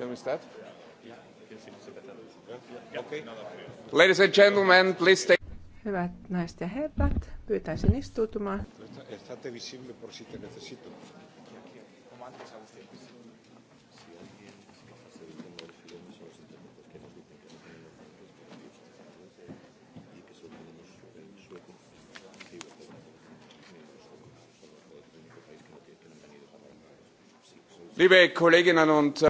Shall we start? Ladies and gentlemen, please take... Hyvät naiset ja herrat, pyytäisin istuutumaan. Liebe Kolleginnen und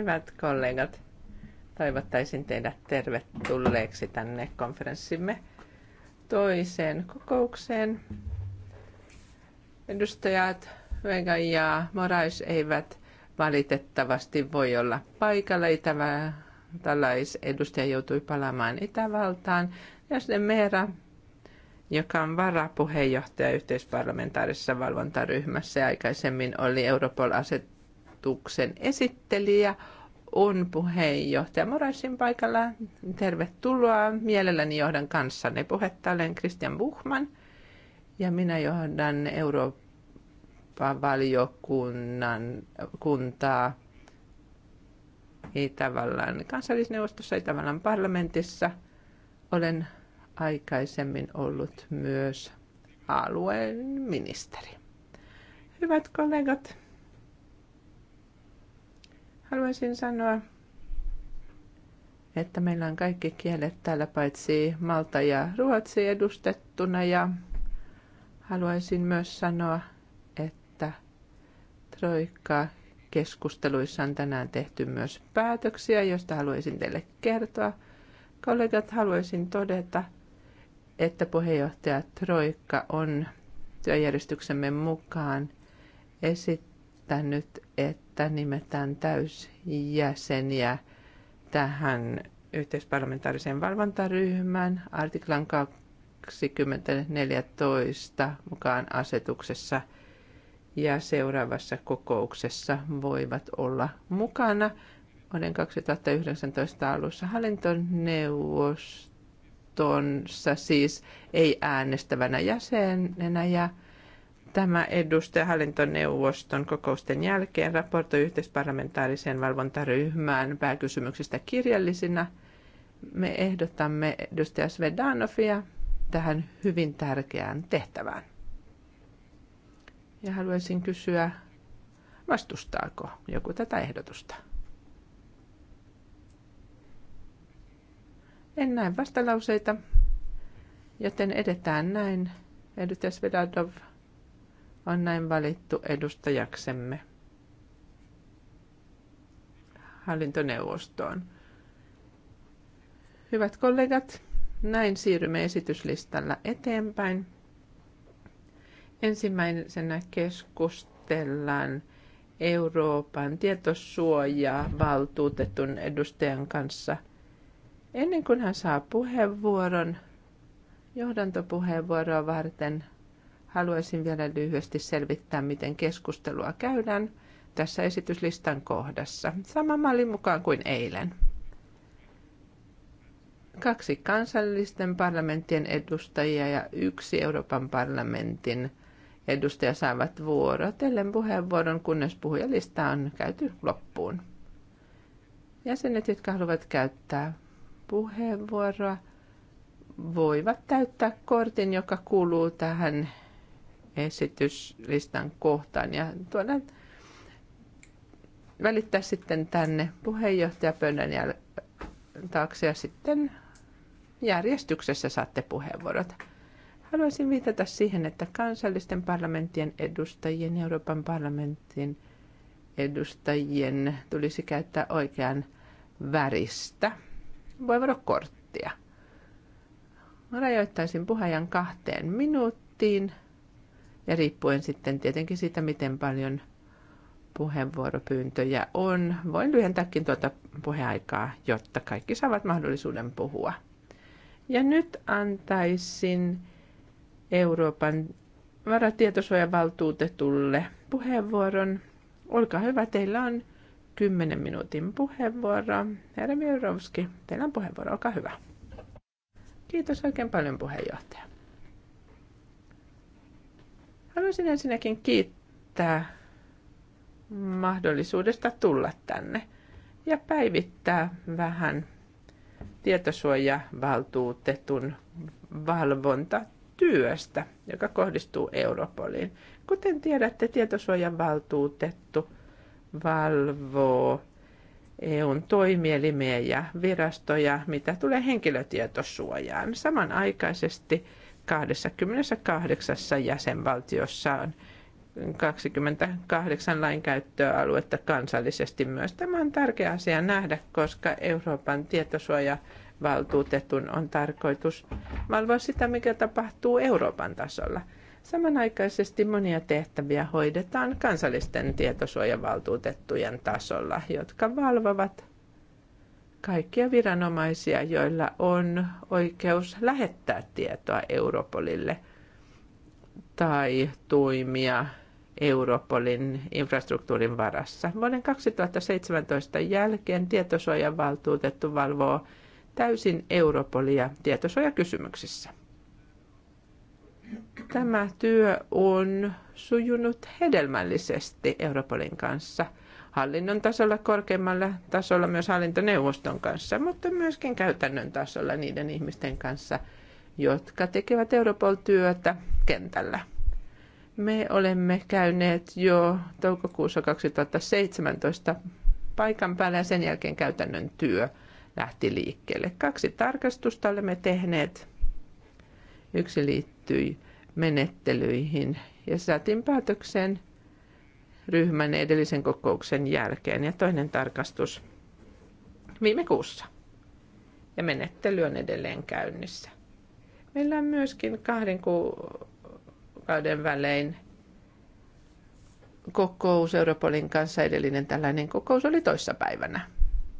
Hyvät kollegat, toivottaisin teidät tervetulleeksi tänne konferenssimme toiseen kokoukseen. Edustajat Vega ja Morais eivät valitettavasti voi olla paikalla. Itävaltalaisedustaja joutui palaamaan Itävaltaan. Ja sitten Meera joka on varapuheenjohtaja yhteisparlamentaarisessa valvontaryhmässä ja aikaisemmin oli Europol-aset hallituksen esittelijä on puheenjohtaja Moraisin paikalla. Tervetuloa. Mielelläni johdan kanssanne puhetta. Olen Christian Buchman ja minä johdan Euroopan valiokunnan kuntaa Itävallan kansallisneuvostossa, Itävallan parlamentissa. Olen aikaisemmin ollut myös alueen ministeri. Hyvät kollegat, Haluaisin sanoa, että meillä on kaikki kielet täällä paitsi Malta ja Ruotsi edustettuna ja haluaisin myös sanoa, että Troikka keskusteluissa on tänään tehty myös päätöksiä, joista haluaisin teille kertoa. Kollegat, haluaisin todeta, että puheenjohtaja Troikka on työjärjestyksemme mukaan esittänyt, että nimetään täysjäseniä tähän yhteisparlamentaariseen valvontaryhmään artiklan 2014 mukaan asetuksessa ja seuraavassa kokouksessa voivat olla mukana vuoden 2019 alussa hallintoneuvostossa siis ei äänestävänä jäsenenä ja Tämä edustaja hallintoneuvoston kokousten jälkeen raportoi yhteisparlamentaariseen valvontaryhmään pääkysymyksistä kirjallisina. Me ehdotamme edustaja Svedanovia tähän hyvin tärkeään tehtävään. Ja haluaisin kysyä, vastustaako joku tätä ehdotusta? En näe vastalauseita, joten edetään näin. Edustaja Svedanov on näin valittu edustajaksemme hallintoneuvostoon. Hyvät kollegat, näin siirrymme esityslistalla eteenpäin. Ensimmäisenä keskustellaan Euroopan tietosuojaa valtuutetun edustajan kanssa. Ennen kuin hän saa puheenvuoron, johdantopuheenvuoroa varten – haluaisin vielä lyhyesti selvittää, miten keskustelua käydään tässä esityslistan kohdassa. Sama malli mukaan kuin eilen. Kaksi kansallisten parlamenttien edustajia ja yksi Euroopan parlamentin edustaja saavat vuorotellen puheenvuoron, kunnes puhujalista on käyty loppuun. Jäsenet, jotka haluavat käyttää puheenvuoroa, voivat täyttää kortin, joka kuuluu tähän esityslistan kohtaan ja tuoda välittää sitten tänne puheenjohtajapöydän jäl- taakse ja sitten järjestyksessä saatte puheenvuorot. Haluaisin viitata siihen, että kansallisten parlamenttien edustajien ja Euroopan parlamentin edustajien tulisi käyttää oikean väristä puheenvuorokorttia. Rajoittaisin puheajan kahteen minuuttiin – ja riippuen sitten tietenkin siitä, miten paljon puheenvuoropyyntöjä on, voin lyhentääkin tuota puheaikaa, jotta kaikki saavat mahdollisuuden puhua. Ja nyt antaisin Euroopan varatietosuojavaltuutetulle puheenvuoron. Olkaa hyvä, teillä on 10 minuutin puheenvuoro. Herra Mirovski, teillä on puheenvuoro, olkaa hyvä. Kiitos oikein paljon puheenjohtaja. Haluaisin ensinnäkin kiittää mahdollisuudesta tulla tänne ja päivittää vähän tietosuojavaltuutetun valvontatyöstä, joka kohdistuu Europoliin. Kuten tiedätte, tietosuojavaltuutettu valvoo EUn toimielimiä ja virastoja, mitä tulee henkilötietosuojaan. Samanaikaisesti 28 jäsenvaltiossa on 28 lainkäyttöaluetta kansallisesti myös. Tämä on tärkeä asia nähdä, koska Euroopan tietosuojavaltuutetun on tarkoitus valvoa sitä, mikä tapahtuu Euroopan tasolla. Samanaikaisesti monia tehtäviä hoidetaan kansallisten tietosuojavaltuutettujen tasolla, jotka valvovat kaikkia viranomaisia, joilla on oikeus lähettää tietoa Europolille tai toimia Europolin infrastruktuurin varassa. Vuoden 2017 jälkeen valtuutettu valvoo täysin Europolia tietosuojakysymyksissä. Tämä työ on sujunut hedelmällisesti Europolin kanssa – hallinnon tasolla, korkeammalla tasolla myös hallintoneuvoston kanssa, mutta myöskin käytännön tasolla niiden ihmisten kanssa, jotka tekevät Europol-työtä kentällä. Me olemme käyneet jo toukokuussa 2017 paikan päällä ja sen jälkeen käytännön työ lähti liikkeelle. Kaksi tarkastusta olemme tehneet. Yksi liittyi menettelyihin ja saatiin päätökseen ryhmän edellisen kokouksen jälkeen ja toinen tarkastus viime kuussa. Ja menettely on edelleen käynnissä. Meillä on myöskin kahden kuukauden välein kokous Europolin kanssa. Edellinen tällainen kokous oli toissapäivänä.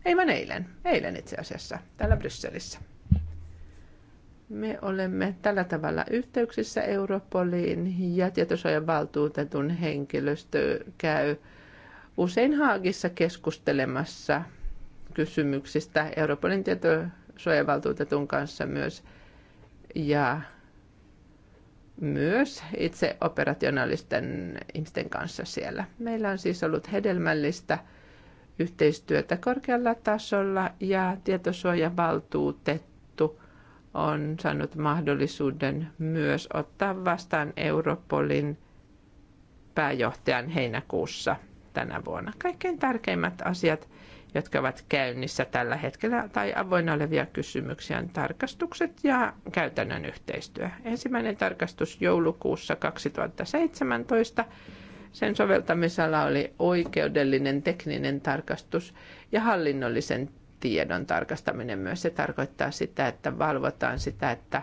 Ei vaan eilen. Eilen itse asiassa täällä Brysselissä. Me olemme tällä tavalla yhteyksissä Europoliin ja tietosuojan valtuutetun henkilöstö käy usein Haagissa keskustelemassa kysymyksistä Europolin tietosuojavaltuutetun kanssa myös ja myös itse operationaalisten ihmisten kanssa siellä. Meillä on siis ollut hedelmällistä yhteistyötä korkealla tasolla ja tietosuojavaltuutettu on saanut mahdollisuuden myös ottaa vastaan Europolin pääjohtajan heinäkuussa tänä vuonna. Kaikkein tärkeimmät asiat, jotka ovat käynnissä tällä hetkellä tai avoinna olevia kysymyksiä, on tarkastukset ja käytännön yhteistyö. Ensimmäinen tarkastus joulukuussa 2017. Sen soveltamisala oli oikeudellinen, tekninen tarkastus ja hallinnollisen tiedon tarkastaminen myös. Se tarkoittaa sitä, että valvotaan sitä, että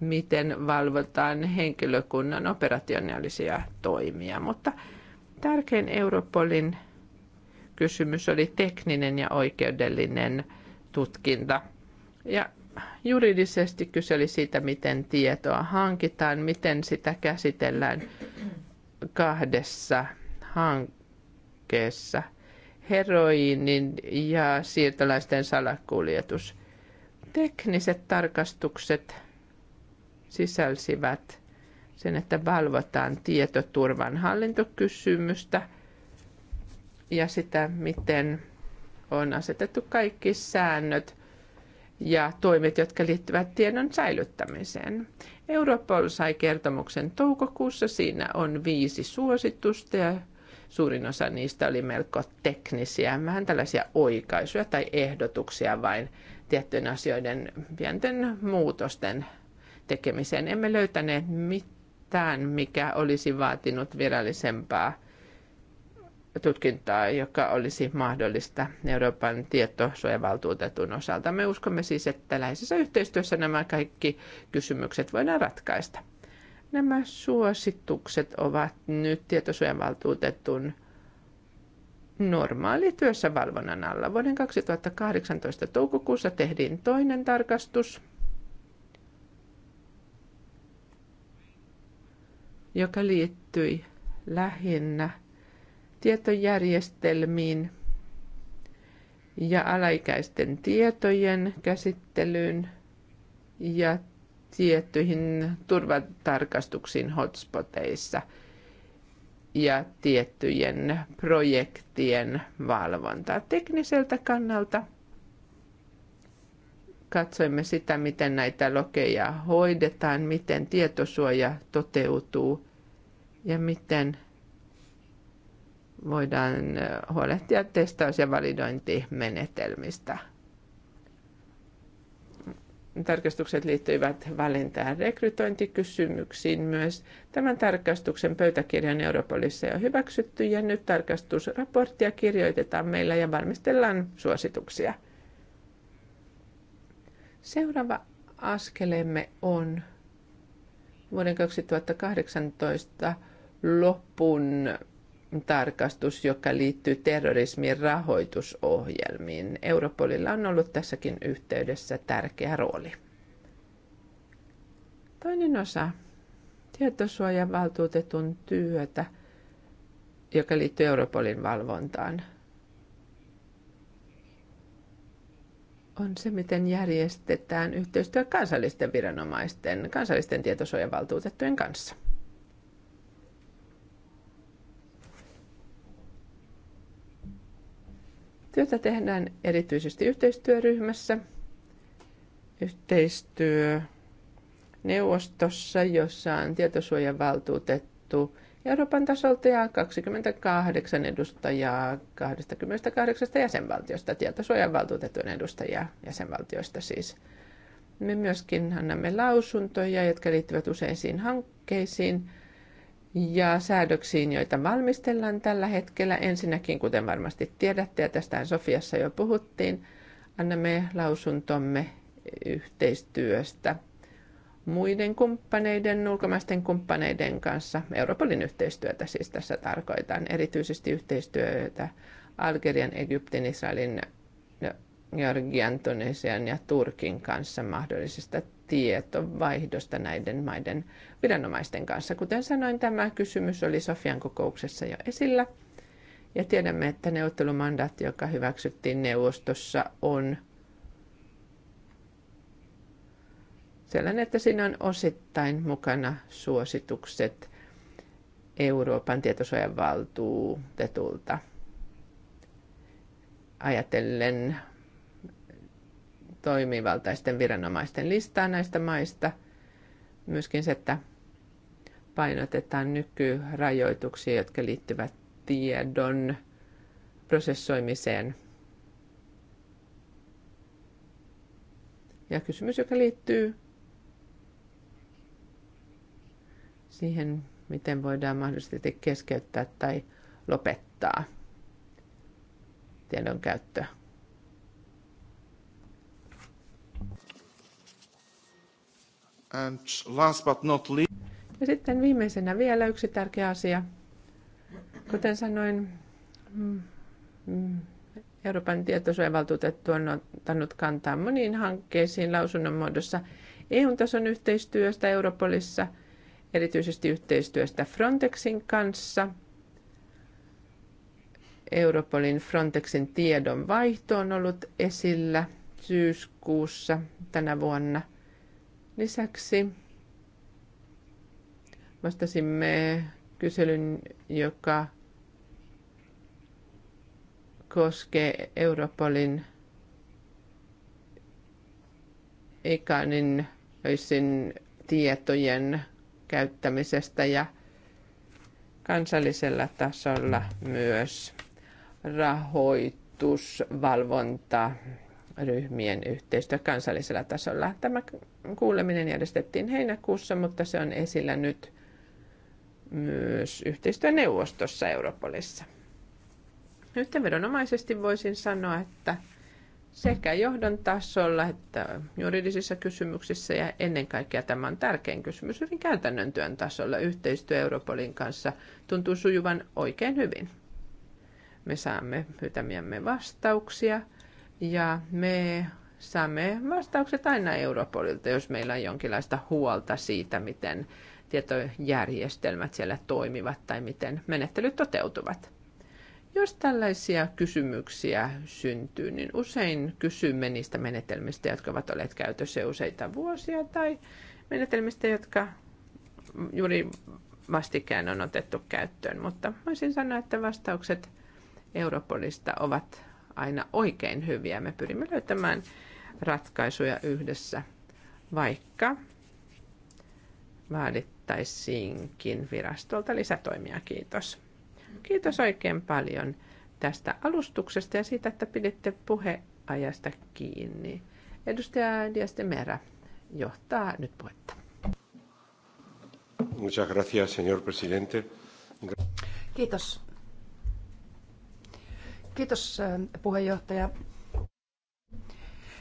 miten valvotaan henkilökunnan operationaalisia toimia. Mutta tärkein Europolin kysymys oli tekninen ja oikeudellinen tutkinta. Ja juridisesti kyseli siitä, miten tietoa hankitaan, miten sitä käsitellään kahdessa hankkeessa heroiinin ja siirtolaisten salakuljetus. Tekniset tarkastukset sisälsivät sen, että valvotaan tietoturvan hallintokysymystä ja sitä, miten on asetettu kaikki säännöt ja toimet, jotka liittyvät tiedon säilyttämiseen. Europol sai kertomuksen toukokuussa. Siinä on viisi suositusta ja suurin osa niistä oli melko teknisiä, vähän tällaisia oikaisuja tai ehdotuksia vain tiettyjen asioiden pienten muutosten tekemiseen. Emme löytäneet mitään, mikä olisi vaatinut virallisempaa tutkintaa, joka olisi mahdollista Euroopan tietosuojavaltuutetun osalta. Me uskomme siis, että läheisessä yhteistyössä nämä kaikki kysymykset voidaan ratkaista. Nämä suositukset ovat nyt tietosuojavaltuutetun normaali työssä valvonnan alla. Vuoden 2018 toukokuussa tehtiin toinen tarkastus, joka liittyi lähinnä tietojärjestelmiin ja alaikäisten tietojen käsittelyyn ja tiettyihin turvatarkastuksiin hotspoteissa ja tiettyjen projektien valvontaa. Tekniseltä kannalta katsoimme sitä, miten näitä lokeja hoidetaan, miten tietosuoja toteutuu ja miten voidaan huolehtia testaus- ja validointimenetelmistä tarkastukset liittyivät valintaan rekrytointikysymyksiin myös. Tämän tarkastuksen pöytäkirjan Europolissa on hyväksytty ja nyt tarkastusraporttia kirjoitetaan meillä ja valmistellaan suosituksia. Seuraava askelemme on vuoden 2018 lopun tarkastus, joka liittyy terrorismin rahoitusohjelmiin. Europolilla on ollut tässäkin yhteydessä tärkeä rooli. Toinen osa tietosuojavaltuutetun työtä, joka liittyy Europolin valvontaan, on se, miten järjestetään yhteistyö kansallisten viranomaisten, kansallisten tietosuojavaltuutettujen kanssa – Työtä tehdään erityisesti yhteistyöryhmässä, yhteistyö neuvostossa, jossa on tietosuojavaltuutettu Euroopan tasolta ja 28 edustajaa 28 jäsenvaltiosta, tietosuojavaltuutetun edustajaa jäsenvaltioista siis. Me myöskin annamme lausuntoja, jotka liittyvät useisiin hankkeisiin, ja säädöksiin, joita valmistellaan tällä hetkellä. Ensinnäkin, kuten varmasti tiedätte, ja tästä Sofiassa jo puhuttiin, annamme lausuntomme yhteistyöstä muiden kumppaneiden, ulkomaisten kumppaneiden kanssa. Europolin yhteistyötä siis tässä tarkoitan, erityisesti yhteistyötä Algerian, Egyptin, Israelin, Georgian, Tunisian ja Turkin kanssa mahdollisista tietovaihdosta näiden maiden viranomaisten kanssa. Kuten sanoin, tämä kysymys oli Sofian kokouksessa jo esillä. Ja tiedämme, että neuvottelumandaatti, joka hyväksyttiin neuvostossa, on sellainen, että siinä on osittain mukana suositukset Euroopan tietosuojan valtuutetulta ajatellen toimivaltaisten viranomaisten listaa näistä maista. Myöskin se, että painotetaan nykyrajoituksia, jotka liittyvät tiedon prosessoimiseen. Ja kysymys, joka liittyy siihen, miten voidaan mahdollisesti keskeyttää tai lopettaa tiedon käyttöä And last but not least. Ja sitten viimeisenä vielä yksi tärkeä asia. Kuten sanoin, mm, mm, Euroopan tietosuojavaltuutettu on ottanut kantaa moniin hankkeisiin lausunnon muodossa EU-tason yhteistyöstä Europolissa, erityisesti yhteistyöstä Frontexin kanssa, Europolin Frontexin tiedon vaihto on ollut esillä syyskuussa tänä vuonna. Lisäksi vastasimme kyselyn, joka koskee Europolin ikanin öisin tietojen käyttämisestä ja kansallisella tasolla myös rahoitusvalvonta ryhmien yhteistyö kansallisella tasolla. Tämä kuuleminen järjestettiin heinäkuussa, mutta se on esillä nyt myös yhteistyöneuvostossa Europolissa. Yhteenvedonomaisesti voisin sanoa, että sekä johdon tasolla että juridisissa kysymyksissä ja ennen kaikkea tämä on tärkein kysymys hyvin käytännön työn tasolla. Yhteistyö Europolin kanssa tuntuu sujuvan oikein hyvin. Me saamme pyytämiämme vastauksia – ja me saamme vastaukset aina Europolilta, jos meillä on jonkinlaista huolta siitä, miten tietojärjestelmät siellä toimivat tai miten menettelyt toteutuvat. Jos tällaisia kysymyksiä syntyy, niin usein kysymme niistä menetelmistä, jotka ovat olleet käytössä useita vuosia tai menetelmistä, jotka juuri vastikään on otettu käyttöön. Mutta voisin sanoa, että vastaukset Europolista ovat aina oikein hyviä. Me pyrimme löytämään ratkaisuja yhdessä, vaikka vaadittaisiinkin virastolta lisätoimia. Kiitos. Kiitos oikein paljon tästä alustuksesta ja siitä, että piditte puheajasta kiinni. Edustaja Diastemera johtaa nyt puhetta. Muchas gracias, señor presidente. Kiitos Kiitos äh, puheenjohtaja.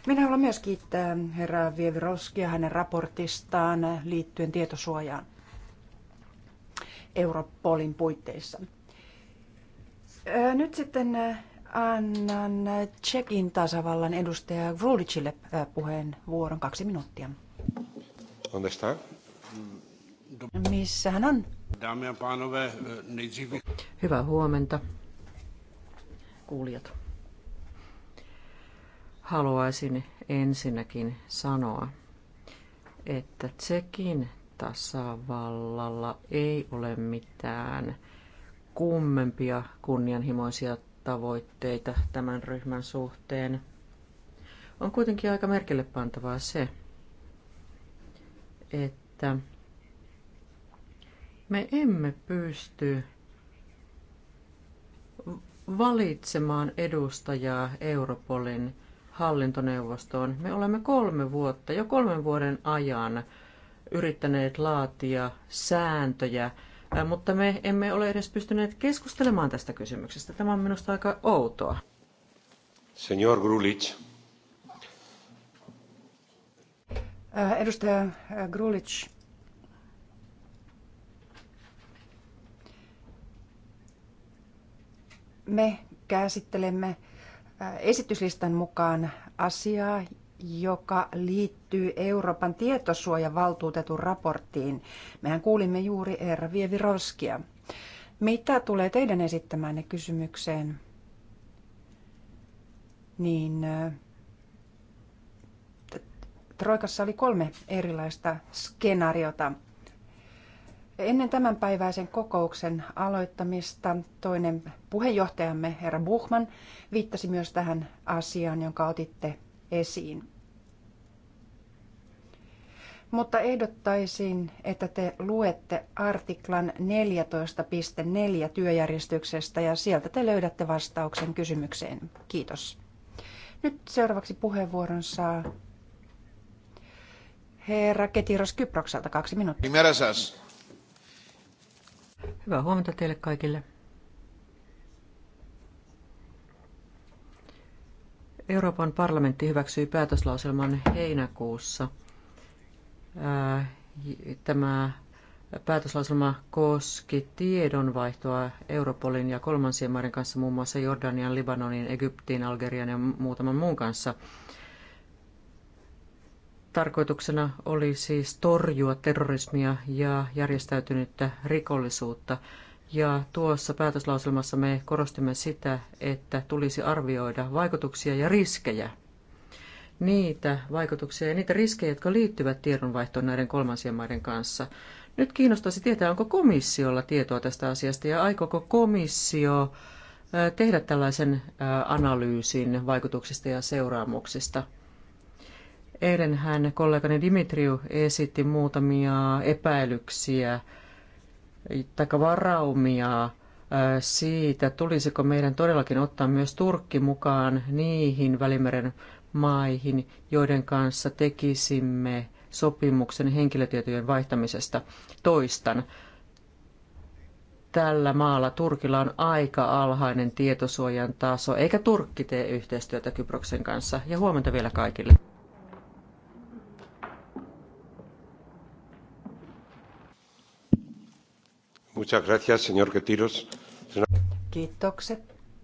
Minä haluan myös kiittää herra Vieviroskia hänen raportistaan liittyen tietosuojaan Europolin puitteissa. Nyt sitten äh, annan Tsekin tasavallan edustaja Vrudicille äh, puheenvuoron kaksi minuuttia. Missä hän on? Hyvää huomenta, kuulijat. Haluaisin ensinnäkin sanoa, että Tsekin tasavallalla ei ole mitään kummempia kunnianhimoisia tavoitteita tämän ryhmän suhteen. On kuitenkin aika merkille pantavaa se, että me emme pysty valitsemaan edustajaa Europolin hallintoneuvostoon. Me olemme kolme vuotta, jo kolmen vuoden ajan yrittäneet laatia sääntöjä, mutta me emme ole edes pystyneet keskustelemaan tästä kysymyksestä. Tämä on minusta aika outoa. Senor Grulic. Edustaja Grulic. Me käsittelemme äh, esityslistan mukaan asiaa, joka liittyy Euroopan tietosuojavaltuutetun raporttiin. Mehän kuulimme juuri Eera Vieviroskia. Mitä tulee teidän esittämäänne kysymykseen? Niin äh, Troikassa oli kolme erilaista skenaariota – Ennen tämänpäiväisen kokouksen aloittamista toinen puheenjohtajamme, herra Buchmann, viittasi myös tähän asiaan, jonka otitte esiin. Mutta ehdottaisin, että te luette artiklan 14.4 työjärjestyksestä ja sieltä te löydätte vastauksen kysymykseen. Kiitos. Nyt seuraavaksi puheenvuoron saa herra Ketiros Kyprokselta kaksi minuuttia. Hyvää huomenta teille kaikille. Euroopan parlamentti hyväksyi päätöslauselman heinäkuussa. Äh, tämä päätöslauselma koski tiedonvaihtoa Europolin ja kolmansien maiden kanssa, muun muassa Jordanian, Libanonin, Egyptin, Algerian ja muutaman muun kanssa – Tarkoituksena oli siis torjua terrorismia ja järjestäytynyttä rikollisuutta. Ja tuossa päätöslauselmassa me korostimme sitä, että tulisi arvioida vaikutuksia ja riskejä. Niitä vaikutuksia ja niitä riskejä, jotka liittyvät tiedonvaihtoon näiden kolmansien maiden kanssa. Nyt kiinnostaisi tietää, onko komissiolla tietoa tästä asiasta ja aikooko komissio tehdä tällaisen analyysin vaikutuksista ja seuraamuksista – Eilen hän kollegani Dimitriu esitti muutamia epäilyksiä tai varaumia siitä, tulisiko meidän todellakin ottaa myös Turkki mukaan niihin Välimeren maihin, joiden kanssa tekisimme sopimuksen henkilötietojen vaihtamisesta. Toistan, tällä maalla Turkilla on aika alhainen tietosuojan taso, eikä Turkki tee yhteistyötä Kyproksen kanssa. Ja huomenta vielä kaikille. Kiitokset,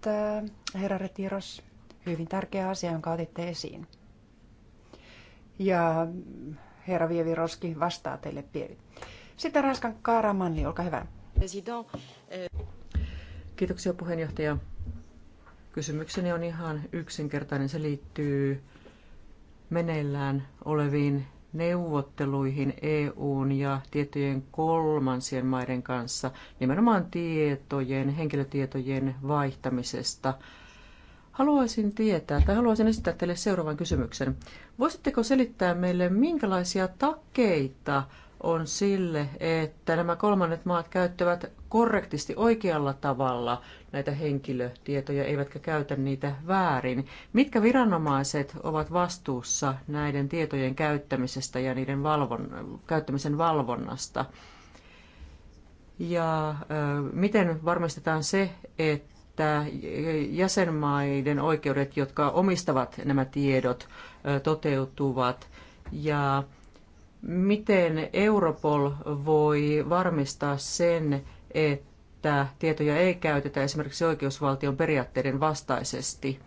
eh, herra Retiros. Hyvin tärkeä asia, jonka otitte esiin. Ja mm, herra Vievi Roski vastaa teille pieni. Sitten Ranskan Kaaramanli, olkaa hyvä. Eh. Kiitoksia puheenjohtaja. Kysymykseni on ihan yksinkertainen. Se liittyy meneillään oleviin neuvotteluihin EUn ja tiettyjen kolmansien maiden kanssa nimenomaan tietojen, henkilötietojen vaihtamisesta. Haluaisin tietää tai haluaisin esittää teille seuraavan kysymyksen. Voisitteko selittää meille, minkälaisia takeita on sille, että nämä kolmannet maat käyttävät korrektisti oikealla tavalla näitä henkilötietoja, eivätkä käytä niitä väärin. Mitkä viranomaiset ovat vastuussa näiden tietojen käyttämisestä ja niiden valvon, käyttämisen valvonnasta? Ja ö, miten varmistetaan se, että että jäsenmaiden oikeudet, jotka omistavat nämä tiedot, toteutuvat ja miten Europol voi varmistaa sen, että tietoja ei käytetä esimerkiksi oikeusvaltion periaatteiden vastaisesti.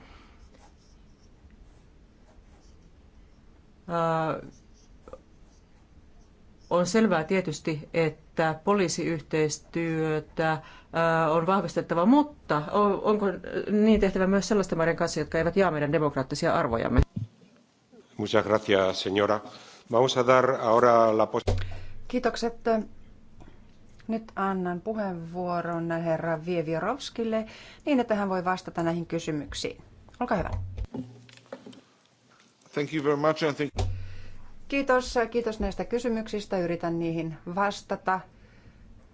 On selvää tietysti, että poliisiyhteistyötä on vahvistettava, mutta onko niin tehtävä myös sellaisten maiden kanssa, jotka eivät jaa meidän demokraattisia arvojamme? Muchas gracias, señora. Vamos a dar ahora la Kiitokset. Nyt annan puheenvuoron herra Vieviorovskille niin, että hän voi vastata näihin kysymyksiin. Olkaa hyvä. Thank you very much. think... Kiitos, kiitos näistä kysymyksistä. Yritän niihin vastata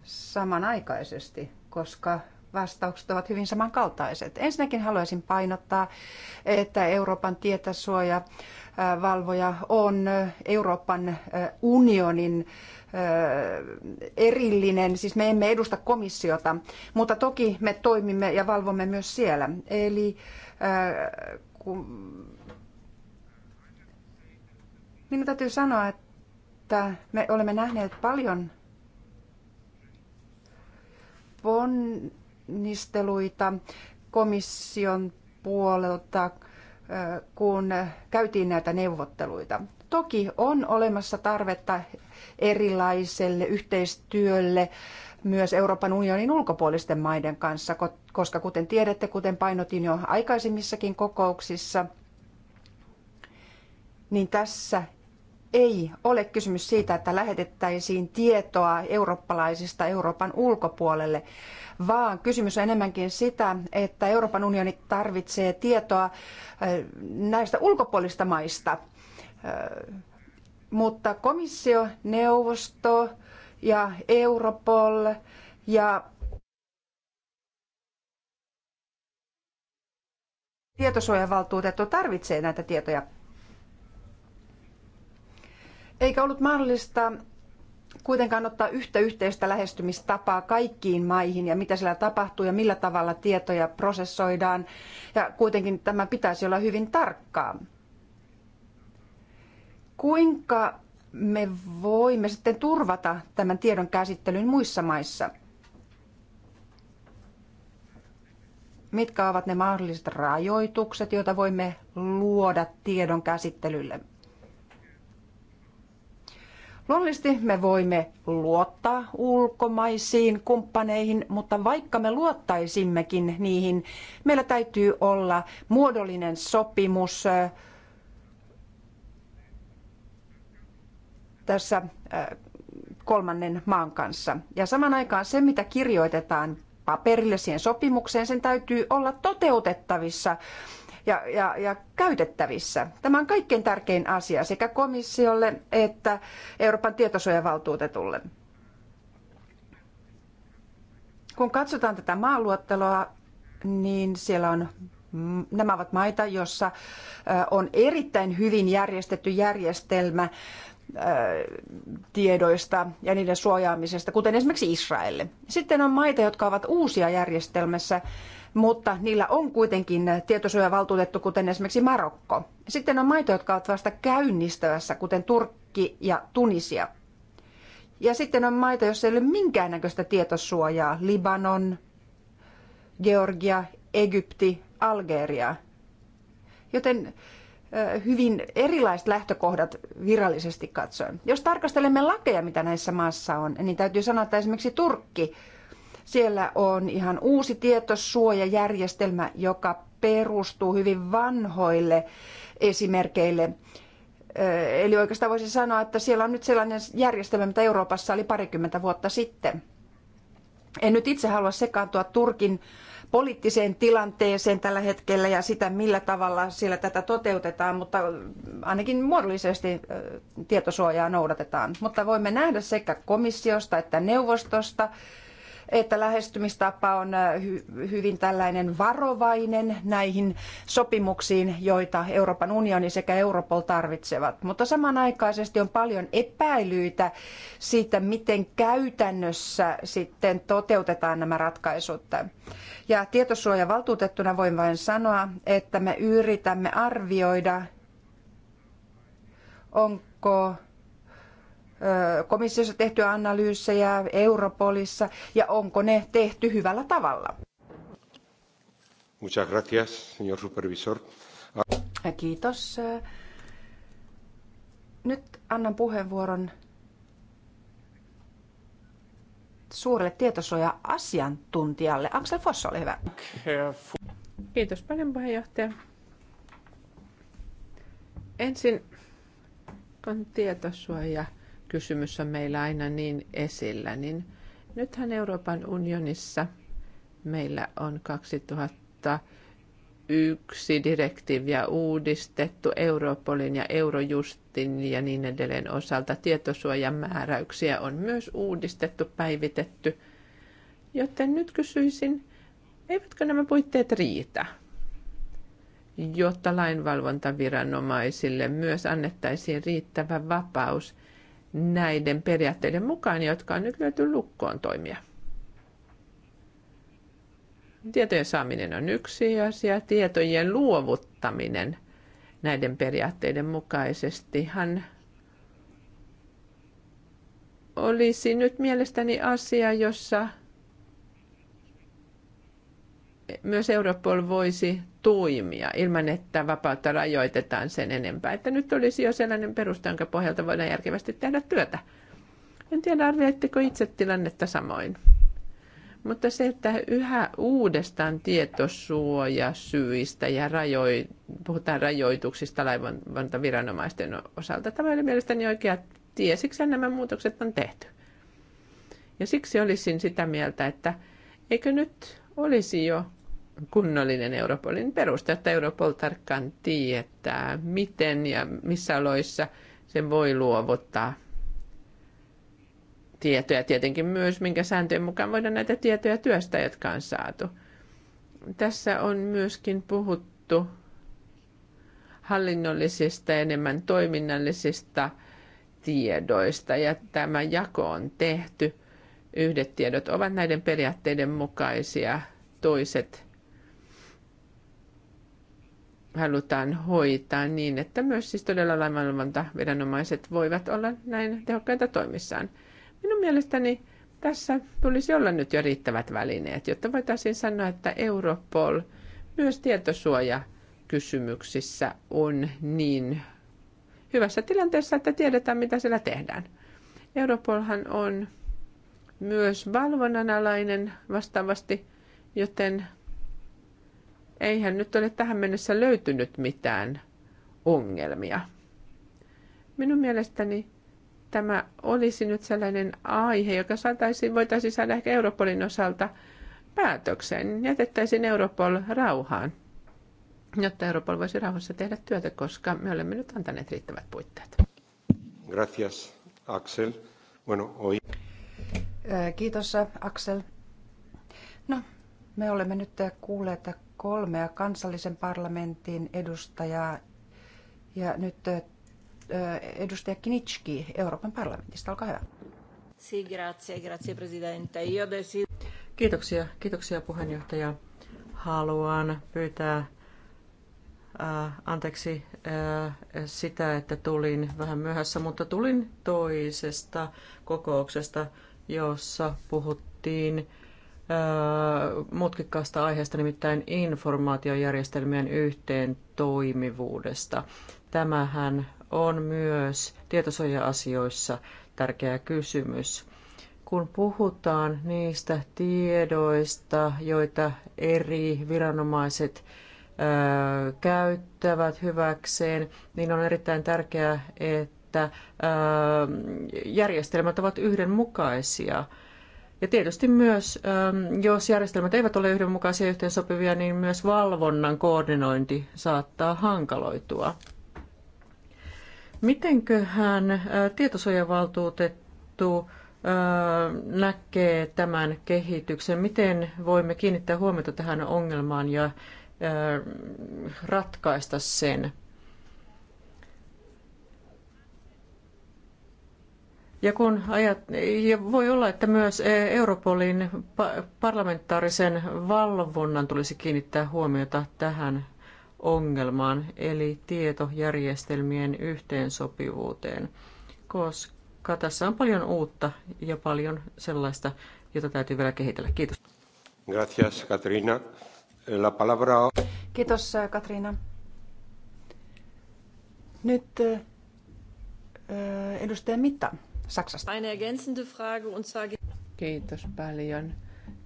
samanaikaisesti, koska vastaukset ovat hyvin samankaltaiset. Ensinnäkin haluaisin painottaa, että Euroopan tietäsuoja valvoja on Euroopan unionin erillinen, siis me emme edusta komissiota, mutta toki me toimimme ja valvomme myös siellä. Eli kun minun täytyy sanoa, että me olemme nähneet paljon ponnisteluita komission puolelta, kun käytiin näitä neuvotteluita. Toki on olemassa tarvetta erilaiselle yhteistyölle myös Euroopan unionin ulkopuolisten maiden kanssa, koska kuten tiedätte, kuten painotin jo aikaisemmissakin kokouksissa, niin tässä ei ole kysymys siitä, että lähetettäisiin tietoa eurooppalaisista Euroopan ulkopuolelle, vaan kysymys on enemmänkin sitä, että Euroopan unioni tarvitsee tietoa eh, näistä ulkopuolista maista eh, mutta komissio, neuvosto ja Europol ja tietosuojavaltuutettu tarvitsee näitä tietoja. Eikä ollut mahdollista kuitenkaan ottaa yhtä yhteistä lähestymistapaa kaikkiin maihin ja mitä siellä tapahtuu ja millä tavalla tietoja prosessoidaan. Ja kuitenkin tämä pitäisi olla hyvin tarkkaa. Kuinka me voimme sitten turvata tämän tiedon käsittelyn muissa maissa? Mitkä ovat ne mahdolliset rajoitukset, joita voimme luoda tiedon käsittelylle? Luonnollisesti me voimme luottaa ulkomaisiin kumppaneihin, mutta vaikka me luottaisimmekin niihin, meillä täytyy olla muodollinen sopimus tässä kolmannen maan kanssa. Ja saman aikaan se, mitä kirjoitetaan paperille siihen sopimukseen, sen täytyy olla toteutettavissa ja, ja, ja käytettävissä. Tämä on kaikkein tärkein asia sekä komissiolle että Euroopan tietosuojavaltuutetulle. Kun katsotaan tätä maaluotteloa, niin siellä on Nämä ovat maita, jossa on erittäin hyvin järjestetty järjestelmä tiedoista ja niiden suojaamisesta, kuten esimerkiksi Israel. Sitten on maita, jotka ovat uusia järjestelmässä, mutta niillä on kuitenkin tietosuojavaltuutettu, kuten esimerkiksi Marokko. Sitten on maita, jotka ovat vasta käynnistävässä, kuten Turkki ja Tunisia. Ja sitten on maita, joissa ei ole minkäännäköistä tietosuojaa. Libanon, Georgia, Egypti, Algeria. Joten hyvin erilaiset lähtökohdat virallisesti katsoen. Jos tarkastelemme lakeja, mitä näissä maissa on, niin täytyy sanoa, että esimerkiksi Turkki, siellä on ihan uusi tietosuojajärjestelmä, joka perustuu hyvin vanhoille esimerkeille. Eli oikeastaan voisi sanoa, että siellä on nyt sellainen järjestelmä, mitä Euroopassa oli parikymmentä vuotta sitten. En nyt itse halua sekaantua Turkin poliittiseen tilanteeseen tällä hetkellä ja sitä, millä tavalla siellä tätä toteutetaan, mutta ainakin muodollisesti tietosuojaa noudatetaan. Mutta voimme nähdä sekä komissiosta että neuvostosta, että lähestymistapa on äh, hyvin tällainen varovainen näihin sopimuksiin, joita Euroopan unioni sekä Europol tarvitsevat. Mutta samanaikaisesti on paljon epäilyitä siitä, miten käytännössä sitten toteutetaan nämä ratkaisut. Ja tietosuojavaltuutettuna voin vain sanoa, että me yritämme arvioida, onko komissiossa tehtyä analyysejä Europolissa ja onko ne tehty hyvällä tavalla? Muchas gracias, señor supervisor. Kiitos. Nyt annan puheenvuoron suurelle tietosuoja-asiantuntijalle. Axel Foss, ole hyvä. Kiitos paljon puheenjohtaja. Ensin kun tietosuoja kysymys on meillä aina niin esillä, niin nythän Euroopan unionissa meillä on 2001 direktiiviä uudistettu Europolin ja Eurojustin ja niin edelleen osalta. Tietosuojan määräyksiä on myös uudistettu, päivitetty. Joten nyt kysyisin, eivätkö nämä puitteet riitä? jotta lainvalvontaviranomaisille myös annettaisiin riittävä vapaus näiden periaatteiden mukaan, jotka on nyt löyty lukkoon toimia. Tietojen saaminen on yksi asia, tietojen luovuttaminen näiden periaatteiden mukaisestihan olisi nyt mielestäni asia, jossa myös Europol voisi toimia ilman, että vapautta rajoitetaan sen enempää. Että nyt olisi jo sellainen perusta, jonka pohjalta voidaan järkevästi tehdä työtä. En tiedä, arvioitteko itse tilannetta samoin. Mutta se, että yhä uudestaan tietosuojasyistä ja rajoi, puhutaan rajoituksista viranomaisten osalta, tämä oli mielestäni oikea tie. Siksi nämä muutokset on tehty. Ja siksi olisin sitä mieltä, että eikö nyt olisi jo kunnollinen Europolin peruste, että Europol tarkkaan tietää, miten ja missä aloissa se voi luovuttaa tietoja. Tietenkin myös, minkä sääntöjen mukaan voidaan näitä tietoja työstää, jotka on saatu. Tässä on myöskin puhuttu hallinnollisista, enemmän toiminnallisista tiedoista, ja tämä jako on tehty. Yhdet tiedot ovat näiden periaatteiden mukaisia, toiset halutaan hoitaa niin, että myös siis todella lainvalvontaviranomaiset voivat olla näin tehokkaita toimissaan. Minun mielestäni tässä tulisi olla nyt jo riittävät välineet, jotta voitaisiin sanoa, että Europol myös tietosuoja kysymyksissä on niin hyvässä tilanteessa, että tiedetään, mitä siellä tehdään. Europolhan on myös valvonnan alainen vastaavasti, joten eihän nyt ole tähän mennessä löytynyt mitään ongelmia. Minun mielestäni tämä olisi nyt sellainen aihe, joka saataisiin, voitaisiin saada ehkä Europolin osalta päätökseen. Jätettäisiin Europol rauhaan, jotta Europol voisi rauhassa tehdä työtä, koska me olemme nyt antaneet riittävät puitteet. Gracias, Axel. Bueno, hoy... Kiitos, Axel. No, me olemme nyt kuulleet kolmea kansallisen parlamentin edustajaa ja nyt edustaja Kinitski Euroopan parlamentista. Olkaa hyvä. Kiitoksia, kiitoksia puheenjohtaja. Haluan pyytää anteeksi sitä, että tulin vähän myöhässä, mutta tulin toisesta kokouksesta, jossa puhuttiin mutkikkaasta aiheesta, nimittäin informaatiojärjestelmien yhteen toimivuudesta. Tämähän on myös tietosuoja-asioissa tärkeä kysymys. Kun puhutaan niistä tiedoista, joita eri viranomaiset ö, käyttävät hyväkseen, niin on erittäin tärkeää, että ö, järjestelmät ovat yhdenmukaisia – ja tietysti myös, ähm, jos järjestelmät eivät ole yhdenmukaisia ja yhteensopivia, niin myös valvonnan koordinointi saattaa hankaloitua. Mitenköhän äh, tietosuojavaltuutettu äh, näkee tämän kehityksen? Miten voimme kiinnittää huomiota tähän ongelmaan ja äh, ratkaista sen? Ja, kun ajat, ja voi olla, että myös e, Europolin parlamentaarisen valvonnan tulisi kiinnittää huomiota tähän ongelmaan, eli tietojärjestelmien yhteensopivuuteen, koska tässä on paljon uutta ja paljon sellaista, jota täytyy vielä kehitellä. Kiitos. Gracias, Katrina. La palabra... Kiitos, Katriina. Nyt e, e, edustaja Mitta. Saksasta. Kiitos paljon.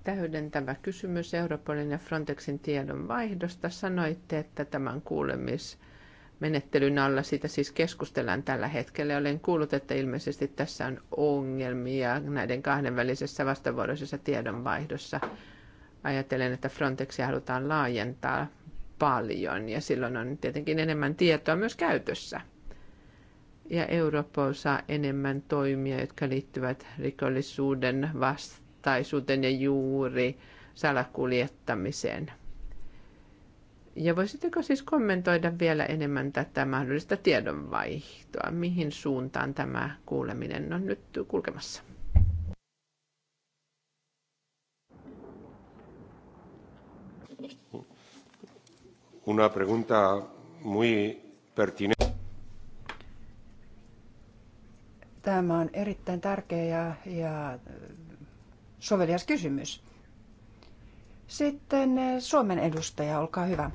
Täydentävä kysymys Europolin ja Frontexin tiedon vaihdosta. Sanoitte, että tämän kuulemismenettelyn alla. Siitä siis keskustellaan tällä hetkellä. Olen kuullut, että ilmeisesti tässä on ongelmia näiden kahdenvälisessä vastavuoroisessa tiedonvaihdossa. Ajattelen, että Frontexia halutaan laajentaa paljon ja silloin on tietenkin enemmän tietoa myös käytössä ja Eurooppa saa enemmän toimia, jotka liittyvät rikollisuuden vastaisuuteen ja juuri salakuljettamiseen. Ja voisitteko siis kommentoida vielä enemmän tätä mahdollista tiedonvaihtoa? Mihin suuntaan tämä kuuleminen on nyt kulkemassa? Una pregunta muy pertinente. Tämä on erittäin tärkeä ja, ja sovelias kysymys. Sitten eh, Suomen edustaja, olkaa hyvä.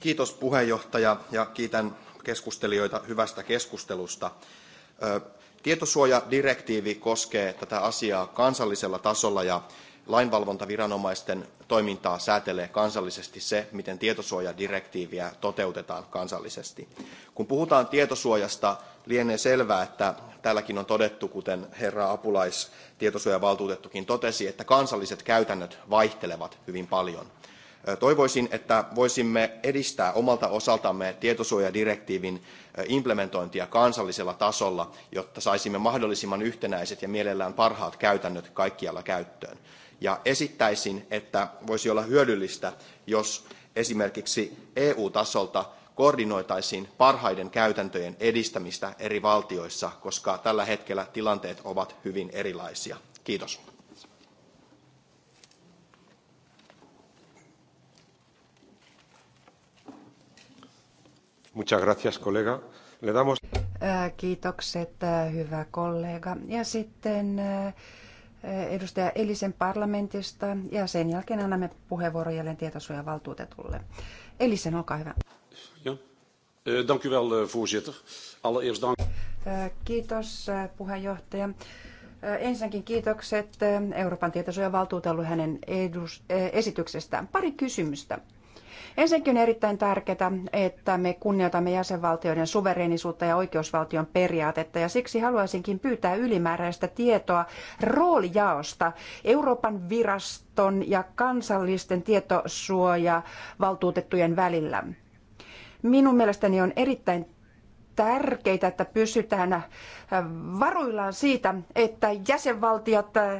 Kiitos puheenjohtaja ja kiitän keskustelijoita hyvästä keskustelusta. Tietosuojadirektiivi koskee tätä asiaa kansallisella tasolla ja lainvalvontaviranomaisten toimintaa säätelee kansallisesti se, miten tietosuojadirektiiviä toteutetaan kansallisesti. Kun puhutaan tietosuojasta, lienee selvää, että täälläkin on todettu, kuten herra apulaistietosuojavaltuutettukin totesi, että kansalliset käytännöt vaihtelevat hyvin paljon. Toivoisin, että voisimme edistää omalta osaltamme tietosuojadirektiivin implementointia kansallisella tasolla, jotta saisimme mahdollisimman yhtenäiset ja mielellään parhaat käytännöt kaikkialla käyttöön. Ja esittäisin, että voisi olla hyödyllistä, jos esimerkiksi EU-tasolta koordinoitaisiin parhaiden käytäntöjen edistämistä eri valtioissa, koska tällä hetkellä tilanteet ovat hyvin erilaisia. Kiitos. Muchas gracias, kollega. Le damos... Äh, kiitokset, äh, hyvä kollega. Ja sitten äh, edustaja Elisen parlamentista ja sen jälkeen annamme puheenvuoron jälleen tietosuojavaltuutetulle. Elisen, olkaa hyvä. Ja. Eh, dank u wel, eh, voorzitter. Allereerst dank. Eh, kiitos, puheenjohtaja. Ensinnäkin kiitokset Euroopan tietosuojavaltuutelulle hänen edus, esityksestään. Pari kysymystä. Ensinnäkin on erittäin tärkeää, että me kunnioitamme jäsenvaltioiden suvereenisuutta ja oikeusvaltion periaatetta ja siksi haluaisinkin pyytää ylimääräistä tietoa roolijaosta Euroopan viraston ja kansallisten tietosuojavaltuutettujen välillä. Minun mielestäni on erittäin tärkeää, että pysytään varuillaan siitä, että jäsenvaltiot äh,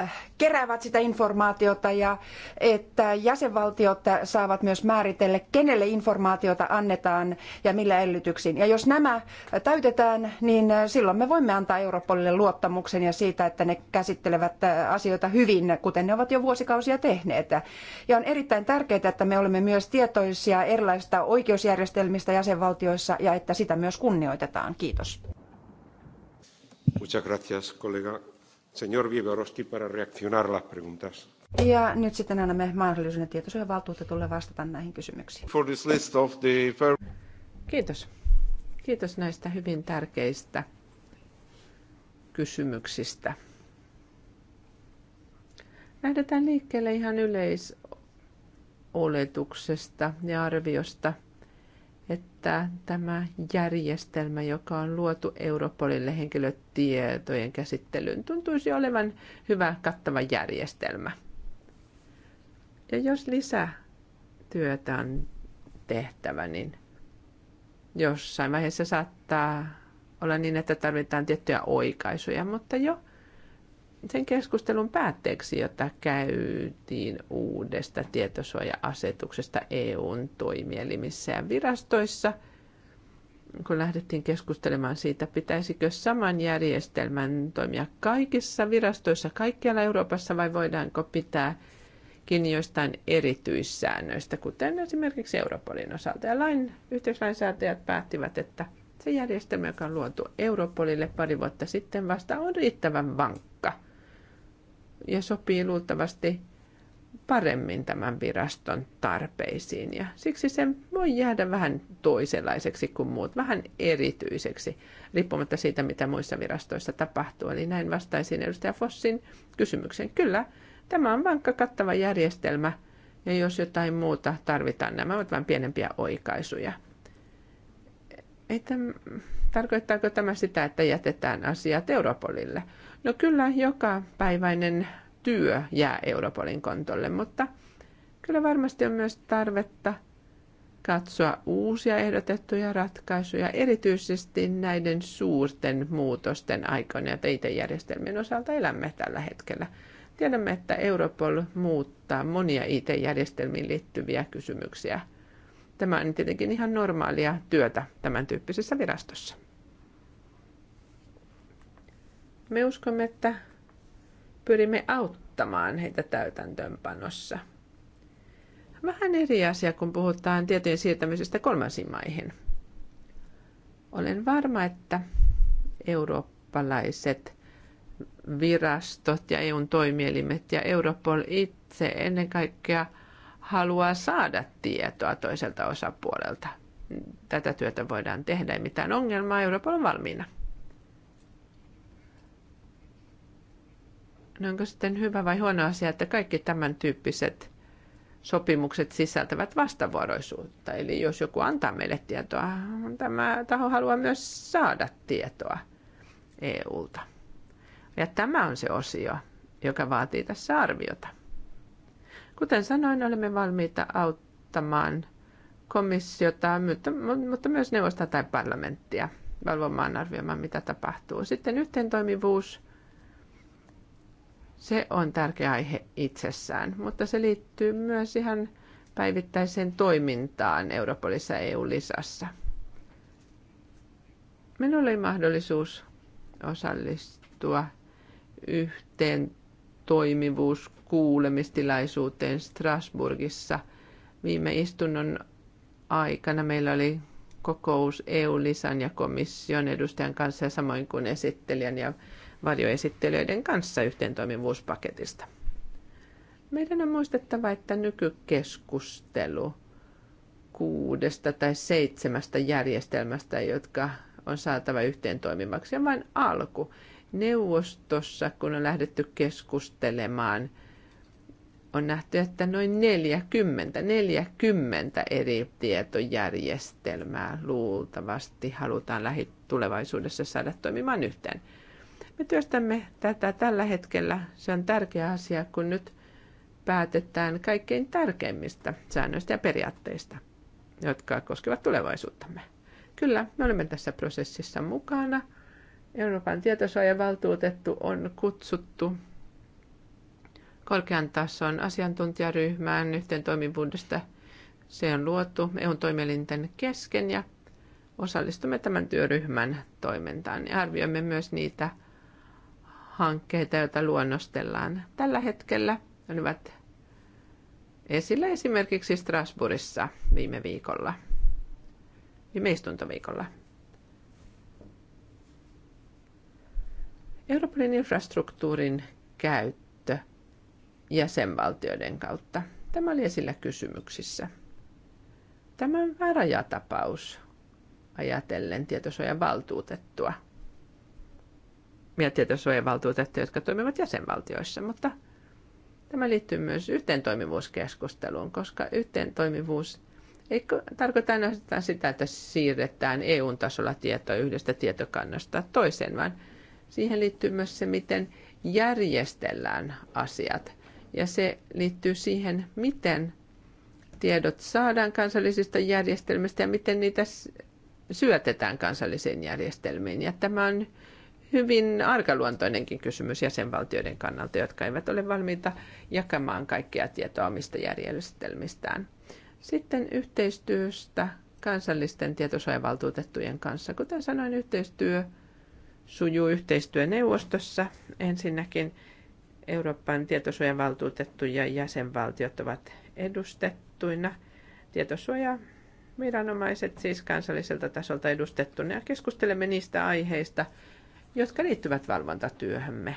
Äh, keräävät sitä informaatiota ja että jäsenvaltiot saavat myös määritellä, kenelle informaatiota annetaan ja millä edellytyksiin. Ja jos nämä täytetään, niin äh, silloin me voimme antaa Europolille luottamuksen ja siitä, että ne käsittelevät äh, asioita hyvin, kuten ne ovat jo vuosikausia tehneet. Ja on erittäin tärkeää, että me olemme myös tietoisia erilaisista oikeusjärjestelmistä jäsenvaltioissa ja että sitä myös kunnioitetaan. Kiitos. Muchas gracias, Señor Viegorovski para reaccionar las preguntas. Ja nyt sitten annamme mahdollisuuden tietoisuuden valtuutetulle vastata näihin kysymyksiin. For this list of the... Kiitos. Kiitos näistä hyvin tärkeistä kysymyksistä. Lähdetään liikkeelle ihan yleisoletuksesta ja arviosta – että tämä järjestelmä, joka on luotu Europolille henkilötietojen käsittelyyn, tuntuisi olevan hyvä kattava järjestelmä. Ja jos lisätyötä on tehtävä, niin jossain vaiheessa saattaa olla niin, että tarvitaan tiettyjä oikaisuja, mutta jo sen keskustelun päätteeksi, jota käytiin uudesta tietosuoja-asetuksesta EUn toimielimissä ja virastoissa, kun lähdettiin keskustelemaan siitä, pitäisikö saman järjestelmän toimia kaikissa virastoissa kaikkialla Euroopassa vai voidaanko pitää kiinni joistain erityissäännöistä, kuten esimerkiksi Europolin osalta. Ja lain, yhteislainsäätäjät päättivät, että se järjestelmä, joka on luotu Europolille pari vuotta sitten, vasta on riittävän vankka ja sopii luultavasti paremmin tämän viraston tarpeisiin ja siksi se voi jäädä vähän toisenlaiseksi kuin muut, vähän erityiseksi, riippumatta siitä, mitä muissa virastoissa tapahtuu. Eli näin vastaisin edustaja Fossin kysymykseen. Kyllä, tämä on vankka kattava järjestelmä ja jos jotain muuta tarvitaan, nämä ovat vain pienempiä oikaisuja. Ei tämän, tarkoittaako tämä sitä, että jätetään asiat Europolille? No kyllä joka päiväinen työ jää Europolin kontolle, mutta kyllä varmasti on myös tarvetta katsoa uusia ehdotettuja ratkaisuja, erityisesti näiden suurten muutosten aikoina, ja teiden järjestelmien osalta elämme tällä hetkellä. Tiedämme, että Europol muuttaa monia IT-järjestelmiin liittyviä kysymyksiä. Tämä on tietenkin ihan normaalia työtä tämän tyyppisessä virastossa. Me uskomme, että pyrimme auttamaan heitä täytäntöönpanossa. Vähän eri asia, kun puhutaan tietojen siirtämisestä kolmansiin maihin. Olen varma, että eurooppalaiset virastot ja EUn toimielimet ja Europol itse ennen kaikkea haluaa saada tietoa toiselta osapuolelta. Tätä työtä voidaan tehdä, ei mitään ongelmaa, Europol on valmiina. No onko sitten hyvä vai huono asia, että kaikki tämän tyyppiset sopimukset sisältävät vastavuoroisuutta? Eli jos joku antaa meille tietoa, tämä taho haluaa myös saada tietoa EUlta. Ja tämä on se osio, joka vaatii tässä arviota. Kuten sanoin, olemme valmiita auttamaan komissiota, mutta myös neuvosta tai parlamenttia valvomaan arvioimaan, mitä tapahtuu. Sitten toimivuus. Se on tärkeä aihe itsessään, mutta se liittyy myös ihan päivittäiseen toimintaan Europolissa EU-lisassa. Minulla oli mahdollisuus osallistua yhteen toimivuuskuulemistilaisuuteen Strasbourgissa. Viime istunnon aikana meillä oli kokous EU-lisan ja komission edustajan kanssa ja samoin kuin esittelijän ja varjoesittelijöiden kanssa yhteentoimivuuspaketista. Meidän on muistettava, että nykykeskustelu kuudesta tai seitsemästä järjestelmästä, jotka on saatava yhteen toimivaksi, on vain alku. Neuvostossa, kun on lähdetty keskustelemaan, on nähty, että noin 40, 40 eri tietojärjestelmää luultavasti halutaan lähitulevaisuudessa saada toimimaan yhteen. Me työstämme tätä tällä hetkellä. Se on tärkeä asia, kun nyt päätetään kaikkein tärkeimmistä säännöistä ja periaatteista, jotka koskevat tulevaisuuttamme. Kyllä, me olemme tässä prosessissa mukana. Euroopan tietosuojavaltuutettu on kutsuttu korkean tason asiantuntijaryhmään yhteen toimivuudesta. Se on luotu EUn toimielinten kesken ja osallistumme tämän työryhmän toimintaan ja arvioimme myös niitä hankkeita, joita luonnostellaan tällä hetkellä. Ne ovat esillä esimerkiksi Strasbourgissa viime viikolla, viime istuntoviikolla. Euroopan infrastruktuurin käyttö jäsenvaltioiden kautta. Tämä oli esillä kysymyksissä. Tämä on varajatapaus ajatellen tietosuojan valtuutettua – ja tietosuojavaltuutettuja, jotka toimivat jäsenvaltioissa, mutta tämä liittyy myös yhteentoimivuuskeskusteluun, koska yhteentoimivuus ei tarkoita ainoastaan sitä, että siirretään EU-tasolla tietoa yhdestä tietokannasta toiseen, vaan siihen liittyy myös se, miten järjestellään asiat. Ja se liittyy siihen, miten tiedot saadaan kansallisista järjestelmistä ja miten niitä syötetään kansallisiin järjestelmiin. Ja tämä on hyvin arkaluontoinenkin kysymys jäsenvaltioiden kannalta, jotka eivät ole valmiita jakamaan kaikkea tietoa omista järjestelmistään. Sitten yhteistyöstä kansallisten tietosuojavaltuutettujen kanssa. Kuten sanoin, yhteistyö sujuu yhteistyöneuvostossa. Ensinnäkin Euroopan tietosuojavaltuutettu ja jäsenvaltiot ovat edustettuina. Tietosuoja viranomaiset siis kansalliselta tasolta edustettuna ja keskustelemme niistä aiheista, jotka liittyvät valvontatyöhömme.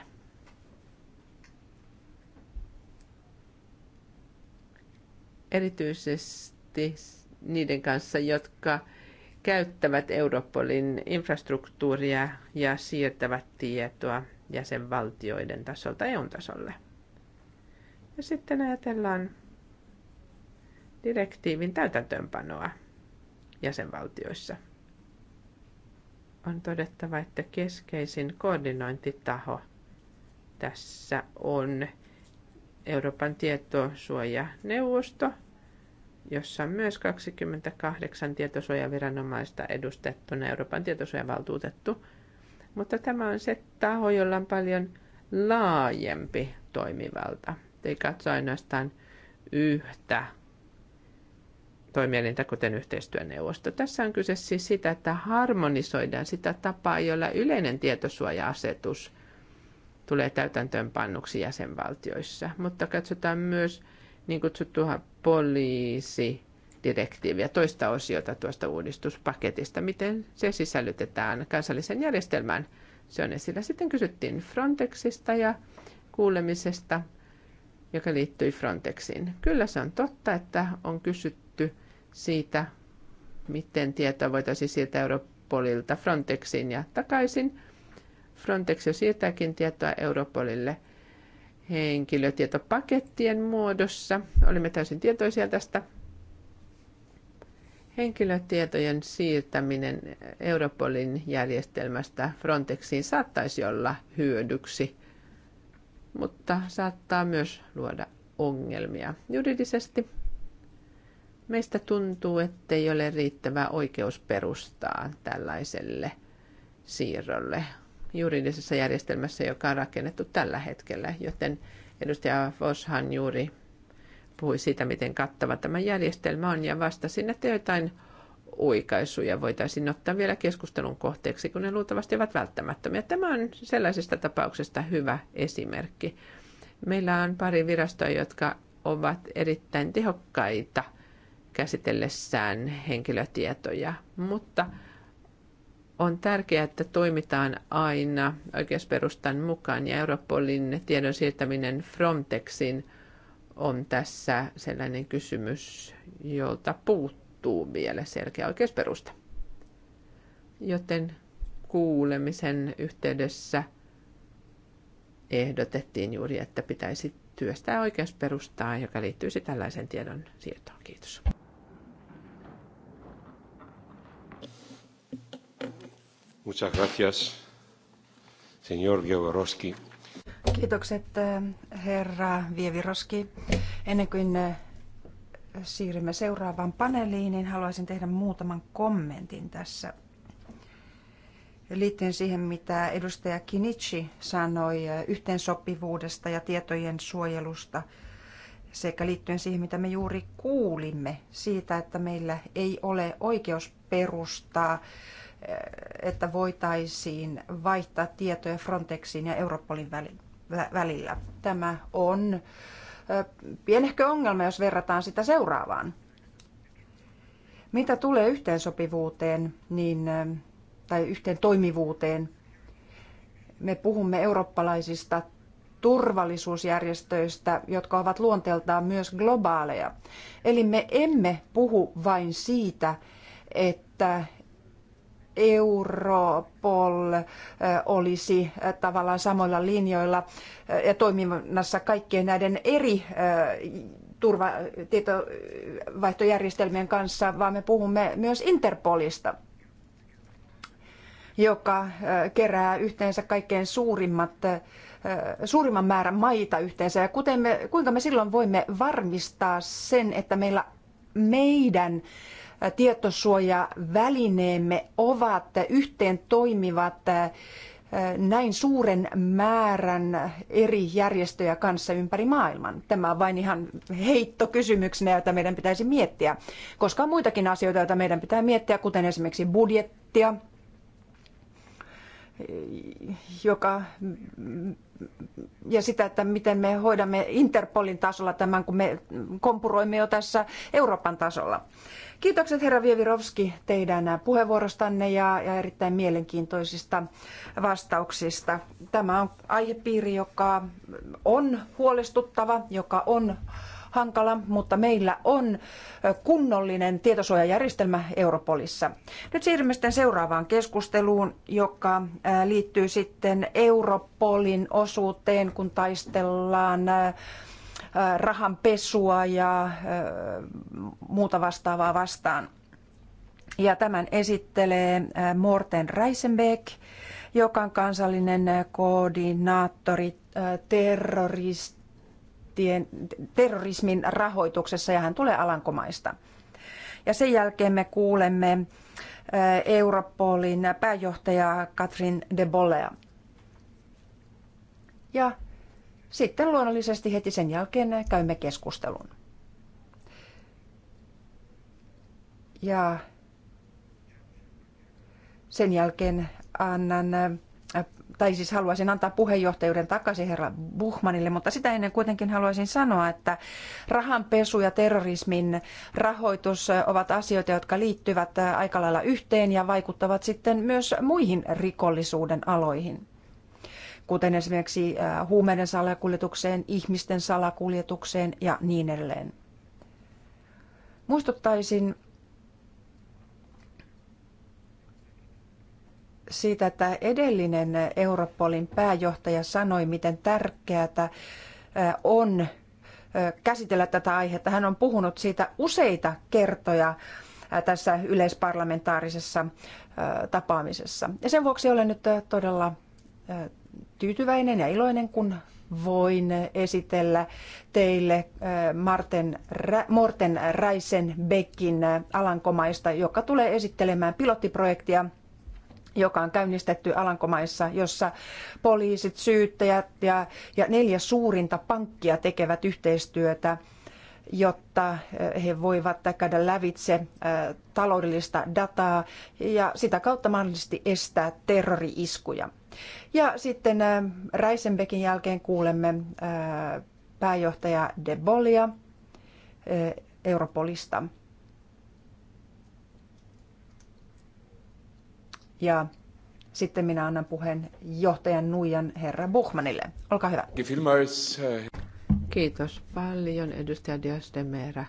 Erityisesti niiden kanssa, jotka käyttävät Europolin infrastruktuuria ja siirtävät tietoa jäsenvaltioiden tasolta eu tasolle. Ja sitten ajatellaan direktiivin täytäntöönpanoa jäsenvaltioissa – on todettava, että keskeisin koordinointitaho tässä on Euroopan tietosuojaneuvosto, jossa on myös 28 tietosuojaviranomaista edustettuna Euroopan tietosuojavaltuutettu. Mutta tämä on se taho, jolla on paljon laajempi toimivalta. Ei katso ainoastaan yhtä toimielintä, kuten yhteistyöneuvosto. Tässä on kyse siis sitä, että harmonisoidaan sitä tapaa, jolla yleinen tietosuoja-asetus tulee täytäntöönpannuksi jäsenvaltioissa. Mutta katsotaan myös niin kutsuttua poliisidirektiiviä, toista osiota tuosta uudistuspaketista, miten se sisällytetään kansalliseen järjestelmään. Se on esillä. Sitten kysyttiin Frontexista ja kuulemisesta, joka liittyi Frontexiin. Kyllä se on totta, että on kysytty siitä, miten tietoa voitaisiin siirtää Europolilta Frontexiin ja takaisin. Frontex jo siirtääkin tietoa Europolille henkilötietopakettien muodossa. Olimme täysin tietoisia tästä. Henkilötietojen siirtäminen Europolin järjestelmästä Frontexiin saattaisi olla hyödyksi, mutta saattaa myös luoda ongelmia juridisesti Meistä tuntuu, ettei ole riittävää oikeusperustaa tällaiselle siirrolle juridisessa järjestelmässä, joka on rakennettu tällä hetkellä, joten edustaja Voshan juuri puhui siitä, miten kattava tämä järjestelmä on, ja vastasin, että jotain uikaisuja voitaisiin ottaa vielä keskustelun kohteeksi, kun ne luultavasti ovat välttämättömiä. Tämä on sellaisesta tapauksesta hyvä esimerkki. Meillä on pari virastoa, jotka ovat erittäin tehokkaita käsitellessään henkilötietoja, mutta on tärkeää, että toimitaan aina oikeusperustan mukaan ja Europolin tiedon siirtäminen Frontexin on tässä sellainen kysymys, jolta puuttuu vielä selkeä oikeusperusta. Joten kuulemisen yhteydessä ehdotettiin juuri, että pitäisi työstää oikeusperustaa, joka liittyisi tällaisen tiedon siirtoon. Kiitos. Muchas gracias, señor Biogorowski. Kiitokset, eh, herra Vieviroski. Ennen kuin eh, siirrymme seuraavaan paneeliin, niin haluaisin tehdä muutaman kommentin tässä liittyen siihen, mitä edustaja Kinichi sanoi eh, yhteensopivuudesta ja tietojen suojelusta sekä liittyen siihen, mitä me juuri kuulimme siitä, että meillä ei ole oikeus perustaa että voitaisiin vaihtaa tietoja Frontexin ja Europolin välillä. Tämä on pienehkö ongelma, jos verrataan sitä seuraavaan. Mitä tulee yhteensopivuuteen niin, tai yhteen toimivuuteen, me puhumme eurooppalaisista turvallisuusjärjestöistä, jotka ovat luonteeltaan myös globaaleja. Eli me emme puhu vain siitä, että Europol olisi tavallaan samoilla linjoilla ja toiminnassa kaikkien näiden eri turvatietovaihtojärjestelmien kanssa, vaan me puhumme myös Interpolista, joka kerää yhteensä kaikkein suurimmat suurimman määrän maita yhteensä. Ja kuten me, kuinka me silloin voimme varmistaa sen, että meillä meidän tietosuojavälineemme ovat yhteen toimivat näin suuren määrän eri järjestöjä kanssa ympäri maailman? Tämä on vain ihan heitto kysymyksenä, jota meidän pitäisi miettiä, koska on muitakin asioita, joita meidän pitää miettiä, kuten esimerkiksi budjettia, joka, ja sitä, että miten me hoidamme Interpolin tasolla tämän, kun me kompuroimme jo tässä Euroopan tasolla. Kiitokset herra Vievirovski teidän puheenvuorostanne ja, ja erittäin mielenkiintoisista vastauksista. Tämä on aihepiiri, joka on huolestuttava, joka on hankala, mutta meillä on kunnollinen tietosuojajärjestelmä Europolissa. Nyt siirrymme sitten seuraavaan keskusteluun, joka liittyy sitten Europolin osuuteen, kun taistellaan rahanpesua ja muuta vastaavaa vastaan. Ja tämän esittelee Morten Reisenbeck, joka on kansallinen koordinaattori terroristien, terrorismin rahoituksessa ja hän tulee Alankomaista. Ja sen jälkeen me kuulemme Europolin pääjohtaja Katrin de Bollea. Ja sitten luonnollisesti heti sen jälkeen käymme keskustelun. Ja sen jälkeen annan, tai siis haluaisin antaa puheenjohtajuuden takaisin herra Buchmanille, mutta sitä ennen kuitenkin haluaisin sanoa, että rahanpesu ja terrorismin rahoitus ovat asioita, jotka liittyvät aika lailla yhteen ja vaikuttavat sitten myös muihin rikollisuuden aloihin kuten esimerkiksi äh, huumeiden salakuljetukseen, ihmisten salakuljetukseen ja niin edelleen. Muistuttaisin siitä, että edellinen Europolin pääjohtaja sanoi, miten tärkeää äh, on äh, käsitellä tätä aihetta. Hän on puhunut siitä useita kertoja tässä yleisparlamentaarisessa tapaamisessa. Ja sen vuoksi olen nyt todella tyytyväinen ja iloinen, kun voin esitellä teille Martin, Morten Räisen Beckin Alankomaista, joka tulee esittelemään pilottiprojektia joka on käynnistetty Alankomaissa, jossa poliisit, syyttäjät ja, ja neljä suurinta pankkia tekevät yhteistyötä, jotta he voivat käydä lävitse taloudellista dataa ja sitä kautta mahdollisesti estää terrori-iskuja. Ja sitten äh, Reisenbekin jälkeen kuulemme äh, pääjohtaja De Bolia äh, Europolista. Ja sitten minä annan puheen johtajan Nuijan herra Buchmanille. Olkaa hyvä. Kiitos paljon edustaja Diastemera.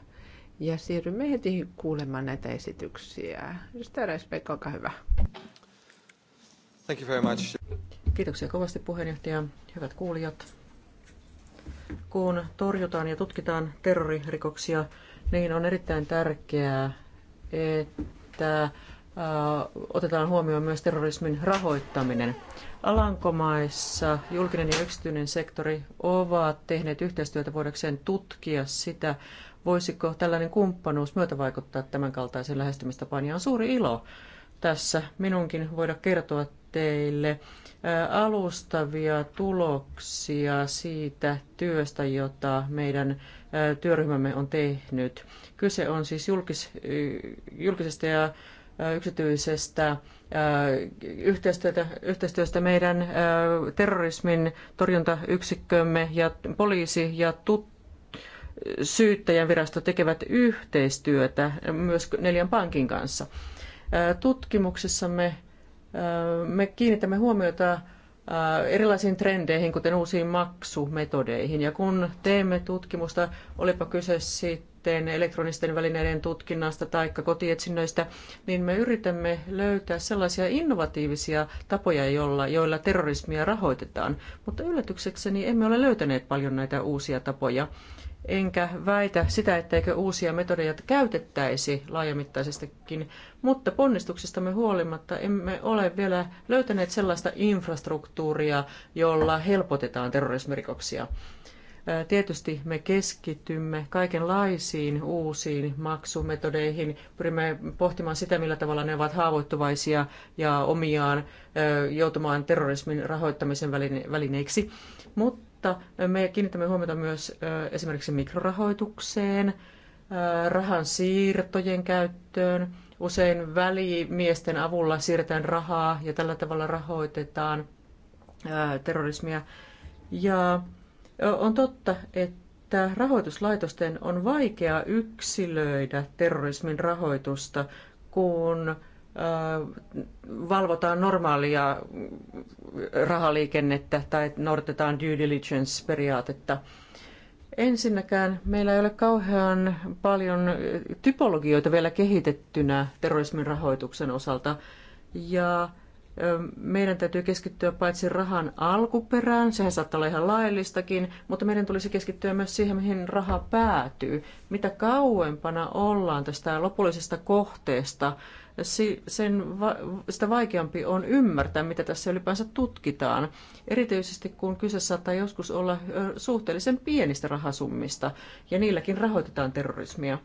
Ja siirrymme heti kuulemaan näitä esityksiä. Edustaja Reisbeck, olkaa hyvä. Thank you very much. Kiitoksia kovasti puheenjohtaja. Hyvät kuulijat. Kun torjutaan ja tutkitaan terroririkoksia, niin on erittäin tärkeää, että äh, otetaan huomioon myös terrorismin rahoittaminen. Alankomaissa julkinen ja yksityinen sektori ovat tehneet yhteistyötä voidakseen tutkia sitä, voisiko tällainen kumppanuus myötävaikuttaa tämän kaltaisen lähestymistapaan. Ja on suuri ilo tässä minunkin voida kertoa teille alustavia tuloksia siitä työstä, jota meidän työryhmämme on tehnyt. Kyse on siis julkis, julkisesta ja yksityisestä yhteistyötä, yhteistyöstä meidän terrorismin torjuntayksikkömme ja poliisi ja tut, syyttäjän virasto tekevät yhteistyötä myös neljän pankin kanssa. Tutkimuksessamme me kiinnitämme huomiota erilaisiin trendeihin, kuten uusiin maksumetodeihin. Ja kun teemme tutkimusta, olipa kyse sitten elektronisten välineiden tutkinnasta tai kotietsinnöistä, niin me yritämme löytää sellaisia innovatiivisia tapoja, joilla, joilla terrorismia rahoitetaan. Mutta yllätyksekseni emme ole löytäneet paljon näitä uusia tapoja enkä väitä sitä, etteikö uusia metodeja käytettäisi laajamittaisestikin, mutta ponnistuksistamme huolimatta emme ole vielä löytäneet sellaista infrastruktuuria, jolla helpotetaan terrorismirikoksia. Tietysti me keskitymme kaikenlaisiin uusiin maksumetodeihin, pyrimme pohtimaan sitä, millä tavalla ne ovat haavoittuvaisia ja omiaan joutumaan terrorismin rahoittamisen välineiksi, mutta mutta me kiinnitämme huomiota myös esimerkiksi mikrorahoitukseen, rahan siirtojen käyttöön. Usein välimiesten avulla siirretään rahaa ja tällä tavalla rahoitetaan terrorismia. Ja on totta, että rahoituslaitosten on vaikea yksilöidä terrorismin rahoitusta, kun valvotaan normaalia rahaliikennettä tai noudatetaan due diligence-periaatetta. Ensinnäkään meillä ei ole kauhean paljon typologioita vielä kehitettynä terrorismin rahoituksen osalta. Ja meidän täytyy keskittyä paitsi rahan alkuperään, sehän saattaa olla ihan laillistakin, mutta meidän tulisi keskittyä myös siihen, mihin raha päätyy. Mitä kauempana ollaan tästä lopullisesta kohteesta, sen, sitä vaikeampi on ymmärtää, mitä tässä ylipäänsä tutkitaan. Erityisesti kun kyse saattaa joskus olla suhteellisen pienistä rahasummista, ja niilläkin rahoitetaan terrorismia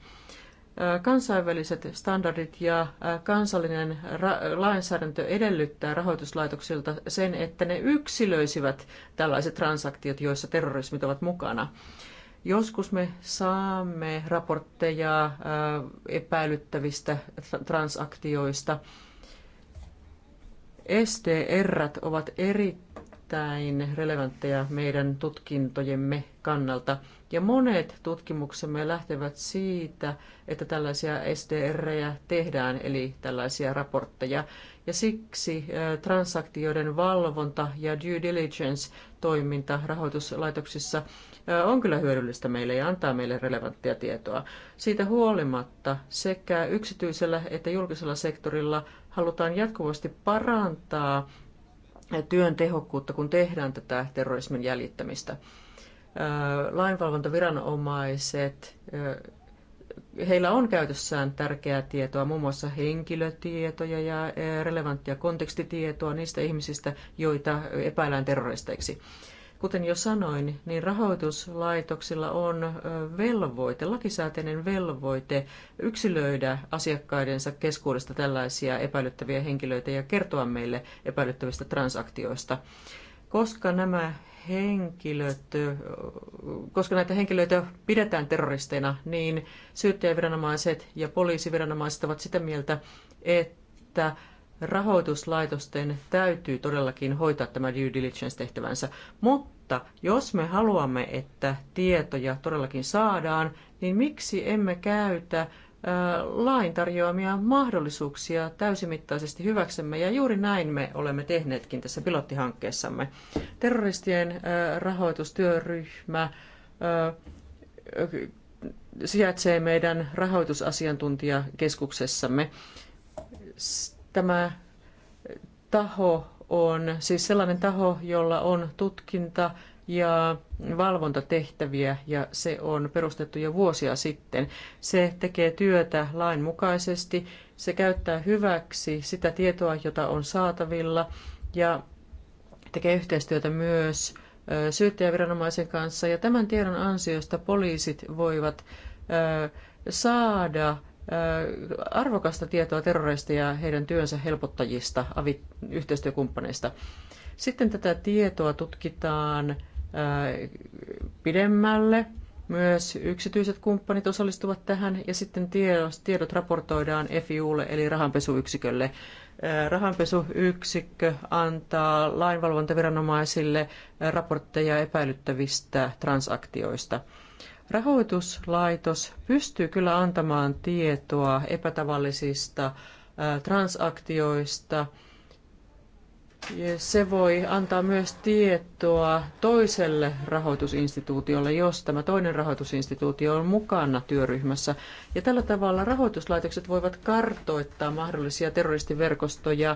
kansainväliset standardit ja kansallinen lainsäädäntö edellyttää rahoituslaitoksilta sen, että ne yksilöisivät tällaiset transaktiot, joissa terrorismit ovat mukana. Joskus me saamme raportteja äh, epäilyttävistä transaktioista. STR ovat erittäin relevantteja meidän tutkintojemme kannalta. Ja monet tutkimuksemme lähtevät siitä, että tällaisia STR-jä tehdään, eli tällaisia raportteja. Ja siksi äh, transaktioiden valvonta ja due diligence-toiminta rahoituslaitoksissa – on kyllä hyödyllistä meille ja antaa meille relevanttia tietoa. Siitä huolimatta sekä yksityisellä että julkisella sektorilla halutaan jatkuvasti parantaa työn tehokkuutta, kun tehdään tätä terrorismin jäljittämistä. Lainvalvontaviranomaiset, heillä on käytössään tärkeää tietoa, muun muassa henkilötietoja ja relevanttia kontekstitietoa niistä ihmisistä, joita epäillään terroristeiksi. Kuten jo sanoin, niin rahoituslaitoksilla on velvoite, lakisääteinen velvoite yksilöidä asiakkaidensa keskuudesta tällaisia epäilyttäviä henkilöitä ja kertoa meille epäilyttävistä transaktioista. Koska nämä henkilöt, koska näitä henkilöitä pidetään terroristeina, niin syyttäjäviranomaiset ja poliisiviranomaiset ovat sitä mieltä, että rahoituslaitosten täytyy todellakin hoitaa tämä due diligence-tehtävänsä, mutta jos me haluamme, että tietoja todellakin saadaan, niin miksi emme käytä lain tarjoamia mahdollisuuksia täysimittaisesti hyväksemme, ja juuri näin me olemme tehneetkin tässä pilottihankkeessamme. Terroristien rahoitustyöryhmä sijaitsee meidän rahoitusasiantuntijakeskuksessamme. Tämä taho on siis sellainen taho, jolla on tutkinta ja valvontatehtäviä ja se on perustettu jo vuosia sitten. Se tekee työtä lainmukaisesti, se käyttää hyväksi sitä tietoa, jota on saatavilla ja tekee yhteistyötä myös syyttäjäviranomaisen kanssa ja tämän tiedon ansiosta poliisit voivat saada arvokasta tietoa terroreista ja heidän työnsä helpottajista, yhteistyökumppaneista. Sitten tätä tietoa tutkitaan pidemmälle. Myös yksityiset kumppanit osallistuvat tähän ja sitten tiedot raportoidaan FIUlle eli rahanpesuyksikölle. Rahanpesuyksikkö antaa lainvalvontaviranomaisille raportteja epäilyttävistä transaktioista – Rahoituslaitos pystyy kyllä antamaan tietoa epätavallisista transaktioista – se voi antaa myös tietoa toiselle rahoitusinstituutiolle, jos tämä toinen rahoitusinstituutio on mukana työryhmässä. Ja tällä tavalla rahoituslaitokset voivat kartoittaa mahdollisia terroristiverkostoja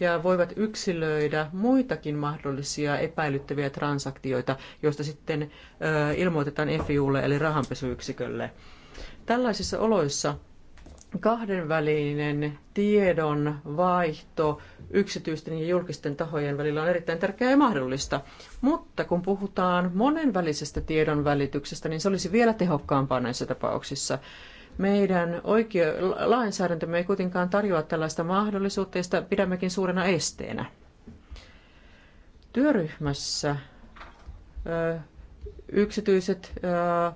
ja voivat yksilöidä muitakin mahdollisia epäilyttäviä transaktioita, joista sitten ilmoitetaan FIUlle eli rahanpesuyksikölle. Tällaisissa oloissa kahdenvälinen tiedon vaihto yksityisten ja julkisten tahojen välillä on erittäin tärkeää ja mahdollista. Mutta kun puhutaan monenvälisestä tiedon välityksestä, niin se olisi vielä tehokkaampaa näissä tapauksissa. Meidän oikea lainsäädäntömme ei kuitenkaan tarjoa tällaista mahdollisuutta, sitä pidämmekin suurena esteenä. Työryhmässä ö, yksityiset ö,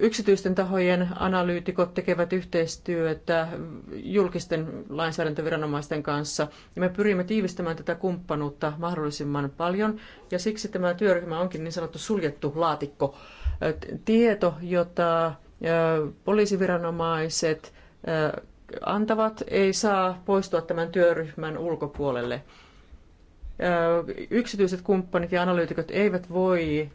Yksityisten tahojen analyytikot tekevät yhteistyötä julkisten lainsäädäntöviranomaisten kanssa ja me pyrimme tiivistämään tätä kumppanuutta mahdollisimman paljon ja siksi tämä työryhmä onkin niin sanottu suljettu laatikko. Tieto, jota poliisiviranomaiset antavat, ei saa poistua tämän työryhmän ulkopuolelle yksityiset kumppanit ja analyytikot eivät voi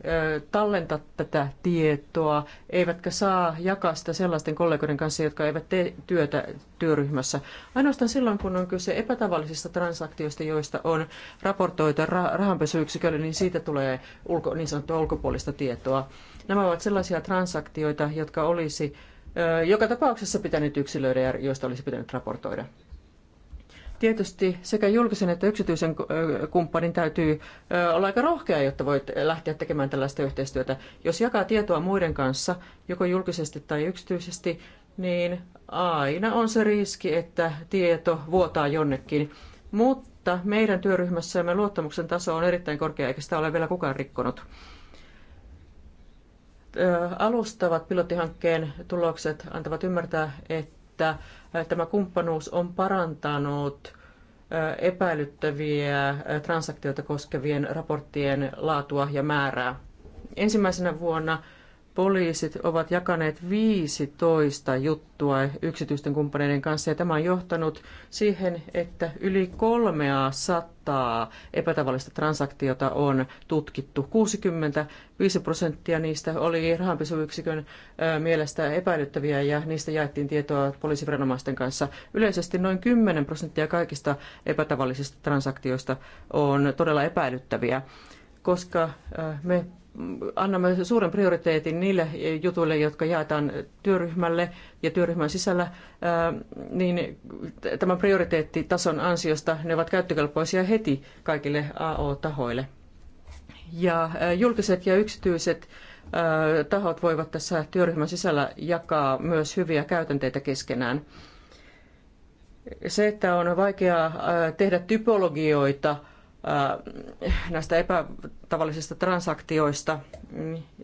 tallentaa tätä tietoa, eivätkä saa jakaa sitä sellaisten kollegoiden kanssa, jotka eivät tee työtä työryhmässä. Ainoastaan silloin, kun on kyse epätavallisista transaktioista, joista on raportoitu rahanpesuyksikölle, niin siitä tulee ulko, niin sanottua ulkopuolista tietoa. Nämä ovat sellaisia transaktioita, jotka olisi joka tapauksessa pitänyt yksilöidä ja joista olisi pitänyt raportoida. Tietysti sekä julkisen että yksityisen kumppanin täytyy olla aika rohkea, jotta voit lähteä tekemään tällaista yhteistyötä. Jos jakaa tietoa muiden kanssa, joko julkisesti tai yksityisesti, niin aina on se riski, että tieto vuotaa jonnekin. Mutta meidän työryhmässämme luottamuksen taso on erittäin korkea, eikä sitä ole vielä kukaan rikkonut alustavat pilottihankkeen tulokset antavat ymmärtää, että että tämä kumppanuus on parantanut epäilyttäviä transaktioita koskevien raporttien laatua ja määrää. Ensimmäisenä vuonna poliisit ovat jakaneet 15 juttua yksityisten kumppaneiden kanssa ja tämä on johtanut siihen, että yli 300 epätavallista transaktiota on tutkittu. 65 prosenttia niistä oli rahanpesuyksikön mielestä epäilyttäviä ja niistä jaettiin tietoa poliisiviranomaisten kanssa. Yleisesti noin 10 prosenttia kaikista epätavallisista transaktioista on todella epäilyttäviä, koska me annamme suuren prioriteetin niille jutuille, jotka jaetaan työryhmälle ja työryhmän sisällä, niin tämän prioriteettitason ansiosta ne ovat käyttökelpoisia heti kaikille AO-tahoille. Ja julkiset ja yksityiset tahot voivat tässä työryhmän sisällä jakaa myös hyviä käytänteitä keskenään. Se, että on vaikeaa tehdä typologioita Äh, näistä epätavallisista transaktioista.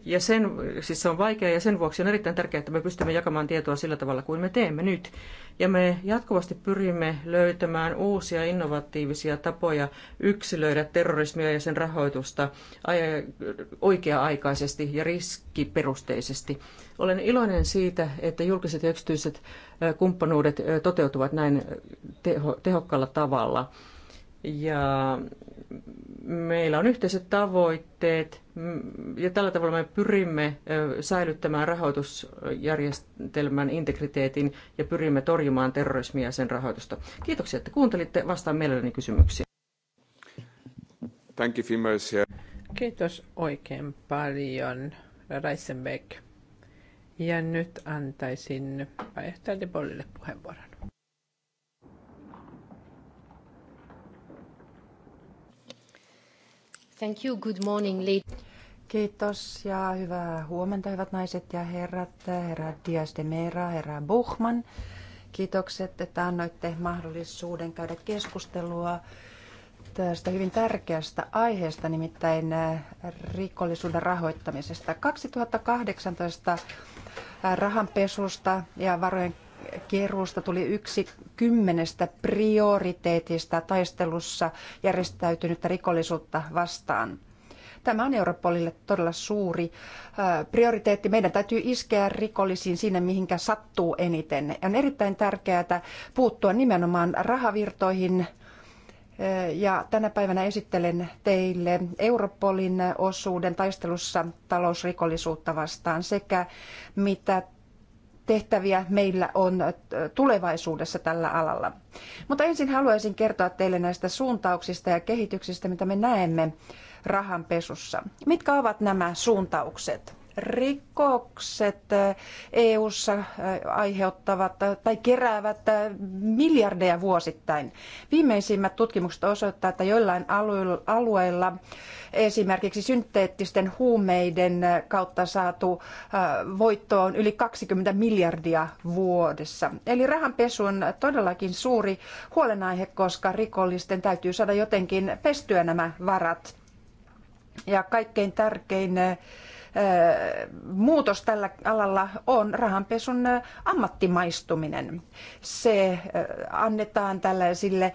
Ja sen, siis se on vaikea ja sen vuoksi on erittäin tärkeää, että me pystymme jakamaan tietoa sillä tavalla kuin me teemme nyt. Ja me jatkuvasti pyrimme löytämään uusia innovatiivisia tapoja yksilöidä terrorismia ja sen rahoitusta oikea-aikaisesti ja riskiperusteisesti. Olen iloinen siitä, että julkiset ja yksityiset äh, kumppanuudet äh, toteutuvat näin teho, tehokkaalla tavalla – ja meillä on yhteiset tavoitteet mm, ja tällä tavalla me pyrimme säilyttämään rahoitusjärjestelmän integriteetin ja pyrimme torjumaan terrorismia ja sen rahoitusta. Kiitoksia, että kuuntelitte. Vastaan mielelläni kysymyksiin. Thank you, Kiitos oikein paljon, Reisenbeck. Ja nyt antaisin pääjohtaja Debolille puheenvuoron. Thank you. Good morning, Kiitos ja hyvää huomenta, hyvät naiset ja herrat, herra Dias de Mera, herra Buchmann. Kiitokset, että annoitte mahdollisuuden käydä keskustelua tästä hyvin tärkeästä aiheesta, nimittäin äh, rikollisuuden rahoittamisesta. 2018 äh, rahanpesusta ja varojen keruusta tuli yksi kymmenestä prioriteetista taistelussa järjestäytynyttä rikollisuutta vastaan. Tämä on Europolille todella suuri prioriteetti. Meidän täytyy iskeä rikollisiin sinne, mihinkä sattuu eniten. On erittäin tärkeää puuttua nimenomaan rahavirtoihin, ja tänä päivänä esittelen teille Europolin osuuden taistelussa talousrikollisuutta vastaan sekä mitä tehtäviä meillä on tulevaisuudessa tällä alalla. Mutta ensin haluaisin kertoa teille näistä suuntauksista ja kehityksistä, mitä me näemme rahanpesussa. Mitkä ovat nämä suuntaukset? rikokset EU:ssa äh, aiheuttavat äh, tai keräävät äh, miljardeja vuosittain. Viimeisimmät tutkimukset osoittavat, että joillain alueilla esimerkiksi synteettisten huumeiden kautta saatu voitto on yli 20 miljardia vuodessa. Eli rahanpesu on todellakin suuri huolenaihe, koska rikollisten täytyy saada jotenkin pestyä nämä varat. Ja kaikkein tärkein muutos tällä alalla on rahanpesun ammattimaistuminen. Se annetaan tällaisille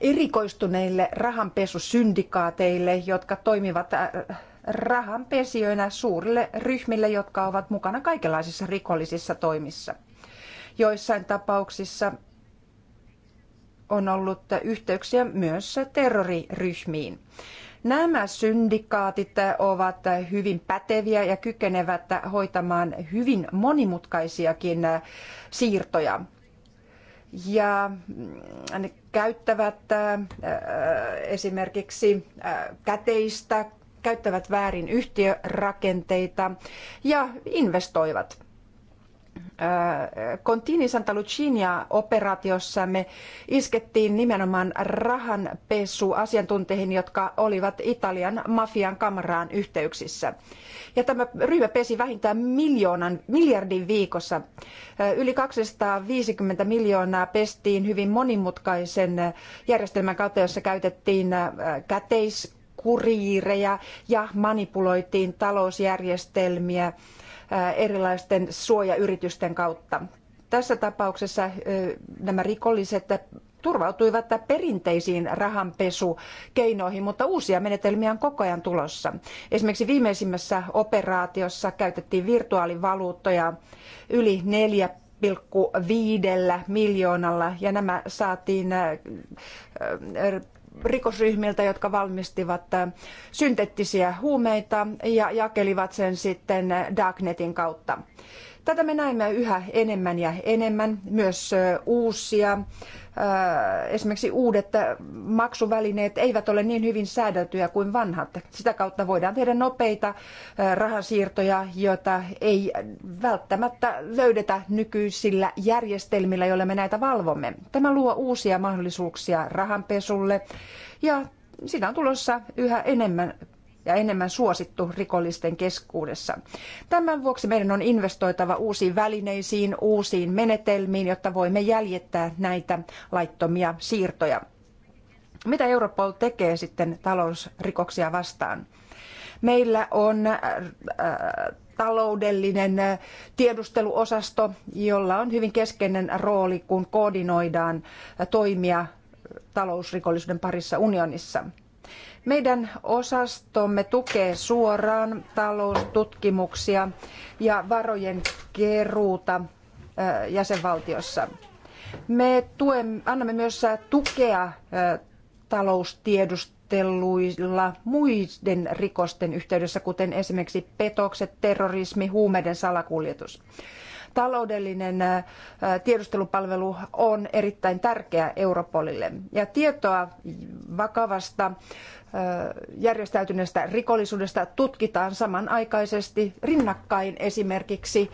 erikoistuneille rahanpesusyndikaateille, jotka toimivat rahanpesijöinä suurille ryhmille, jotka ovat mukana kaikenlaisissa rikollisissa toimissa. Joissain tapauksissa on ollut yhteyksiä myös terroriryhmiin. Nämä syndikaatit ovat hyvin päteviä ja kykenevät hoitamaan hyvin monimutkaisiakin siirtoja. Ja mm, ne käyttävät äh, esimerkiksi äh, käteistä, käyttävät väärin yhtiörakenteita ja investoivat. Contini Santa Lucinia me iskettiin nimenomaan rahanpesu asiantunteihin, jotka olivat Italian mafian kamaraan yhteyksissä. Ja tämä ryhmä pesi vähintään miljoonan, miljardin viikossa. Yli 250 miljoonaa pestiin hyvin monimutkaisen järjestelmän kautta, jossa käytettiin käteiskuriireja ja manipuloitiin talousjärjestelmiä erilaisten suojayritysten kautta. Tässä tapauksessa nämä rikolliset turvautuivat perinteisiin rahanpesukeinoihin, mutta uusia menetelmiä on koko ajan tulossa. Esimerkiksi viimeisimmässä operaatiossa käytettiin virtuaalivaluuttoja yli neljä 5 miljoonalla ja nämä saatiin rikosryhmiltä, jotka valmistivat äh, synteettisiä huumeita ja jakelivat sen sitten äh, Darknetin kautta. Tätä me näemme yhä enemmän ja enemmän, myös uusia. Esimerkiksi uudet maksuvälineet eivät ole niin hyvin säädeltyjä kuin vanhat. Sitä kautta voidaan tehdä nopeita rahansiirtoja, joita ei välttämättä löydetä nykyisillä järjestelmillä, joilla me näitä valvomme. Tämä luo uusia mahdollisuuksia rahanpesulle ja sitä on tulossa yhä enemmän ja enemmän suosittu rikollisten keskuudessa. Tämän vuoksi meidän on investoitava uusiin välineisiin, uusiin menetelmiin, jotta voimme jäljittää näitä laittomia siirtoja. Mitä Europol tekee sitten talousrikoksia vastaan? Meillä on äh, äh taloudellinen äh, tiedusteluosasto, jolla on hyvin keskeinen rooli, kun koordinoidaan äh, toimia talousrikollisuuden parissa unionissa. Meidän osastomme tukee suoraan taloustutkimuksia ja varojen keruuta jäsenvaltiossa. Me tuemme, annamme myös tukea taloustiedusteluilla muiden rikosten yhteydessä, kuten esimerkiksi petokset, terrorismi, huumeiden salakuljetus taloudellinen tiedustelupalvelu on erittäin tärkeä Europolille. Ja tietoa vakavasta järjestäytyneestä rikollisuudesta tutkitaan samanaikaisesti rinnakkain esimerkiksi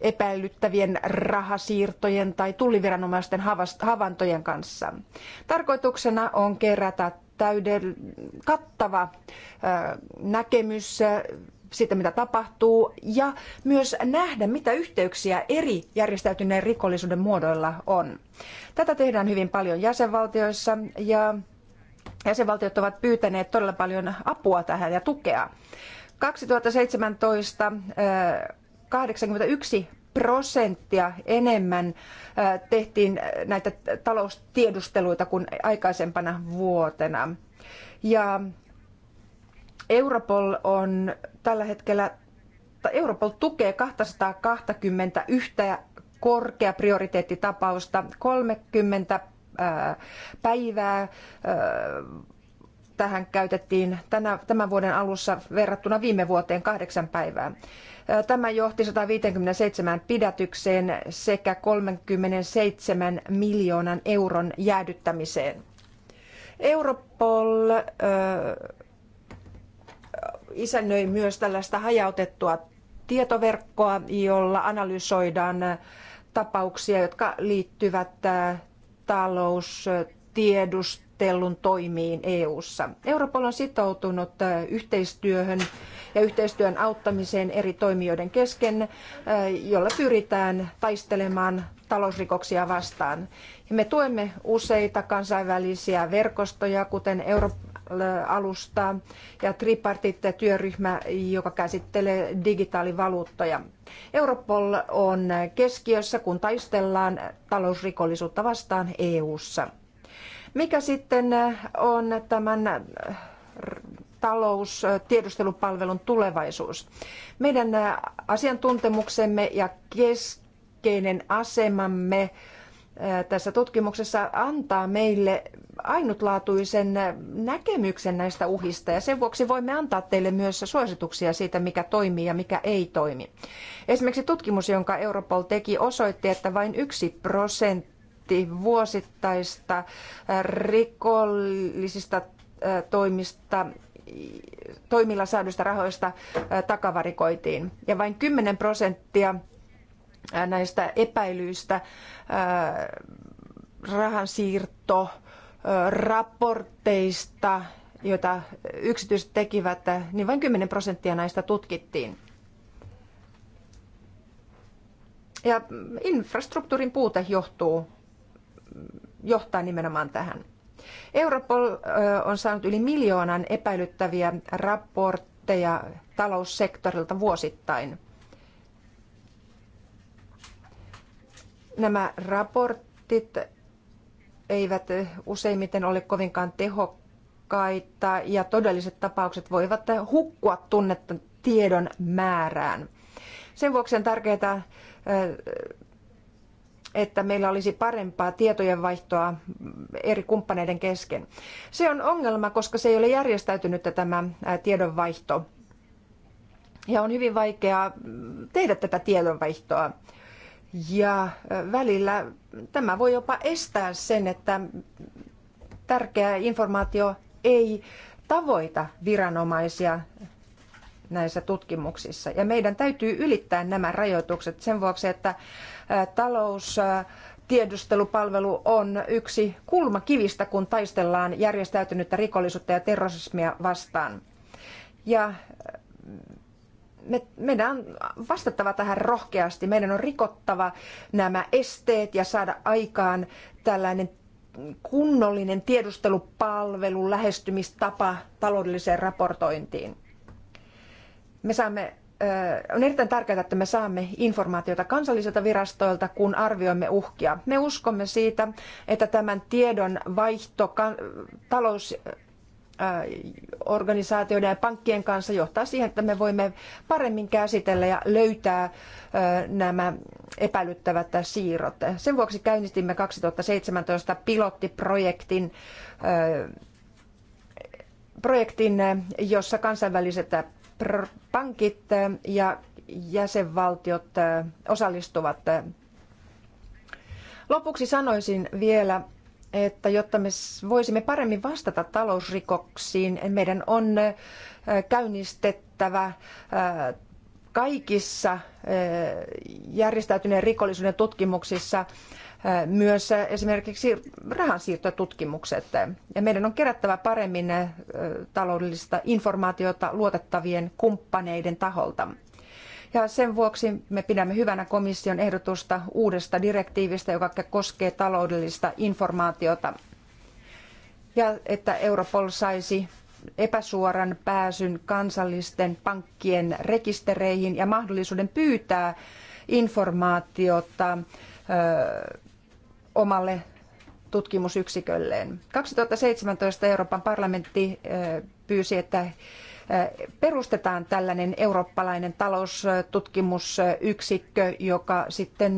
epäilyttävien rahasiirtojen tai tulliviranomaisten havaintojen kanssa. Tarkoituksena on kerätä täyden, kattava näkemys siitä, mitä tapahtuu, ja myös nähdä, mitä yhteyksiä eri järjestäytyneen rikollisuuden muodoilla on. Tätä tehdään hyvin paljon jäsenvaltioissa, ja jäsenvaltiot ovat pyytäneet todella paljon apua tähän ja tukea. 2017 81 äh, prosenttia enemmän äh, tehtiin näitä taloustiedusteluita kuin aikaisempana vuotena. Ja Europol on tällä hetkellä, tai Europol tukee 221 korkea prioriteettitapausta, 30 päivää tähän käytettiin tänä, tämän vuoden alussa verrattuna viime vuoteen kahdeksan päivää. Tämä johti 157 pidätykseen sekä 37 miljoonan euron jäädyttämiseen. Europol isännöi myös tällaista hajautettua tietoverkkoa, jolla analysoidaan äh, tapauksia, jotka liittyvät äh, taloustiedustelun toimiin EU:ssa. Europol on sitoutunut äh, yhteistyöhön ja yhteistyön auttamiseen eri toimijoiden kesken, jolla pyritään taistelemaan talousrikoksia vastaan. Me tuemme useita kansainvälisiä verkostoja, kuten Euro- alustaa ja tripartit-työryhmä, joka käsittelee digitaalivaluuttoja. Europol on keskiössä, kun taistellaan talousrikollisuutta vastaan EU:ssa. Mikä sitten on tämän taloustiedustelupalvelun tulevaisuus? Meidän asiantuntemuksemme ja keskeinen asemamme tässä tutkimuksessa antaa meille ainutlaatuisen näkemyksen näistä uhista ja sen vuoksi voimme antaa teille myös suosituksia siitä, mikä toimii ja mikä ei toimi. Esimerkiksi tutkimus, jonka Europol teki, osoitti, että vain yksi prosentti vuosittaista rikollisista toimista toimilla saaduista rahoista takavarikoitiin ja vain 10 prosenttia Äh, näistä epäilyistä, äh, rahansiirto, äh, raporteista, joita yksityiset tekivät, niin vain 10 prosenttia näistä tutkittiin. Ja infrastruktuurin puute johtuu, johtaa nimenomaan tähän. Europol on saanut yli miljoonan epäilyttäviä raportteja taloussektorilta vuosittain – Nämä raportit eivät useimmiten ole kovinkaan tehokkaita ja todelliset tapaukset voivat hukkua tunnetta tiedon määrään. Sen vuoksi on tärkeää, että meillä olisi parempaa tietojenvaihtoa eri kumppaneiden kesken. Se on ongelma, koska se ei ole järjestäytynyt tämä tiedonvaihto. Ja on hyvin vaikeaa tehdä tätä tiedonvaihtoa ja välillä tämä voi jopa estää sen, että tärkeä informaatio ei tavoita viranomaisia näissä tutkimuksissa. Ja meidän täytyy ylittää nämä rajoitukset sen vuoksi, että talous tiedustelupalvelu on yksi kulmakivistä, kun taistellaan järjestäytynyttä rikollisuutta ja terrorismia vastaan. Ja me, meidän on vastattava tähän rohkeasti. Meidän on rikottava nämä esteet ja saada aikaan tällainen kunnollinen tiedustelupalvelu, lähestymistapa taloudelliseen raportointiin. Me saamme, on erittäin tärkeää, että me saamme informaatiota kansallisilta virastoilta, kun arvioimme uhkia. Me uskomme siitä, että tämän tiedon vaihto talous- Äh, organisaatioiden ja pankkien kanssa johtaa siihen, että me voimme paremmin käsitellä ja löytää äh, nämä epäilyttävät siirrot. Sen vuoksi käynnistimme 2017 pilottiprojektin äh, projektin, jossa kansainväliset pankit ja jäsenvaltiot osallistuvat. Lopuksi sanoisin vielä, että jotta me voisimme paremmin vastata talousrikoksiin, meidän on käynnistettävä kaikissa järjestäytyneen rikollisuuden tutkimuksissa myös esimerkiksi rahansiirtotutkimukset. Ja meidän on kerättävä paremmin taloudellista informaatiota luotettavien kumppaneiden taholta. Ja sen vuoksi me pidämme hyvänä komission ehdotusta uudesta direktiivistä, joka koskee taloudellista informaatiota. Ja että Europol saisi epäsuoran pääsyn kansallisten pankkien rekistereihin ja mahdollisuuden pyytää informaatiota ö, omalle tutkimusyksikölleen. 2017 Euroopan parlamentti pyysi, että perustetaan tällainen eurooppalainen taloustutkimusyksikkö, joka sitten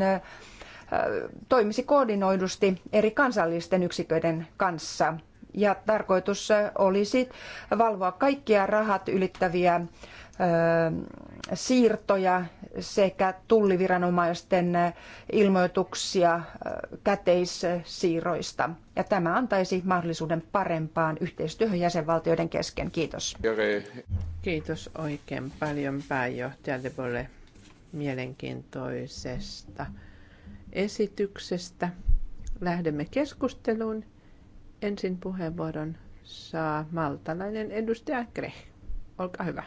toimisi koordinoidusti eri kansallisten yksiköiden kanssa. Ja tarkoitus olisi valvoa kaikkia rahat ylittäviä siirtoja sekä tulliviranomaisten ilmoituksia käteissiirroista. Ja tämä antaisi mahdollisuuden parempaan yhteistyöhön jäsenvaltioiden kesken. Kiitos. Kiitos oikein paljon pääjohtaja Debolle mielenkiintoisesta esityksestä. Lähdemme keskusteluun. Ensin puheenvuoron saa maltalainen edustaja Greh. Olkaa hyvä.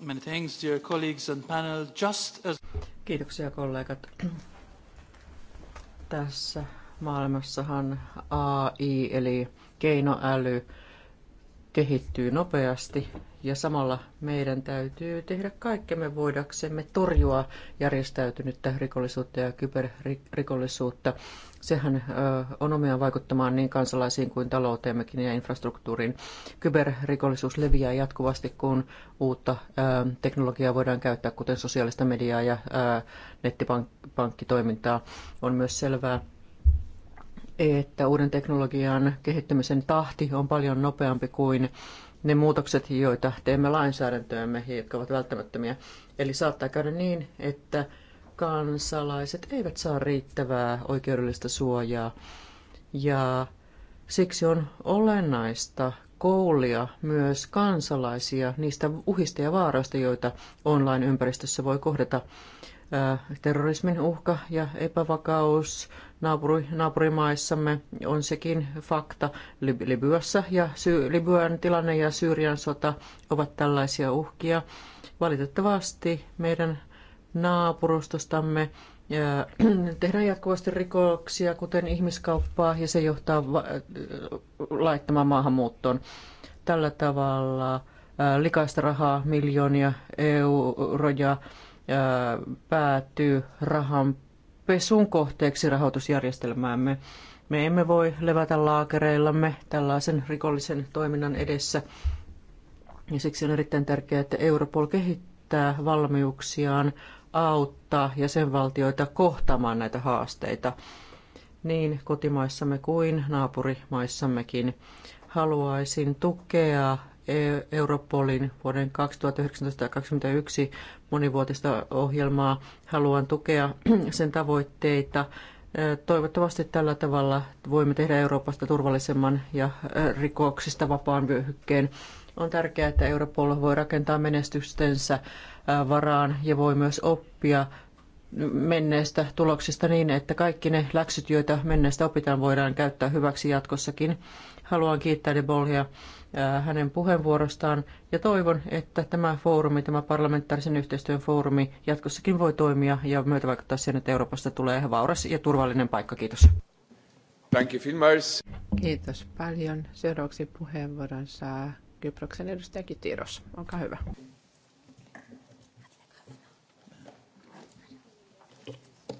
Many thanks, dear colleagues and panel. Just as... Kiitoksia kollegat. Tässä maailmassahan AI eli keinoäly kehittyy nopeasti ja samalla meidän täytyy tehdä kaikkemme voidaksemme torjua järjestäytynyttä rikollisuutta ja kyberrikollisuutta. Sehän on omiaan vaikuttamaan niin kansalaisiin kuin talouteemmekin ja infrastruktuuriin. Kyberrikollisuus leviää jatkuvasti, kun uutta teknologiaa voidaan käyttää, kuten sosiaalista mediaa ja nettipankkitoimintaa. On myös selvää, että uuden teknologian kehittymisen tahti on paljon nopeampi kuin ne muutokset, joita teemme lainsäädäntöömme ja jotka ovat välttämättömiä. Eli saattaa käydä niin, että kansalaiset eivät saa riittävää oikeudellista suojaa ja siksi on olennaista koulia myös kansalaisia niistä uhista ja vaaroista, joita online-ympäristössä voi kohdata. Äh, terrorismin uhka ja epävakaus naapuri, naapurimaissamme on sekin fakta. Libyassa ja Sy- Libyan tilanne ja Syyrian sota ovat tällaisia uhkia. Valitettavasti meidän naapurustostamme äh, tehdään jatkuvasti rikoksia, kuten ihmiskauppaa, ja se johtaa va- laittamaan maahanmuuttoon. Tällä tavalla äh, likaista rahaa, miljoonia euroja, päätyy rahan pesun kohteeksi rahoitusjärjestelmäämme. Me emme voi levätä laakereillamme tällaisen rikollisen toiminnan edessä. Ja siksi on erittäin tärkeää, että Europol kehittää valmiuksiaan auttaa jäsenvaltioita kohtaamaan näitä haasteita niin kotimaissamme kuin naapurimaissammekin. Haluaisin tukea E- Europolin vuoden 2019-2021 monivuotista ohjelmaa. Haluan tukea sen tavoitteita. E- Toivottavasti tällä tavalla voimme tehdä Euroopasta turvallisemman ja e- rikoksista vapaan vyöhykkeen. On tärkeää, että Europol voi rakentaa menestystensä varaan ja voi myös oppia menneistä tuloksista niin, että kaikki ne läksyt, joita menneistä opitaan, voidaan käyttää hyväksi jatkossakin. Haluan kiittää De Bollia Äh, hänen puheenvuorostaan ja toivon, että tämä foorumi, tämä parlamentaarisen yhteistyön foorumi jatkossakin voi toimia ja myötävaikuttaa siihen, että Euroopasta tulee vauras ja turvallinen paikka. Kiitos. Thank you Finmars. Kiitos paljon. Seuraavaksi puheenvuoron saa Kyproksen edustaja Kitiros. Olkaa hyvä.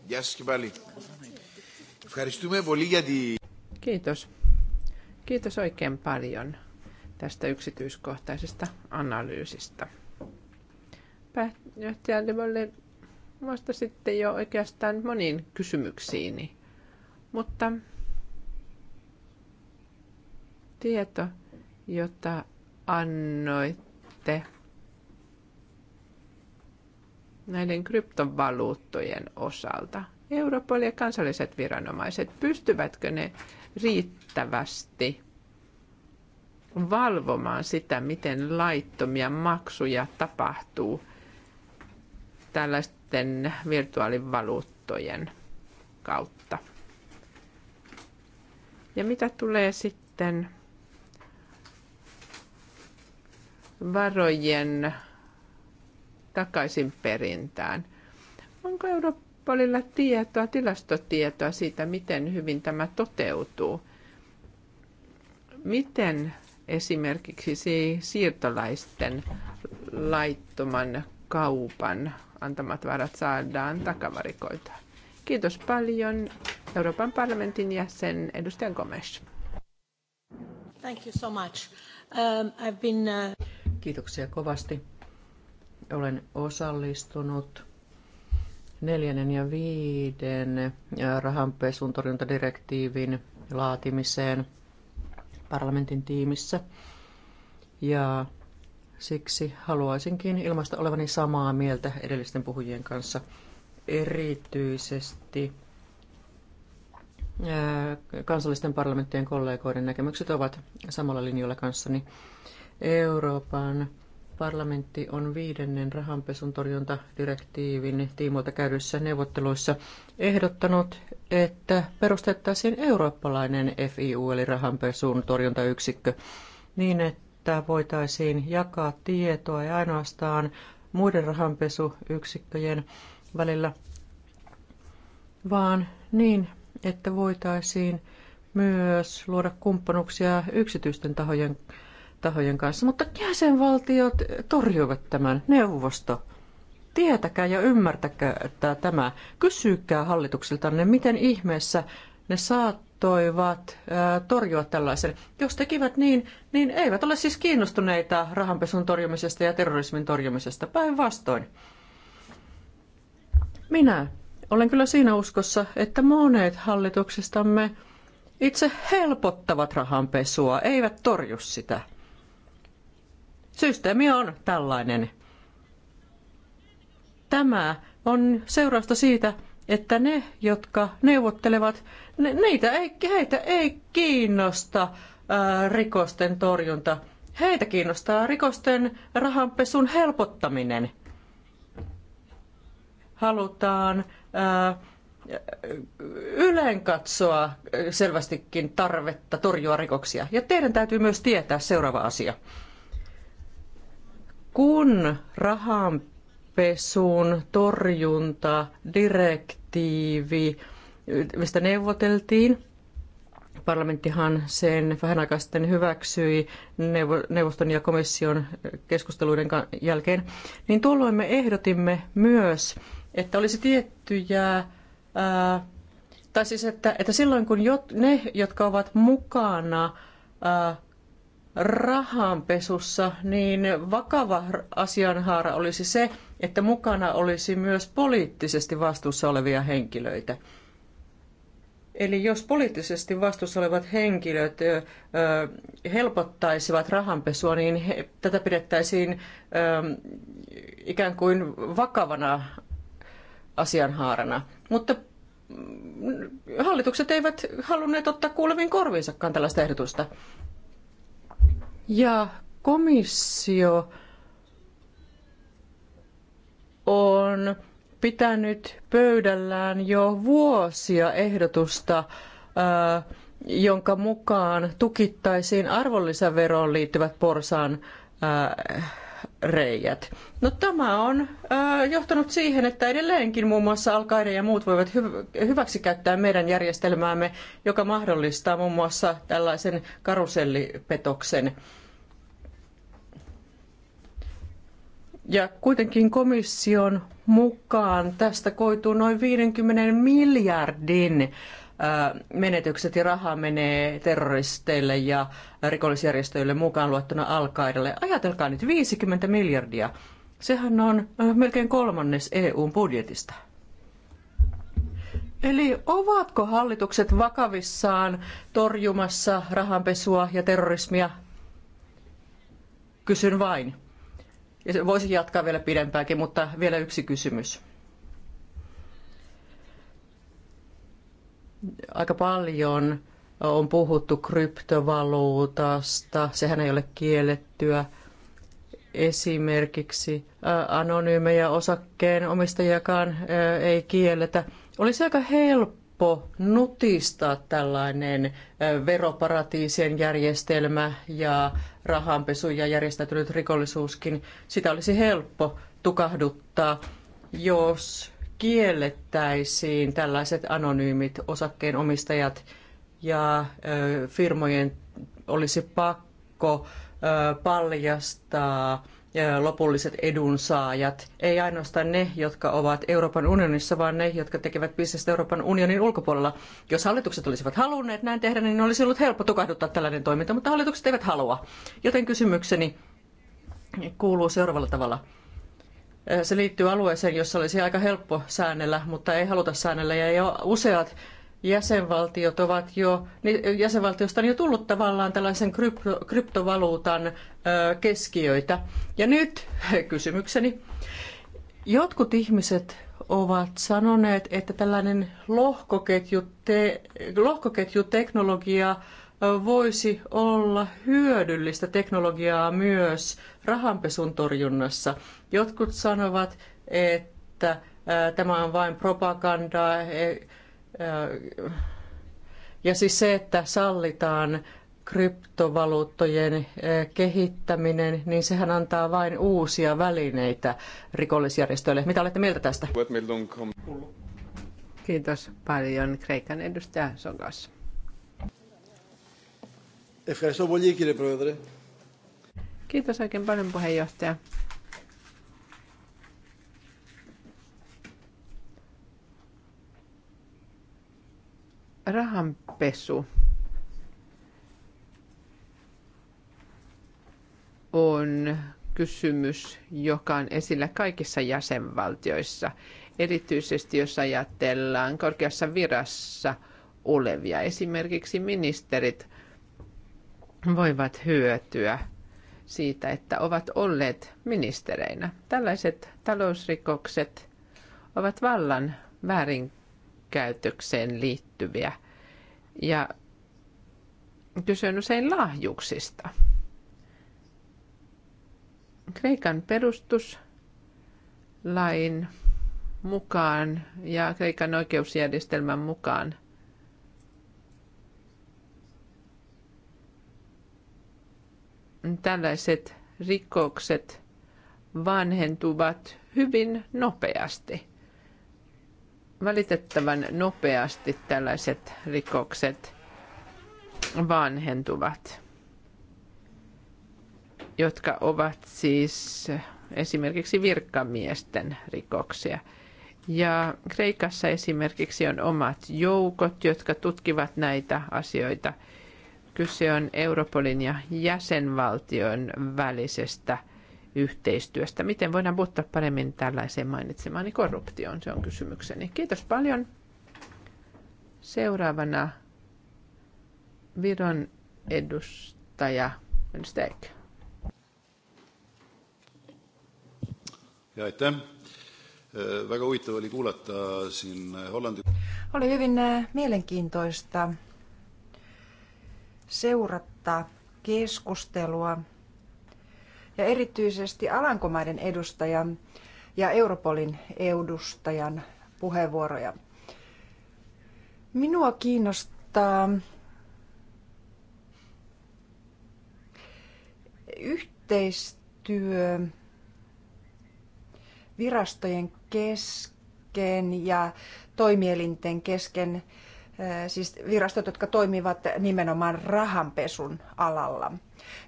Γεια Kiitos. Kiitos oikein paljon tästä yksityiskohtaisesta analyysistä. Pääjohtaja Levolle vastasitte jo oikeastaan moniin kysymyksiini, mutta tieto, jota annoitte näiden kryptovaluuttojen osalta, Europol ja kansalliset viranomaiset, pystyvätkö ne riittävästi valvomaan sitä, miten laittomia maksuja tapahtuu tällaisten virtuaalivaluuttojen kautta. Ja mitä tulee sitten varojen takaisin perintään. Onko Europolilla tietoa, tilastotietoa siitä, miten hyvin tämä toteutuu? Miten esimerkiksi siirtolaisten laittoman kaupan antamat varat saadaan takavarikoita. Kiitos paljon Euroopan parlamentin jäsen edustajan Gomes. Thank you so much. Um, I've been, uh... Kiitoksia kovasti. Olen osallistunut neljännen ja viiden äh, rahanpesun torjuntadirektiivin laatimiseen – parlamentin tiimissä. Ja siksi haluaisinkin ilmaista olevani samaa mieltä edellisten puhujien kanssa erityisesti kansallisten parlamenttien kollegoiden näkemykset ovat samalla linjalla kanssani. Euroopan Parlamentti on viidennen rahanpesun torjuntadirektiivin tiimoilta käydyissä neuvotteluissa ehdottanut, että perustettaisiin eurooppalainen FIU eli rahanpesun torjuntayksikkö niin, että voitaisiin jakaa tietoa ja ainoastaan muiden rahanpesuyksikköjen välillä, vaan niin, että voitaisiin myös luoda kumppanuksia yksityisten tahojen kanssa tahojen kanssa, mutta jäsenvaltiot torjuivat tämän neuvosto. Tietäkää ja ymmärtäkää tämä. Kysykää ne miten ihmeessä ne saattoivat torjua tällaisen. Jos tekivät niin, niin eivät ole siis kiinnostuneita rahanpesun torjumisesta ja terrorismin torjumisesta päinvastoin. Minä olen kyllä siinä uskossa, että monet hallituksistamme itse helpottavat rahanpesua, eivät torju sitä. Systeemi on tällainen. Tämä on seurausta siitä, että ne, jotka neuvottelevat, ne, neitä ei, heitä ei kiinnosta ää, rikosten torjunta. Heitä kiinnostaa rikosten rahanpesun helpottaminen. Halutaan ää, katsoa selvästikin tarvetta torjua rikoksia. Ja teidän täytyy myös tietää seuraava asia kun rahanpesun torjunta direktiivi, mistä neuvoteltiin, parlamenttihan sen vähän aikaa sitten hyväksyi neuvoston ja komission keskusteluiden jälkeen, niin tuolloin me ehdotimme myös, että olisi tiettyjä, ää, tai siis että, että silloin kun jot, ne, jotka ovat mukana ää, rahanpesussa, niin vakava asianhaara olisi se, että mukana olisi myös poliittisesti vastuussa olevia henkilöitä. Eli jos poliittisesti vastuussa olevat henkilöt ö, helpottaisivat rahanpesua, niin he, tätä pidettäisiin ö, ikään kuin vakavana asianhaarana. Mutta mm, hallitukset eivät halunneet ottaa kuuleviin korviinsakaan tällaista ehdotusta. Ja komissio on pitänyt pöydällään jo vuosia ehdotusta, jonka mukaan tukittaisiin arvonlisäveroon liittyvät porsaan reijät. No tämä on johtanut siihen, että edelleenkin muun muassa al ja muut voivat hy- hyväksikäyttää meidän järjestelmäämme, joka mahdollistaa muun muassa tällaisen karusellipetoksen. Ja kuitenkin komission mukaan tästä koituu noin 50 miljardin menetykset ja raha menee terroristeille ja rikollisjärjestöille mukaan luettuna al Ajatelkaa nyt 50 miljardia. Sehän on melkein kolmannes EUn budjetista. Eli ovatko hallitukset vakavissaan torjumassa rahanpesua ja terrorismia? Kysyn vain. Ja voisin jatkaa vielä pidempäänkin, mutta vielä yksi kysymys. aika paljon on puhuttu kryptovaluutasta, sehän ei ole kiellettyä. Esimerkiksi äh, anonyymejä osakkeen omistajakaan äh, ei kielletä. Olisi aika helppo nutistaa tällainen äh, veroparatiisien järjestelmä ja rahanpesu ja järjestäytynyt rikollisuuskin. Sitä olisi helppo tukahduttaa, jos kiellettäisiin tällaiset anonyymit osakkeenomistajat ja firmojen olisi pakko paljastaa lopulliset edunsaajat, ei ainoastaan ne, jotka ovat Euroopan unionissa, vaan ne, jotka tekevät bisnestä Euroopan unionin ulkopuolella. Jos hallitukset olisivat halunneet näin tehdä, niin olisi ollut helppo tukahduttaa tällainen toiminta, mutta hallitukset eivät halua. Joten kysymykseni kuuluu seuraavalla tavalla. Se liittyy alueeseen, jossa olisi aika helppo säännellä, mutta ei haluta säännellä. Ja jo useat jäsenvaltiot ovat jo, jäsenvaltiosta on jo tullut tavallaan tällaisen krypto, kryptovaluutan keskiöitä. Ja nyt kysymykseni. Jotkut ihmiset ovat sanoneet, että tällainen lohkoketju, te, lohkoketjuteknologia voisi olla hyödyllistä teknologiaa myös rahanpesun torjunnassa. Jotkut sanovat, että äh, tämä on vain propagandaa e, äh, ja siis se, että sallitaan kryptovaluuttojen äh, kehittäminen, niin sehän antaa vain uusia välineitä rikollisjärjestöille. Mitä olette mieltä tästä? Kiitos paljon Kreikan edustaja Sogas. Ευχαριστώ πολύ κύριε Πρόεδρε. Kiitos oikein paljon puheenjohtaja. Rahanpesu on kysymys, joka on esillä kaikissa jäsenvaltioissa, erityisesti jos ajatellaan korkeassa virassa olevia. Esimerkiksi ministerit voivat hyötyä siitä, että ovat olleet ministereinä. Tällaiset talousrikokset ovat vallan väärinkäytökseen liittyviä ja kyse on usein lahjuksista. Kreikan perustuslain mukaan ja Kreikan oikeusjärjestelmän mukaan – tällaiset rikokset vanhentuvat hyvin nopeasti. Valitettavan nopeasti tällaiset rikokset vanhentuvat, jotka ovat siis esimerkiksi virkamiesten rikoksia. Ja Kreikassa esimerkiksi on omat joukot, jotka tutkivat näitä asioita – Kyse on Europolin ja jäsenvaltion välisestä yhteistyöstä. Miten voidaan puuttua paremmin tällaiseen mainitsemaani korruptioon? Se on kysymykseni. Kiitos paljon. Seuraavana Viron edustaja Steik. aitäh. Äh, väga huvitav oli kuulata siin Hollandi. Oli hyvin äh, mielenkiintoista seurata keskustelua ja erityisesti Alankomaiden edustajan ja Europolin edustajan puheenvuoroja. Minua kiinnostaa yhteistyö virastojen kesken ja toimielinten kesken Äh, siis virastot, jotka toimivat nimenomaan rahanpesun alalla.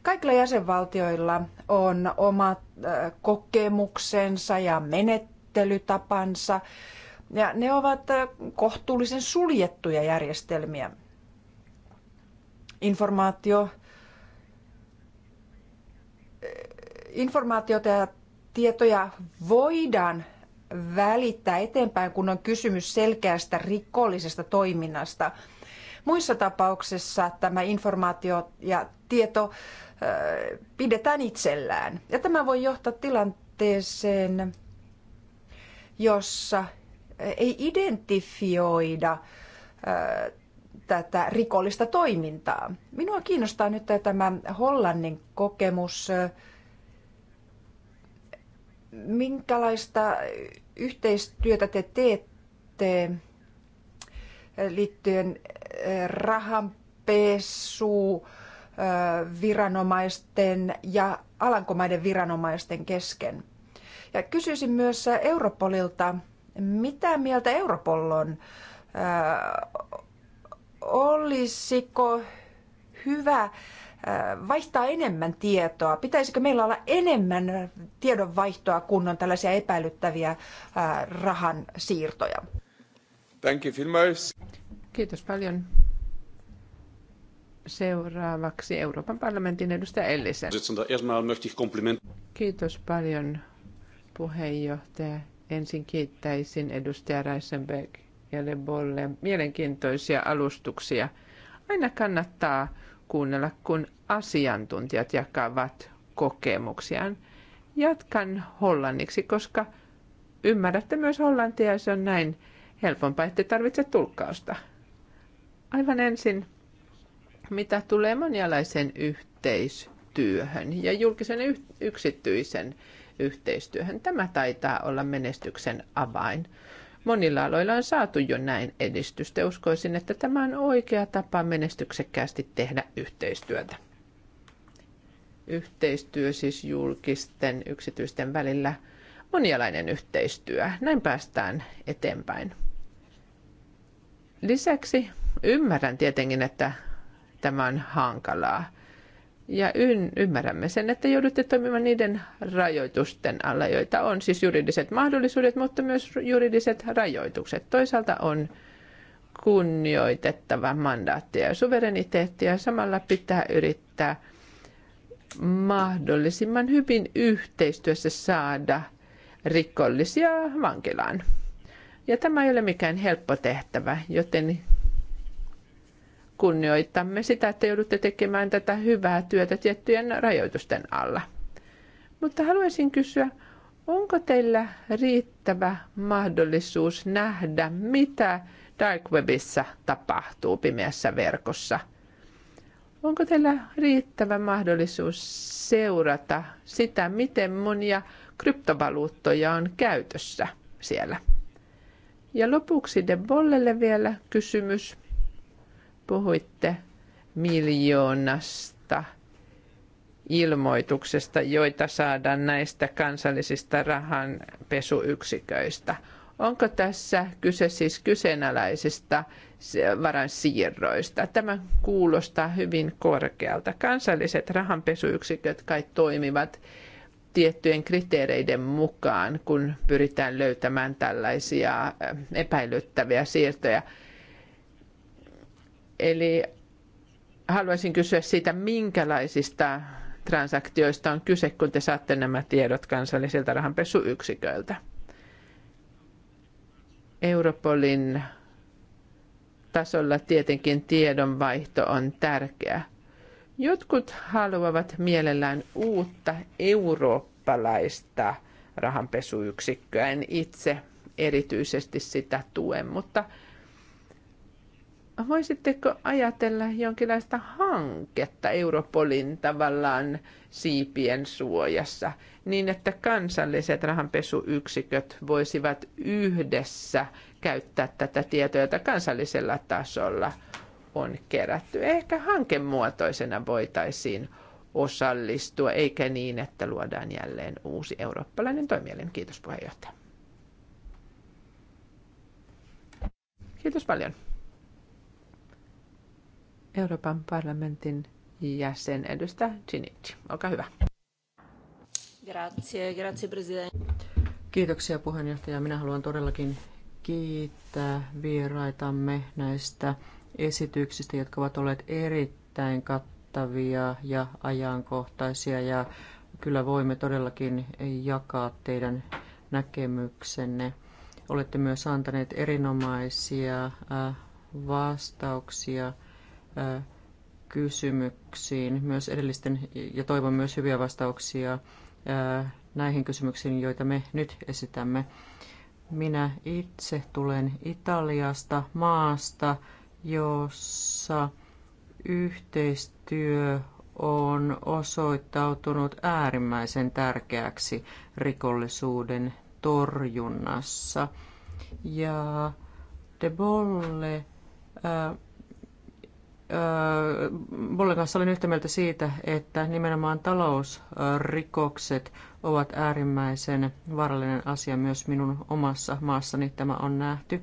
Kaikilla jäsenvaltioilla on omat äh, kokemuksensa ja menettelytapansa, ja ne ovat äh, kohtuullisen suljettuja järjestelmiä. Informaatio, informaatiota ja tietoja voidaan välittää eteenpäin, kun on kysymys selkeästä rikollisesta toiminnasta. Muissa tapauksissa tämä informaatio ja tieto pidetään itsellään. Ja tämä voi johtaa tilanteeseen, jossa ei identifioida tätä rikollista toimintaa. Minua kiinnostaa nyt tämä Hollannin kokemus Minkälaista yhteistyötä te teette liittyen eh, rahanpesuun? Eh, viranomaisten ja Alankomaiden viranomaisten kesken. Ja kysyisin myös Europolilta, mitä mieltä Europol on? Eh, olisiko hyvä vaihtaa enemmän tietoa? Pitäisikö meillä olla enemmän tiedonvaihtoa, kun on tällaisia epäilyttäviä rahan siirtoja? Thank you, Kiitos paljon. Seuraavaksi Euroopan parlamentin edustaja Ellisen. Kiitos paljon puheenjohtaja. Ensin kiittäisin edustaja Reisenberg ja Lebolle mielenkiintoisia alustuksia. Aina kannattaa kuunnella, kun asiantuntijat jakavat kokemuksiaan. Jatkan hollanniksi, koska ymmärrätte myös hollantia ja se on näin helpompaa, ettei tarvitse tulkkausta. Aivan ensin, mitä tulee monialaisen yhteistyöhön ja julkisen yksityisen yhteistyöhön. Tämä taitaa olla menestyksen avain. Monilla aloilla on saatu jo näin edistystä. Uskoisin, että tämä on oikea tapa menestyksekkäästi tehdä yhteistyötä. Yhteistyö siis julkisten yksityisten välillä, monialainen yhteistyö. Näin päästään eteenpäin. Lisäksi ymmärrän tietenkin, että tämä on hankalaa ja ymmärrämme sen, että joudutte toimimaan niiden rajoitusten alla, joita on siis juridiset mahdollisuudet, mutta myös juridiset rajoitukset. Toisaalta on kunnioitettava mandaattia ja suvereniteettia ja samalla pitää yrittää mahdollisimman hyvin yhteistyössä saada rikollisia vankilaan. Ja tämä ei ole mikään helppo tehtävä, joten kunnioitamme sitä, että joudutte tekemään tätä hyvää työtä tiettyjen rajoitusten alla. Mutta haluaisin kysyä, onko teillä riittävä mahdollisuus nähdä, mitä dark webissa tapahtuu pimeässä verkossa? Onko teillä riittävä mahdollisuus seurata sitä, miten monia kryptovaluuttoja on käytössä siellä? Ja lopuksi De Bollelle vielä kysymys. Puhuitte miljoonasta ilmoituksesta, joita saadaan näistä kansallisista rahanpesuyksiköistä. Onko tässä kyse siis kyseenalaisista varansiirroista? Tämä kuulostaa hyvin korkealta. Kansalliset rahanpesuyksiköt kai toimivat tiettyjen kriteereiden mukaan, kun pyritään löytämään tällaisia epäilyttäviä siirtoja. Eli haluaisin kysyä siitä, minkälaisista transaktioista on kyse, kun te saatte nämä tiedot kansallisilta rahanpesuyksiköiltä. Europolin tasolla tietenkin tiedonvaihto on tärkeä. Jotkut haluavat mielellään uutta eurooppalaista rahanpesuyksikköä. En itse erityisesti sitä tuen, mutta – Voisitteko ajatella jonkinlaista hanketta Europolin tavallaan siipien suojassa, niin että kansalliset rahanpesuyksiköt voisivat yhdessä käyttää tätä tietoa, jota kansallisella tasolla on kerätty. Ehkä hankemuotoisena voitaisiin osallistua, eikä niin, että luodaan jälleen uusi eurooppalainen toimielin. Kiitos puheenjohtaja. Kiitos paljon. Euroopan parlamentin jäsen edustaja Cinici. Olkaa hyvä. Grazie, grazie presidente. Kiitoksia puheenjohtaja. Minä haluan todellakin kiittää vieraitamme näistä esityksistä, jotka ovat olleet erittäin kattavia ja ajankohtaisia. Ja kyllä voimme todellakin jakaa teidän näkemyksenne. Olette myös antaneet erinomaisia äh, vastauksia kysymyksiin myös edellisten ja toivon myös hyviä vastauksia näihin kysymyksiin, joita me nyt esitämme. Minä itse tulen Italiasta, maasta, jossa yhteistyö on osoittautunut äärimmäisen tärkeäksi rikollisuuden torjunnassa. Ja De Bolle, Bullen kanssa olen yhtä mieltä siitä, että nimenomaan talousrikokset ovat äärimmäisen vaarallinen asia myös minun omassa maassani. Tämä on nähty.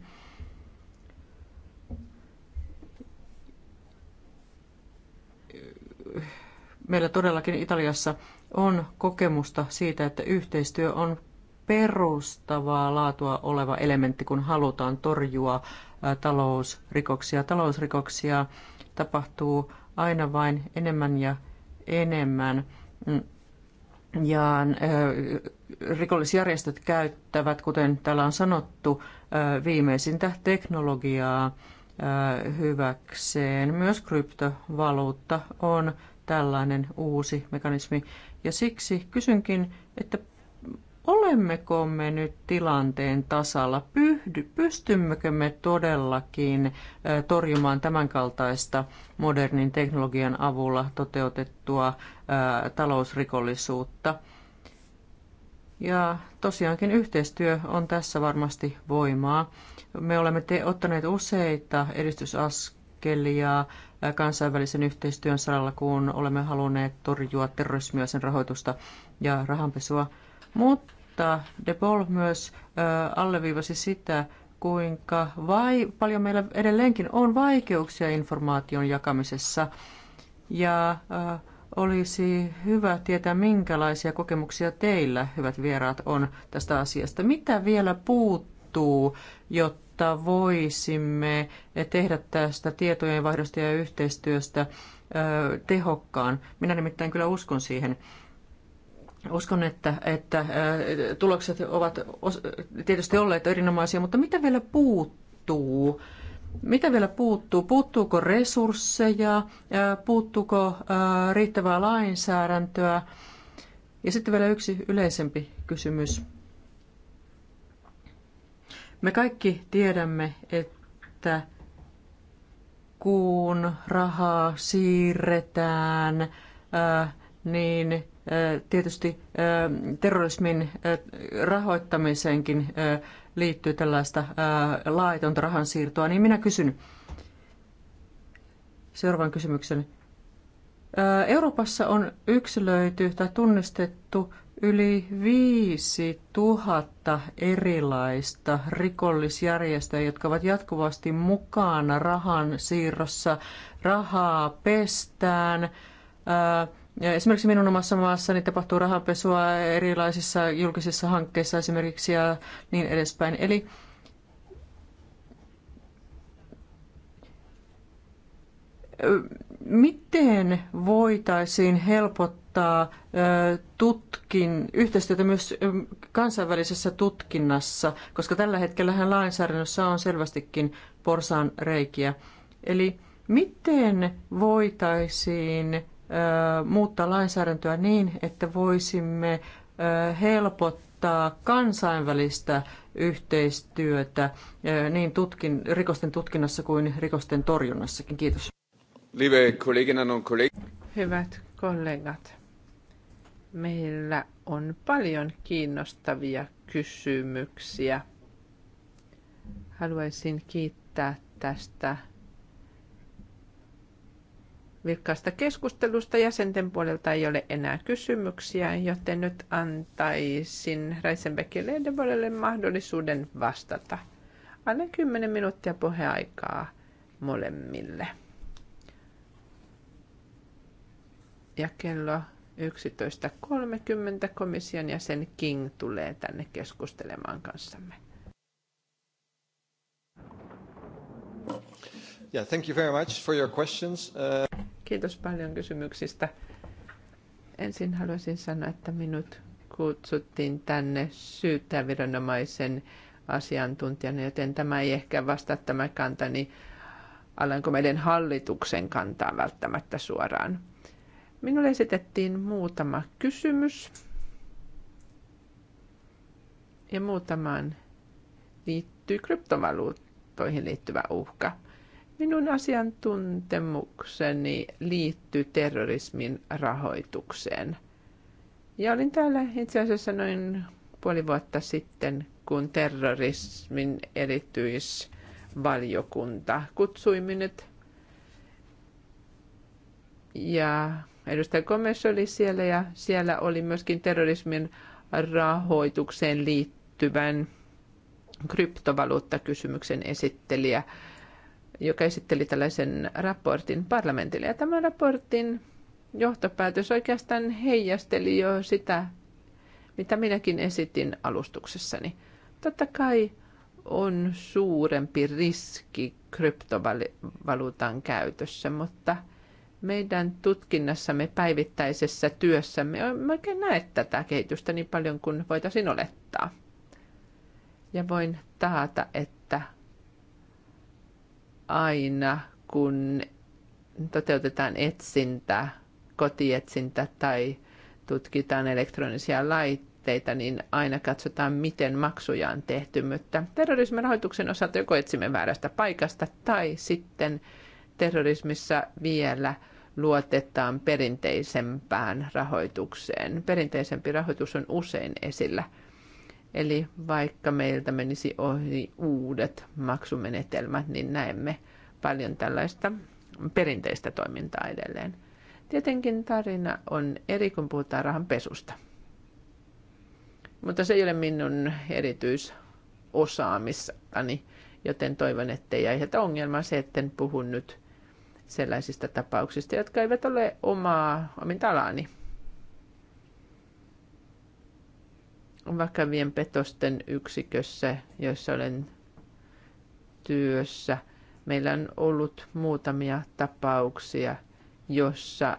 Meillä todellakin Italiassa on kokemusta siitä, että yhteistyö on perustavaa laatua oleva elementti, kun halutaan torjua talousrikoksia. Talousrikoksia tapahtuu aina vain enemmän ja enemmän. Ja rikollisjärjestöt käyttävät, kuten täällä on sanottu, viimeisintä teknologiaa hyväkseen. Myös kryptovaluutta on tällainen uusi mekanismi. Ja siksi kysynkin, että olemmeko me nyt tilanteen tasalla? Pyhdy, pystymmekö me todellakin torjumaan tämänkaltaista modernin teknologian avulla toteutettua talousrikollisuutta? Ja tosiaankin yhteistyö on tässä varmasti voimaa. Me olemme te- ottaneet useita edistysaskelia kansainvälisen yhteistyön saralla, kun olemme halunneet torjua terrorismia, sen rahoitusta ja rahanpesua. Mutta mutta De Paul myös alleviivasi sitä, kuinka vai, paljon meillä edelleenkin on vaikeuksia informaation jakamisessa. Ja äh, olisi hyvä tietää, minkälaisia kokemuksia teillä, hyvät vieraat, on tästä asiasta. Mitä vielä puuttuu, jotta voisimme tehdä tästä tietojenvaihdosta ja yhteistyöstä äh, tehokkaan? Minä nimittäin kyllä uskon siihen. Äh, Uskon, että, että tulokset ovat tietysti olleet erinomaisia, mutta mitä vielä puuttuu? Mitä vielä puuttuu? Puuttuuko resursseja? Puuttuuko riittävää lainsäädäntöä? Ja sitten vielä yksi yleisempi kysymys. Me kaikki tiedämme, että kun rahaa siirretään, niin Tietysti terrorismin rahoittamiseenkin liittyy tällaista laitonta rahansiirtoa, niin minä kysyn seuraavan kysymyksen. Euroopassa on yksilöity tai tunnistettu yli 5000 erilaista rikollisjärjestöä, jotka ovat jatkuvasti mukana rahan siirrossa. Rahaa pestään, Esimerkiksi minun omassa maassani tapahtuu rahapesua erilaisissa julkisissa hankkeissa esimerkiksi ja niin edespäin. Eli miten voitaisiin helpottaa tutkin, yhteistyötä myös kansainvälisessä tutkinnassa, koska tällä hetkellä lainsäädännössä on selvästikin porsaan reikiä. Eli miten voitaisiin muuttaa lainsäädäntöä niin, että voisimme helpottaa kansainvälistä yhteistyötä niin tutkin, rikosten tutkinnassa kuin rikosten torjunnassakin. Kiitos. Liebe Kolleginnen und Kollegen. Hyvät kollegat, meillä on paljon kiinnostavia kysymyksiä. Haluaisin kiittää tästä vilkkaasta keskustelusta. Jäsenten puolelta ei ole enää kysymyksiä, joten nyt antaisin Reisenbeckille Edeborelle mahdollisuuden vastata. Alle 10 minuuttia puheaikaa molemmille. Ja kello 11.30 komission jäsen King tulee tänne keskustelemaan kanssamme. Yeah, thank you very much for your questions. Uh... Kiitos paljon kysymyksistä. Ensin haluaisin sanoa, että minut kutsuttiin tänne syyttäjäviranomaisen asiantuntijana, joten tämä ei ehkä vastaa tämä kantani alanko meidän hallituksen kantaa välttämättä suoraan. Minulle esitettiin muutama kysymys ja muutamaan liittyy kryptovaluuttoihin liittyvä uhka – Minun asiantuntemukseni liittyy terrorismin rahoitukseen. Ja olin täällä itse asiassa noin puoli vuotta sitten, kun terrorismin erityisvaliokunta kutsui minut. Ja edustaja Gomes oli siellä ja siellä oli myöskin terrorismin rahoitukseen liittyvän kryptovaluuttakysymyksen esittelijä – joka esitteli tällaisen raportin parlamentille. Ja tämän raportin johtopäätös oikeastaan heijasteli jo sitä, mitä minäkin esitin alustuksessani. Totta kai on suurempi riski kryptovaluutan käytössä, mutta meidän tutkinnassamme päivittäisessä työssämme en oikein näe tätä kehitystä niin paljon kuin voitaisiin olettaa. Ja voin taata, että aina, kun toteutetaan etsintä, kotietsintä tai tutkitaan elektronisia laitteita, niin aina katsotaan, miten maksuja on tehty. Mutta terrorismin rahoituksen osalta joko etsimme väärästä paikasta tai sitten terrorismissa vielä luotetaan perinteisempään rahoitukseen. Perinteisempi rahoitus on usein esillä – Eli vaikka meiltä menisi ohi uudet maksumenetelmät, niin näemme paljon tällaista perinteistä toimintaa edelleen. Tietenkin tarina on eri, kun puhutaan rahanpesusta. Mutta se ei ole minun erityisosaamissani, joten toivon, ettei aiheuta ongelmaa se, etten puhu nyt sellaisista tapauksista, jotka eivät ole omaa omintalaani. alaani. vakavien petosten yksikössä, jossa olen työssä, meillä on ollut muutamia tapauksia, jossa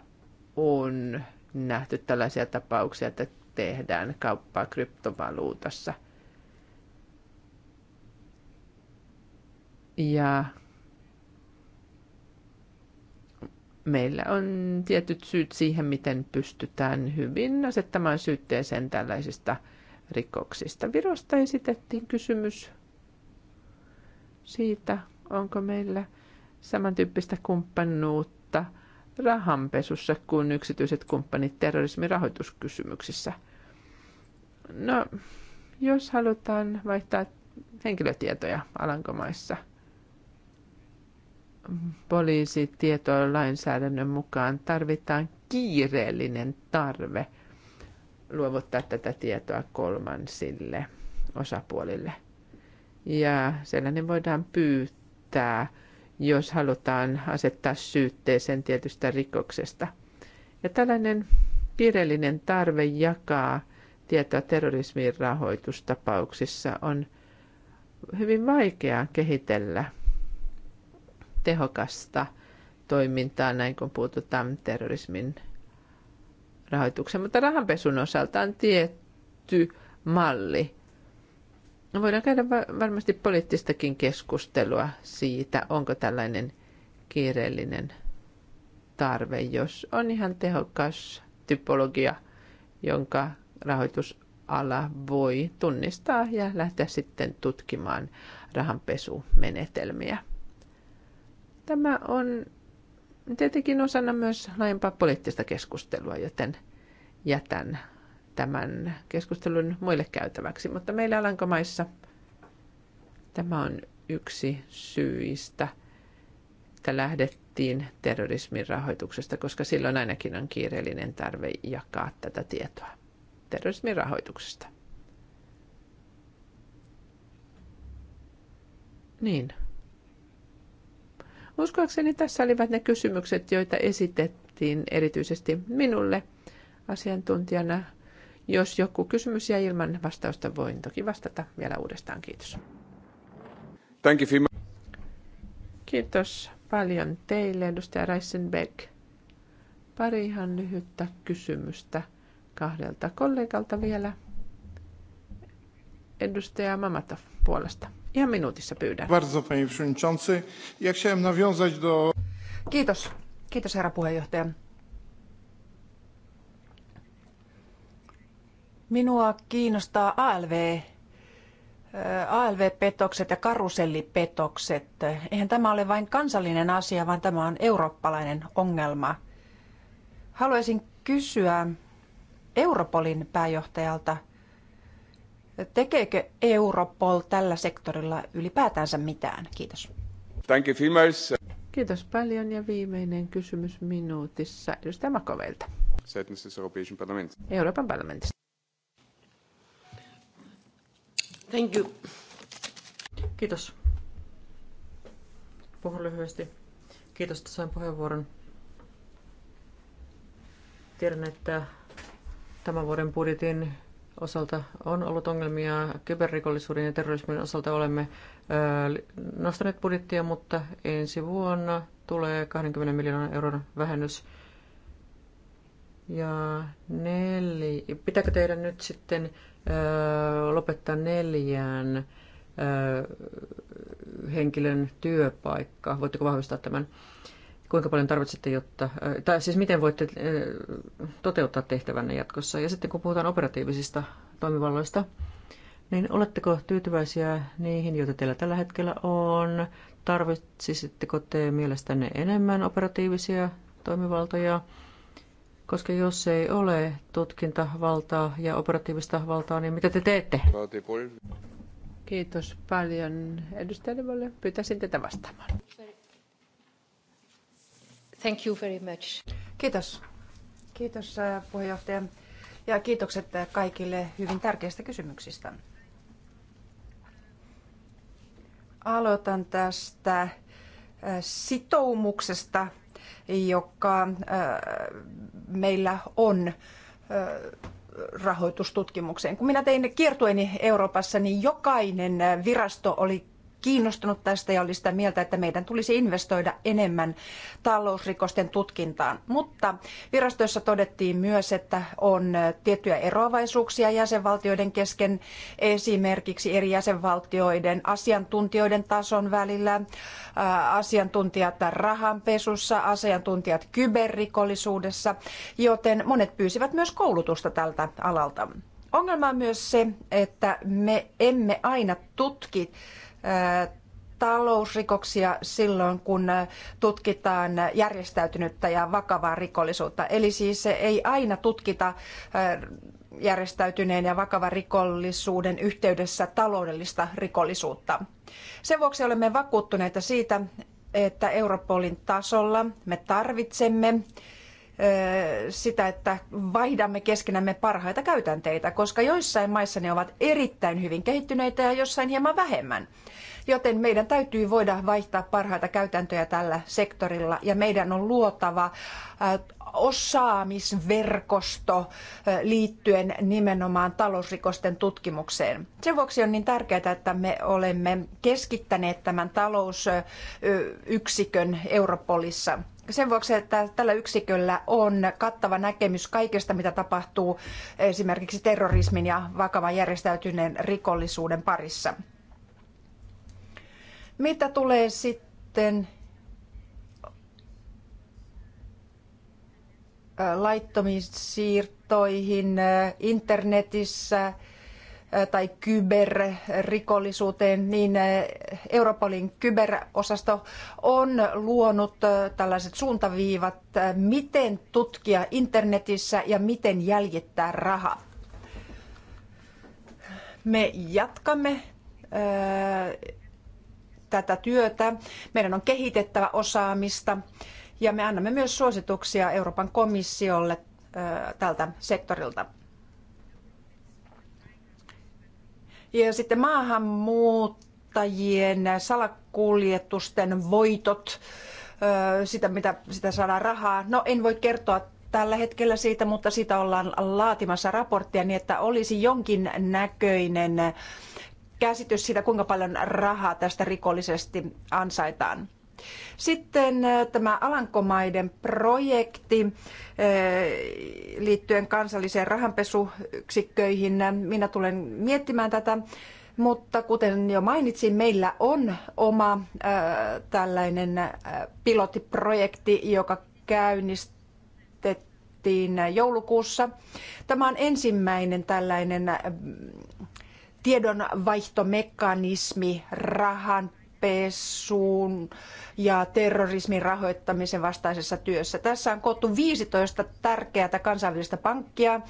on nähty tällaisia tapauksia, että tehdään kauppaa kryptovaluutassa. Ja meillä on tietyt syyt siihen, miten pystytään hyvin asettamaan syytteeseen tällaisista – rikoksista. Virosta esitettiin kysymys siitä, onko meillä samantyyppistä kumppanuutta rahanpesussa kuin yksityiset kumppanit terrorismirahoituskysymyksissä. No, jos halutaan vaihtaa henkilötietoja Alankomaissa poliisitietojen lainsäädännön mukaan tarvitaan kiireellinen tarve luovuttaa tätä tietoa kolmansille osapuolille. Ja sellainen voidaan pyytää, jos halutaan asettaa syytteeseen tietystä rikoksesta. Ja tällainen kiireellinen tarve jakaa tietoa terrorismin rahoitustapauksissa on hyvin vaikeaa kehitellä tehokasta toimintaa, näin kun puututaan terrorismin rahoituksen, mutta rahanpesun osalta on tietty malli. Voidaan käydä varmasti poliittistakin keskustelua siitä, onko tällainen kiireellinen tarve, jos on ihan tehokas typologia, jonka rahoitusala voi tunnistaa ja lähteä sitten tutkimaan rahanpesumenetelmiä. Tämä on tietenkin osana myös laajempaa poliittista keskustelua, joten jätän tämän keskustelun muille käytäväksi. Mutta meillä Alankomaissa tämä on yksi syistä, että lähdettiin terrorismin rahoituksesta, koska silloin ainakin on kiireellinen tarve jakaa tätä tietoa terrorismin rahoituksesta. Niin. Uskoakseni tässä olivat ne kysymykset, joita esitettiin erityisesti minulle asiantuntijana. Jos joku kysymys jäi ilman vastausta, voin toki vastata vielä uudestaan. Kiitos. Thank you. Kiitos paljon teille, edustaja Reisenberg. Pari ihan lyhyttä kysymystä kahdelta kollegalta vielä. Edustaja Mamatov puolesta. Ihan minuutissa pyydän. Bardzo, panie przewodniczący. Ja chciałem nawiązać do... Kiitos. Kiitos, herra puheenjohtaja. Minua kiinnostaa ALV, ALV-petokset ja karusellipetokset. Eihän tämä ole vain kansallinen asia, vaan tämä on eurooppalainen ongelma. Haluaisin kysyä Europolin pääjohtajalta, Tekeekö Europol tällä sektorilla ylipäätänsä mitään? Kiitos. Thank you females. Kiitos paljon ja viimeinen kysymys minuutissa edustaja Makovelta. Euroopan parlamentista. Thank you. Kiitos. Puhun lyhyesti. Kiitos, että sain puheenvuoron. Tiedän, että tämän vuoden budjetin osalta on ollut ongelmia. Kyberrikollisuuden ja terrorismin osalta olemme nostaneet budjettia, mutta ensi vuonna tulee 20 miljoonan euron vähennys. Ja neli... Pitääkö teidän nyt sitten lopettaa neljään henkilön työpaikka? Voitteko vahvistaa tämän? Ö, kuinka paljon tarvitsette, jotta, tai siis miten voitte toteuttaa tehtävänne jatkossa. Ja sitten kun puhutaan operatiivisista toimivalloista, niin oletteko tyytyväisiä niihin, joita teillä tällä hetkellä on? Tarvitsisitteko te mielestänne enemmän operatiivisia toimivaltoja? Koska jos ei ole tutkintavaltaa ja operatiivista valtaa, niin mitä te teette? Kiitos paljon edustajalle. Pyytäisin teitä vastaamaan. Thank you very much. Kiitos. Kiitos äh, puheenjohtaja ja kiitokset äh, kaikille hyvin tärkeistä kysymyksistä. Aloitan tästä äh, sitoumuksesta, joka meillä on rahoitustutkimukseen. Kun minä tein kiertueeni Euroopassa, niin jokainen virasto oli kiinnostunut tästä ja oli sitä mieltä, että meidän tulisi investoida enemmän talousrikosten tutkintaan. Mutta virastoissa todettiin myös, että on tiettyjä eroavaisuuksia jäsenvaltioiden kesken, esimerkiksi eri jäsenvaltioiden asiantuntijoiden tason välillä, äh, asiantuntijat rahanpesussa, asiantuntijat kyberrikollisuudessa, joten monet pyysivät myös koulutusta tältä alalta. Ongelma on myös se, että me emme aina tutki talousrikoksia silloin, kun tutkitaan järjestäytynyttä ja vakavaa rikollisuutta. Eli siis ei aina tutkita järjestäytyneen ja vakavan rikollisuuden yhteydessä taloudellista rikollisuutta. Sen vuoksi olemme vakuuttuneita siitä, että Europolin tasolla me tarvitsemme sitä, että vaihdamme keskenämme parhaita käytänteitä, koska joissain maissa ne ovat erittäin hyvin kehittyneitä ja jossain hieman vähemmän. Joten meidän täytyy voida vaihtaa parhaita käytäntöjä tällä sektorilla ja meidän on luotava äh, osaamisverkosto äh, liittyen nimenomaan talousrikosten tutkimukseen. Sen vuoksi on niin tärkeää, että me olemme keskittäneet tämän talousyksikön äh, Europolissa sen vuoksi, että tällä yksiköllä on kattava näkemys kaikesta, mitä tapahtuu esimerkiksi terrorismin ja vakavan järjestäytyneen rikollisuuden parissa. Mitä tulee sitten laittomiin siirtoihin internetissä tai kyberrikollisuuteen, niin Europolin kyberosasto on luonut tällaiset suuntaviivat, miten tutkia internetissä ja miten jäljittää rahaa. Me jatkamme tätä työtä. Meidän on kehitettävä osaamista ja me annamme myös suosituksia Euroopan komissiolle tältä sektorilta. Ja sitten maahanmuuttajien salakuljetusten voitot, sitä mitä sitä saadaan rahaa. No en voi kertoa tällä hetkellä siitä, mutta siitä ollaan laatimassa raporttia niin, että olisi jonkin näköinen käsitys siitä, kuinka paljon rahaa tästä rikollisesti ansaitaan. Sitten tämä Alankomaiden projekti liittyen kansalliseen rahanpesuyksikköihin. Minä tulen miettimään tätä, mutta kuten jo mainitsin, meillä on oma tällainen pilottiprojekti, joka käynnistettiin joulukuussa. Tämä on ensimmäinen tällainen tiedonvaihtomekanismi rahan rahanpesuun ja terrorismin rahoittamisen vastaisessa työssä. Tässä on koottu 15 tärkeää kansainvälistä pankkia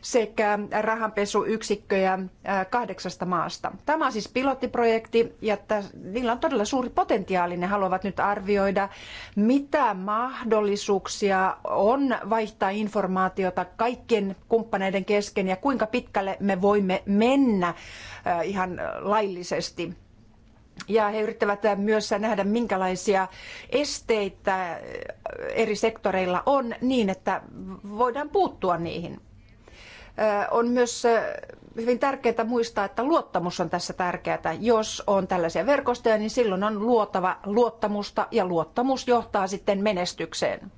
sekä rahanpesuyksikköjä äh, kahdeksasta maasta. Tämä on siis pilottiprojekti ja niillä on todella suuri potentiaali. Ne haluavat nyt arvioida, mitä mahdollisuuksia on vaihtaa informaatiota kaikkien kumppaneiden kesken ja kuinka pitkälle me voimme mennä äh, ihan laillisesti ja he yrittävät myös nähdä, minkälaisia esteitä eri sektoreilla on niin, että voidaan puuttua niihin. On myös hyvin tärkeää muistaa, että luottamus on tässä tärkeää. Jos on tällaisia verkostoja, niin silloin on luotava luottamusta ja luottamus johtaa sitten menestykseen.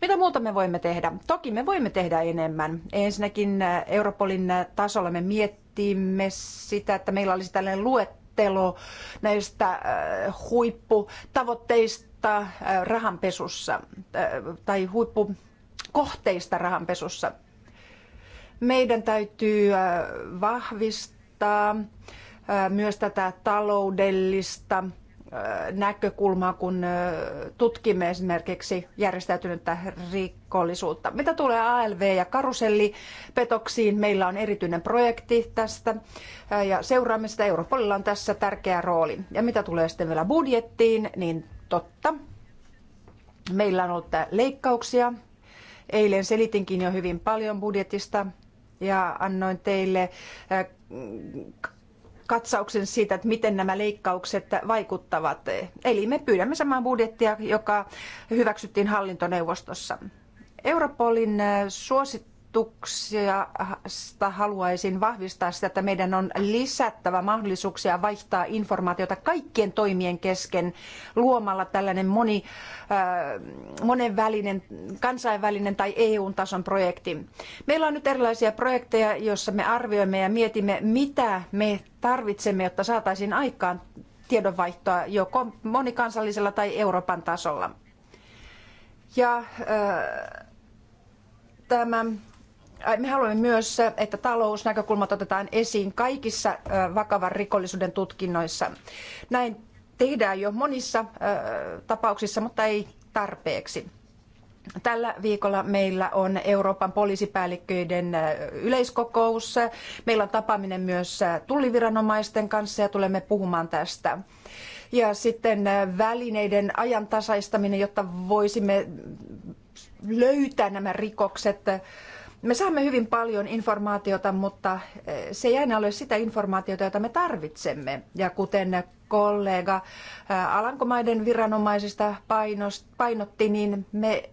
Mitä muuta me voimme tehdä? Toki me voimme tehdä enemmän. Ensinnäkin Europolin tasolla me miettimme sitä, että meillä olisi tällainen luettelo luettelo näistä äh, huipputavoitteista äh, rahanpesussa äh, tai huippukohteista rahanpesussa. Meidän täytyy vahvistaa myös tätä taloudellista näkökulmaa, kun tutkimme esimerkiksi järjestäytynyttä rikollisuutta. Mitä tulee ALV- ja karusellipetoksiin, meillä on erityinen projekti tästä ja seuraamme sitä. Europolilla on tässä tärkeä rooli. Ja mitä tulee sitten vielä budjettiin, niin totta. Meillä on ollut leikkauksia. Eilen selitinkin jo hyvin paljon budjetista ja annoin teille katsauksen siitä, että miten nämä leikkaukset vaikuttavat. Eli me pyydämme samaa budjettia, joka hyväksyttiin hallintoneuvostossa. Europolin äh, suosittu ehdotuksesta haluaisin vahvistaa sitä, että meidän on lisättävä mahdollisuuksia vaihtaa informaatiota kaikkien toimien kesken luomalla tällainen moni, äh, monenvälinen, kansainvälinen tai EU-tason projekti. Meillä on nyt erilaisia projekteja, joissa me arvioimme ja mietimme, mitä me tarvitsemme, jotta saataisiin aikaan tiedonvaihtoa joko monikansallisella tai Euroopan tasolla. Ja äh, tämä me haluamme myös, että talousnäkökulmat otetaan esiin kaikissa vakavan rikollisuuden tutkinnoissa. Näin tehdään jo monissa tapauksissa, mutta ei tarpeeksi. Tällä viikolla meillä on Euroopan poliisipäälliköiden yleiskokous. Meillä on tapaaminen myös tulliviranomaisten kanssa ja tulemme puhumaan tästä. Ja sitten välineiden ajantasaistaminen, jotta voisimme löytää nämä rikokset me saamme hyvin paljon informaatiota, mutta eh, se ei aina ole sitä informaatiota, jota me tarvitsemme. Ja kuten kollega eh, Alankomaiden viranomaisista painotti, niin me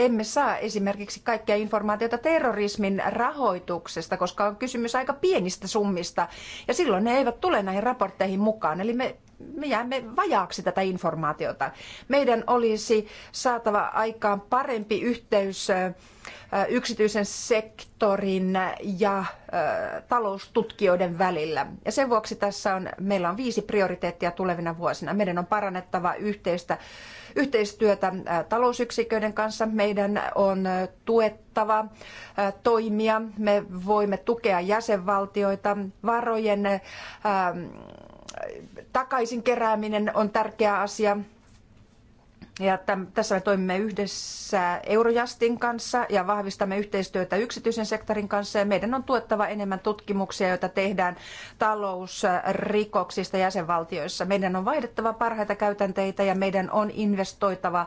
emme saa esimerkiksi kaikkea informaatiota terrorismin rahoituksesta, koska on kysymys aika pienistä summista ja silloin ne eivät tule näihin raportteihin mukaan. Eli me, me jäämme vajaaksi tätä informaatiota. Meidän olisi saatava aikaan parempi yhteys yksityisen sektorin ja taloustutkijoiden välillä. Ja sen vuoksi tässä on, meillä on viisi prioriteettia tulevina vuosina. Meidän on parannettava yhteistä yhteistyötä äh, talousyksiköiden kanssa. Meidän on äh, tuettava äh, toimia. Me voimme tukea jäsenvaltioita varojen ähm, takaisin kerääminen on tärkeä asia. Ja täm, tässä me toimimme yhdessä Eurojastin kanssa ja vahvistamme yhteistyötä yksityisen sektorin kanssa. Ja meidän on tuettava enemmän tutkimuksia, joita tehdään talousrikoksista jäsenvaltioissa. Meidän on vaihdettava parhaita käytänteitä ja meidän on investoitava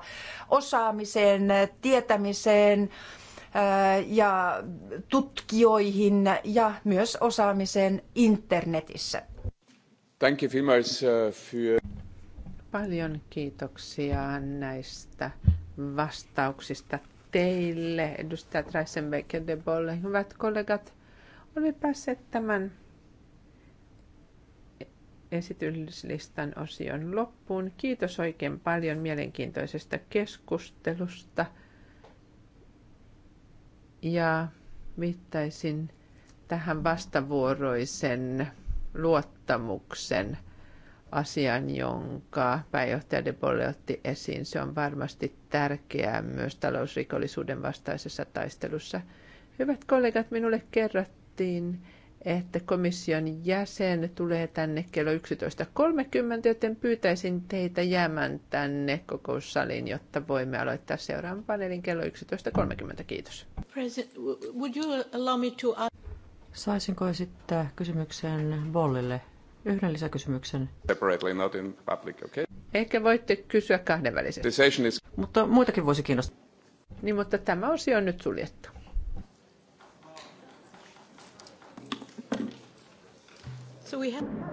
osaamiseen, tietämiseen ja tutkijoihin ja myös osaamiseen internetissä. Danke vielmals äh, für Paljon kiitoksia näistä vastauksista teille, edustajat Reisenbeck ja De Bolle. Hyvät kollegat, olemme päässeet tämän esityslistan osion loppuun. Kiitos oikein paljon mielenkiintoisesta keskustelusta. Ja viittaisin tähän vastavuoroisen luottamuksen – asian, jonka pääjohtaja De Bolle otti esiin. Se on varmasti tärkeää myös talousrikollisuuden vastaisessa taistelussa. Hyvät kollegat, minulle kerrottiin, että komission jäsen tulee tänne kello 11.30, joten pyytäisin teitä jäämään tänne kokoussaliin, jotta voimme aloittaa seuraavan paneelin kello 11.30. Kiitos. Saisinko esittää kysymyksen Bollille yhden lisäkysymyksen. Separately, not in public, okay? Ehkä voitte kysyä kahdenvälisesti. Is... Mutta muitakin voisi kiinnostaa. Niin, mutta tämä osio on nyt suljettu. So we have...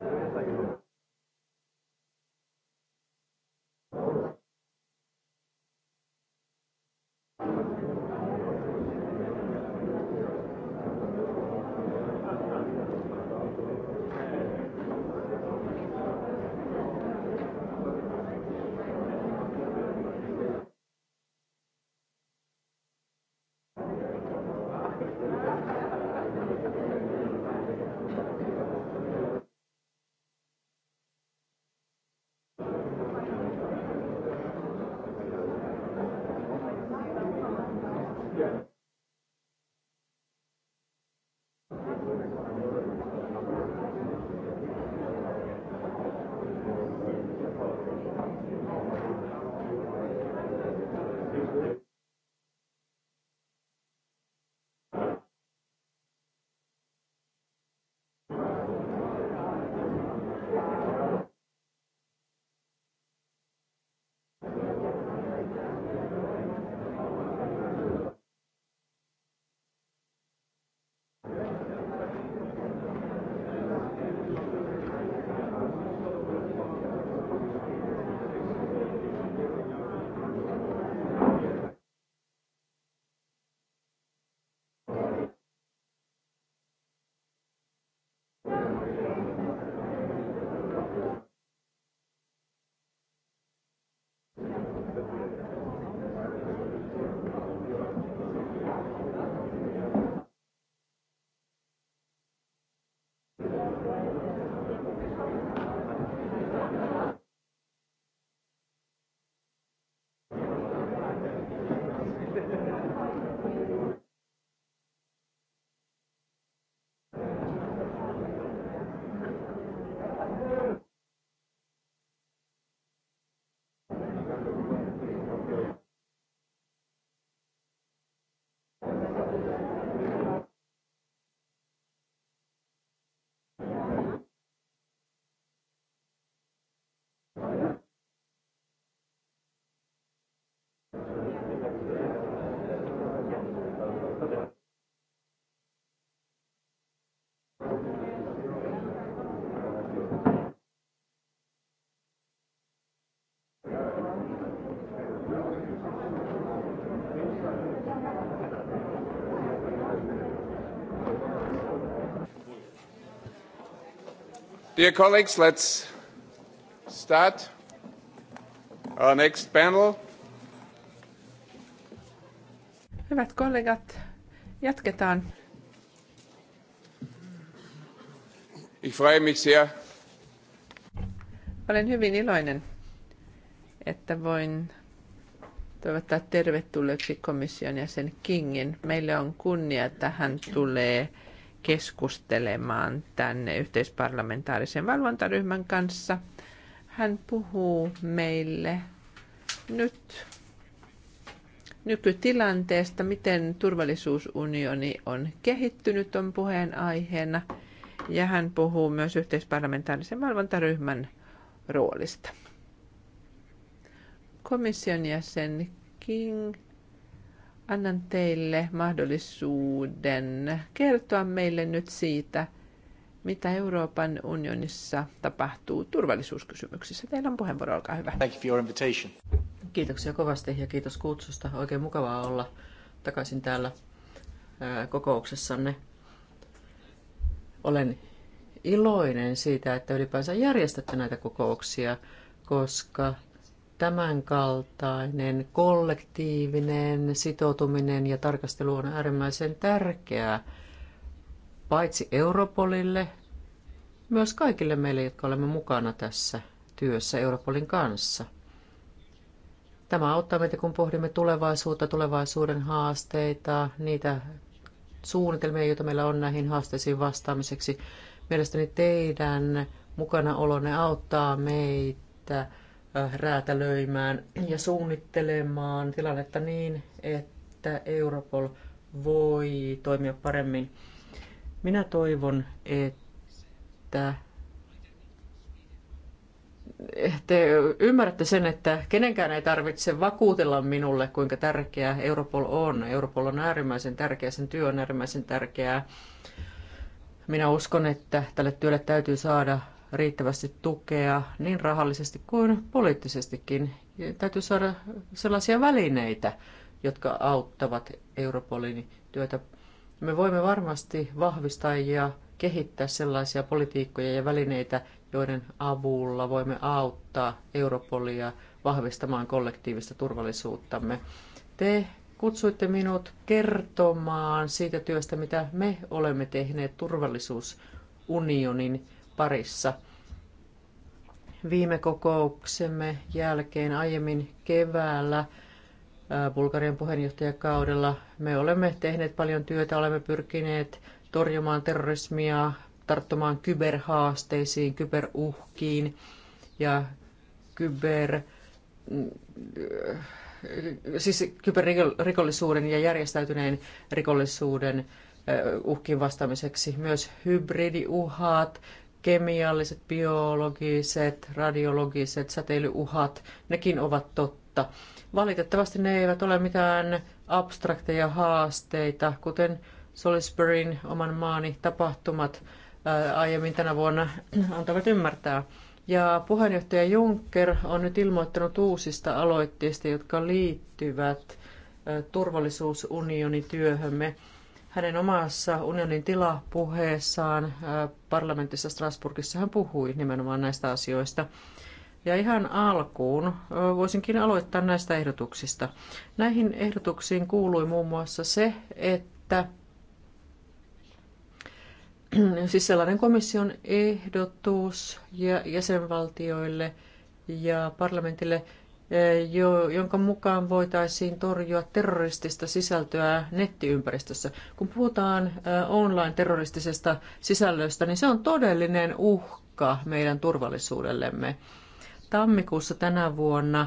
Thank you. Dear colleagues, let's start our next panel. Hyvät kollegat, jatketaan. Ich freue mich sehr. Olen hyvin iloinen, että voin toivottaa tervetulleeksi komission jäsen Kingin. Meille on kunnia, että hän tulee keskustelemaan tänne yhteisparlamentaarisen valvontaryhmän kanssa. Hän puhuu meille nyt nykytilanteesta, miten turvallisuusunioni on kehittynyt on puheen aiheena. Ja hän puhuu myös yhteisparlamentaarisen valvontaryhmän roolista. Komission jäsen King, annan teille mahdollisuuden kertoa meille nyt siitä, mitä Euroopan unionissa tapahtuu turvallisuuskysymyksissä. Teillä on puheenvuoro, olkaa hyvä. Thank you for your invitation. Kiitoksia kovasti ja kiitos kutsusta. Oikein mukavaa olla takaisin täällä kokouksessanne. Olen iloinen siitä, että ylipäänsä järjestätte näitä kokouksia, koska tämänkaltainen kollektiivinen sitoutuminen ja tarkastelu on äärimmäisen tärkeää paitsi Europolille, myös kaikille meille, jotka olemme mukana tässä työssä Europolin kanssa. Tämä auttaa meitä, kun pohdimme tulevaisuutta, tulevaisuuden haasteita, niitä suunnitelmia, joita meillä on näihin haasteisiin vastaamiseksi. Mielestäni teidän mukanaolonne auttaa meitä Äh, räätälöimään ja suunnittelemaan tilannetta niin, että Europol voi toimia paremmin. Minä toivon, että te ymmärrätte sen, että kenenkään ei tarvitse vakuutella minulle, kuinka tärkeää Europol on. Europol on äärimmäisen tärkeä, sen työ on äärimmäisen tärkeää. Minä uskon, että tälle työlle täytyy saada riittävästi tukea niin rahallisesti kuin poliittisestikin. Ja täytyy saada sellaisia välineitä, jotka auttavat Europolin työtä. Me voimme varmasti vahvistaa ja kehittää sellaisia politiikkoja ja välineitä, joiden avulla voimme auttaa Europolia vahvistamaan kollektiivista turvallisuuttamme. Te kutsuitte minut kertomaan siitä työstä, mitä me olemme tehneet turvallisuusunionin parissa. Viime kokouksemme jälkeen aiemmin keväällä Bulgarian puheenjohtajakaudella me olemme tehneet paljon työtä, olemme pyrkineet torjumaan terrorismia, tarttumaan kyberhaasteisiin, kyberuhkiin ja kyber, mm, siis kyberrikollisuuden ja järjestäytyneen rikollisuuden uhkiin vastaamiseksi. Myös hybridiuhat, kemialliset, biologiset, radiologiset säteilyuhat, nekin ovat totta. Valitettavasti ne eivät ole mitään abstrakteja haasteita, kuten Salisburyn oman maani tapahtumat aiemmin tänä vuonna antavat ymmärtää. Ja puheenjohtaja Juncker on nyt ilmoittanut uusista aloitteista, jotka liittyvät turvallisuusunionityöhömme. työhömme hänen omassa unionin tilapuheessaan äh, parlamentissa Strasbourgissa hän puhui nimenomaan näistä asioista. Ja ihan alkuun äh, voisinkin aloittaa näistä ehdotuksista. Näihin ehdotuksiin kuului muun muassa se, että siis sellainen komission ehdotus jäsenvaltioille ja parlamentille – Eh, jonka mukaan voitaisiin torjua terroristista sisältöä nettiympäristössä. Kun puhutaan eh, online-terroristisesta sisällöstä, niin se on todellinen uhka meidän turvallisuudellemme. Tammikuussa tänä vuonna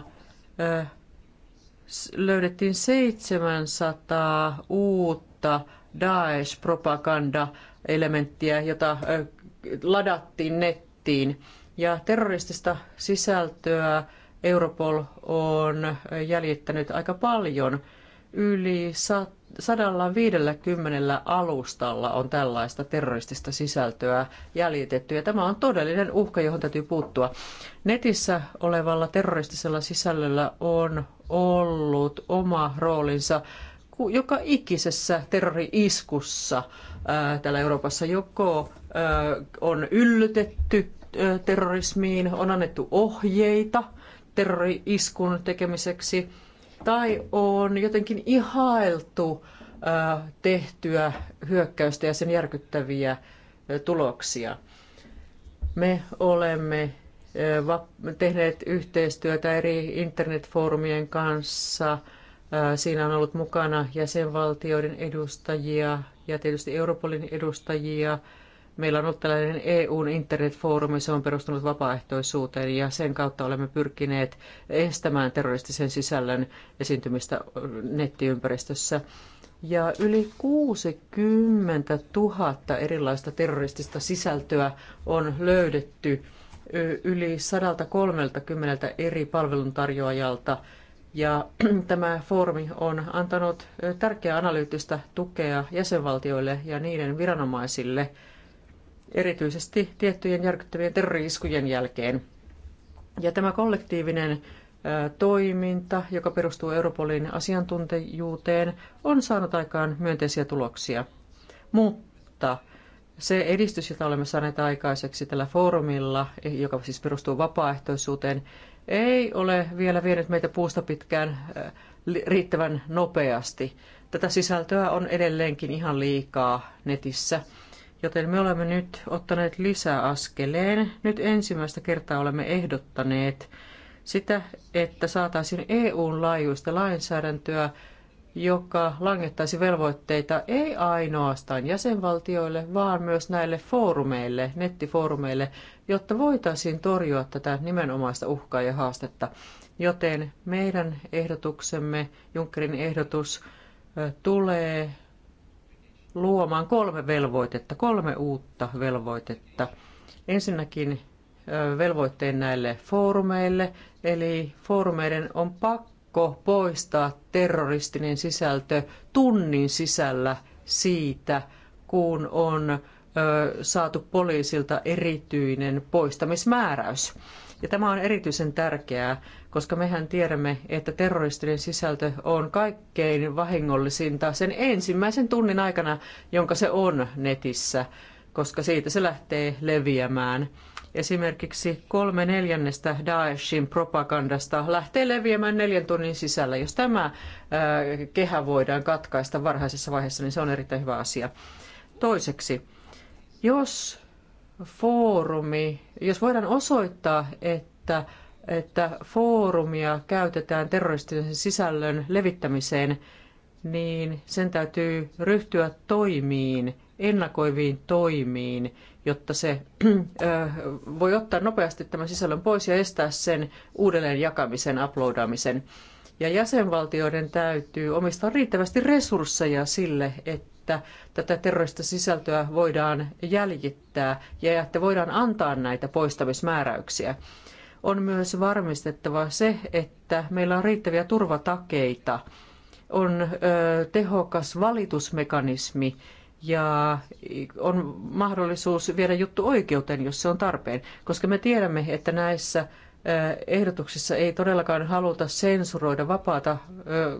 eh, löydettiin 700 uutta Daesh-propaganda-elementtiä, jota ladattiin nettiin. Ja terroristista sisältöä Europol on jäljittänyt aika paljon. Yli 150 alustalla on tällaista terroristista sisältöä jäljitetty, ja tämä on todellinen uhka, johon täytyy puuttua. Netissä olevalla terroristisella sisällöllä on ollut oma roolinsa joka ikisessä terrori-iskussa täällä Euroopassa joko on yllytetty terrorismiin, on annettu ohjeita – terrori-iskun tekemiseksi tai on jotenkin ihailtu tehtyä hyökkäystä ja sen järkyttäviä tuloksia. Me olemme tehneet yhteistyötä eri internetfoorumien kanssa. Siinä on ollut mukana jäsenvaltioiden edustajia ja tietysti Europolin edustajia Meillä on ollut tällainen EUn internetfoorumi, se on perustunut vapaaehtoisuuteen ja sen kautta olemme pyrkineet estämään terroristisen sisällön esiintymistä nettiympäristössä. Ja yli 60 000 erilaista terroristista sisältöä on löydetty yli 130 eri palveluntarjoajalta. Ja tämä foorumi on antanut tärkeää analyyttistä tukea jäsenvaltioille ja niiden viranomaisille – erityisesti tiettyjen järkyttävien terroriiskujen jälkeen. Ja tämä kollektiivinen toiminta, joka perustuu Europolin asiantuntijuuteen, on saanut aikaan myönteisiä tuloksia. Mutta se edistys, jota olemme saaneet aikaiseksi tällä foorumilla, joka siis perustuu vapaaehtoisuuteen, ei ole vielä vienyt meitä puusta pitkään riittävän nopeasti. Tätä sisältöä on edelleenkin ihan liikaa netissä Joten me olemme nyt ottaneet lisäaskeleen. Nyt ensimmäistä kertaa olemme ehdottaneet sitä, että saataisiin EUn laajuista lainsäädäntöä, joka langettaisi velvoitteita ei ainoastaan jäsenvaltioille, vaan myös näille foorumeille, nettifoorumeille, jotta voitaisiin torjua tätä nimenomaista uhkaa ja haastetta. Joten meidän ehdotuksemme, Junckerin ehdotus, tulee luomaan kolme velvoitetta, kolme uutta velvoitetta. Ensinnäkin velvoitteen näille foorumeille, eli foorumeiden on pakko poistaa terroristinen sisältö tunnin sisällä siitä, kun on saatu poliisilta erityinen poistamismääräys. Ja tämä on erityisen tärkeää, koska mehän tiedämme, että terroristinen sisältö on kaikkein vahingollisinta sen ensimmäisen tunnin aikana, jonka se on netissä, koska siitä se lähtee leviämään. Esimerkiksi kolme neljännestä Daeshin propagandasta lähtee leviämään neljän tunnin sisällä. Jos tämä äh, kehä voidaan katkaista varhaisessa vaiheessa, niin se on erittäin hyvä asia. Toiseksi, jos foorumi, jos voidaan osoittaa, että että foorumia käytetään terroristisen sisällön levittämiseen, niin sen täytyy ryhtyä toimiin, ennakoiviin toimiin, jotta se äh, voi ottaa nopeasti tämän sisällön pois ja estää sen uudelleen jakamisen, uploadaamisen. Ja jäsenvaltioiden täytyy omistaa riittävästi resursseja sille, että tätä terrorista sisältöä voidaan jäljittää ja että voidaan antaa näitä poistamismääräyksiä on myös varmistettava se, että meillä on riittäviä turvatakeita, on ö, tehokas valitusmekanismi ja on mahdollisuus viedä juttu oikeuteen, jos se on tarpeen, koska me tiedämme, että näissä ehdotuksissa ei todellakaan haluta sensuroida vapaata ö,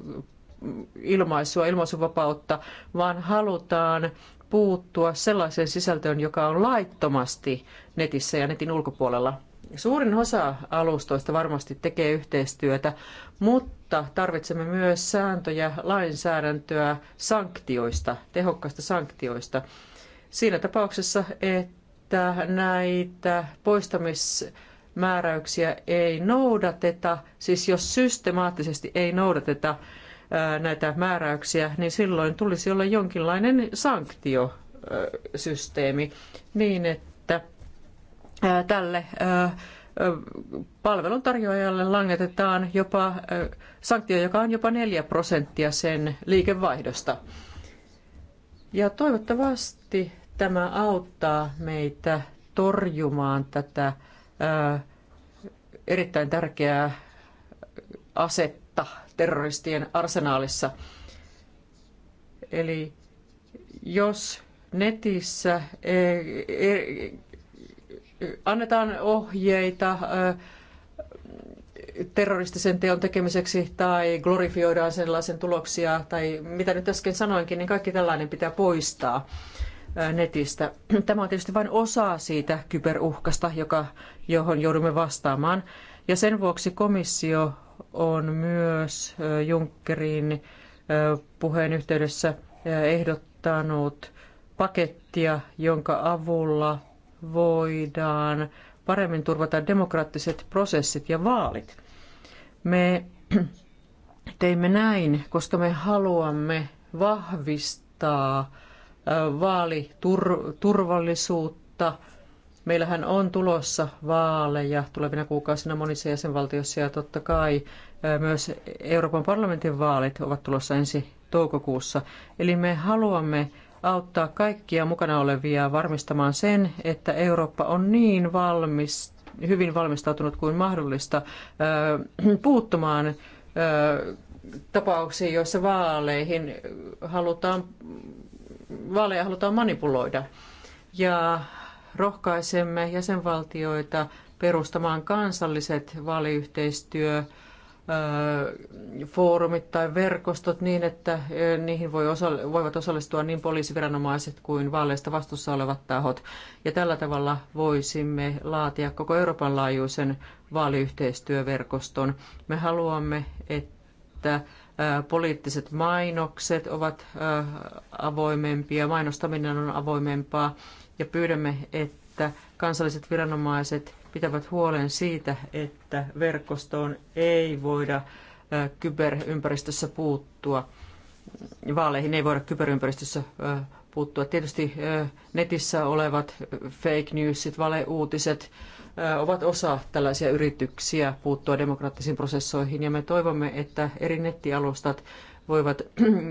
ilmaisua, ilmaisuvapautta, vaan halutaan puuttua sellaiseen sisältöön, joka on laittomasti netissä ja netin ulkopuolella Suurin osa alustoista varmasti tekee yhteistyötä, mutta tarvitsemme myös sääntöjä, lainsäädäntöä sanktioista, tehokkaista sanktioista. Siinä tapauksessa, että näitä poistamismääräyksiä ei noudateta, siis jos systemaattisesti ei noudateta näitä määräyksiä, niin silloin tulisi olla jonkinlainen sanktiosysteemi niin, että tälle palveluntarjoajalle langetetaan jopa sanktio, joka on jopa 4 prosenttia sen liikevaihdosta. Ja toivottavasti tämä auttaa meitä torjumaan tätä erittäin tärkeää asetta terroristien arsenaalissa. Eli jos netissä e, e, annetaan ohjeita terroristisen teon tekemiseksi tai glorifioidaan sellaisen tuloksia tai mitä nyt äsken sanoinkin, niin kaikki tällainen pitää poistaa netistä. Tämä on tietysti vain osa siitä kyberuhkasta, joka, johon joudumme vastaamaan. Ja sen vuoksi komissio on myös Junckerin puheen yhteydessä ehdottanut pakettia, jonka avulla voidaan paremmin turvata demokraattiset prosessit ja vaalit. Me teimme näin, koska me haluamme vahvistaa vaaliturvallisuutta. Meillähän on tulossa vaaleja tulevina kuukausina monissa jäsenvaltioissa ja totta kai myös Euroopan parlamentin vaalit ovat tulossa ensi toukokuussa. Eli me haluamme auttaa kaikkia mukana olevia varmistamaan sen, että Eurooppa on niin valmis, hyvin valmistautunut kuin mahdollista puuttumaan tapauksiin, joissa vaaleihin halutaan, vaaleja halutaan manipuloida. Ja rohkaisemme jäsenvaltioita perustamaan kansalliset vaaliyhteistyö foorumit tai verkostot niin, että niihin voi osa- voivat osallistua niin poliisiviranomaiset kuin vaaleista vastuussa olevat tahot. Ja tällä tavalla voisimme laatia koko Euroopan laajuisen vaaliyhteistyöverkoston. Me haluamme, että poliittiset mainokset ovat avoimempia, mainostaminen on avoimempaa ja pyydämme, että kansalliset viranomaiset pitävät huolen siitä, että verkostoon ei voida kyberympäristössä puuttua. Vaaleihin ei voida kyberympäristössä puuttua. Tietysti netissä olevat fake newsit, valeuutiset ovat osa tällaisia yrityksiä puuttua demokraattisiin prosessoihin ja me toivomme, että eri nettialustat voivat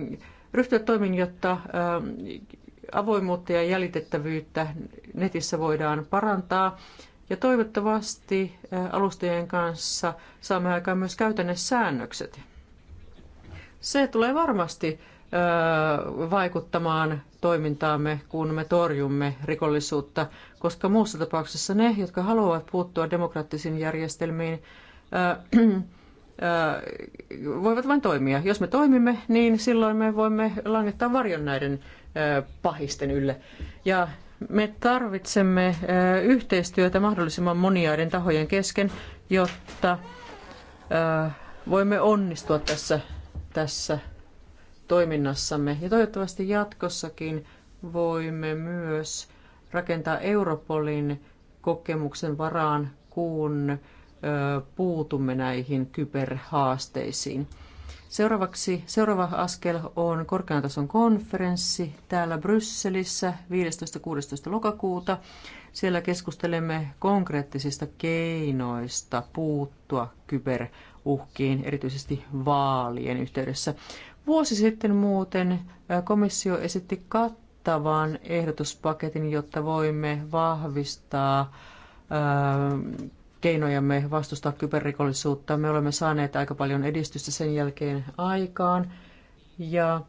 ryhtyä toimiin, jotta avoimuutta ja jäljitettävyyttä netissä voidaan parantaa ja toivottavasti alustajien kanssa saamme aikaan myös säännökset. Se tulee varmasti vaikuttamaan toimintaamme, kun me torjumme rikollisuutta, koska muussa tapauksessa ne, jotka haluavat puuttua demokraattisiin järjestelmiin, voivat vain toimia. Jos me toimimme, niin silloin me voimme langettaa varjon näiden pahisten ylle. Ja me tarvitsemme eh, yhteistyötä mahdollisimman moniaiden tahojen kesken, jotta eh, voimme onnistua tässä, tässä toiminnassamme. Ja toivottavasti jatkossakin voimme myös rakentaa Europolin kokemuksen varaan, kun eh, puutumme näihin kyberhaasteisiin. Seuraavaksi seuraava askel on korkean tason konferenssi täällä Brysselissä 15.16. lokakuuta. Siellä keskustelemme konkreettisista keinoista puuttua kyberuhkiin, erityisesti vaalien yhteydessä. Vuosi sitten muuten komissio esitti kattavan ehdotuspaketin, jotta voimme vahvistaa keinojamme vastustaa kyberrikollisuutta. Me olemme saaneet aika paljon edistystä sen jälkeen aikaan. Ja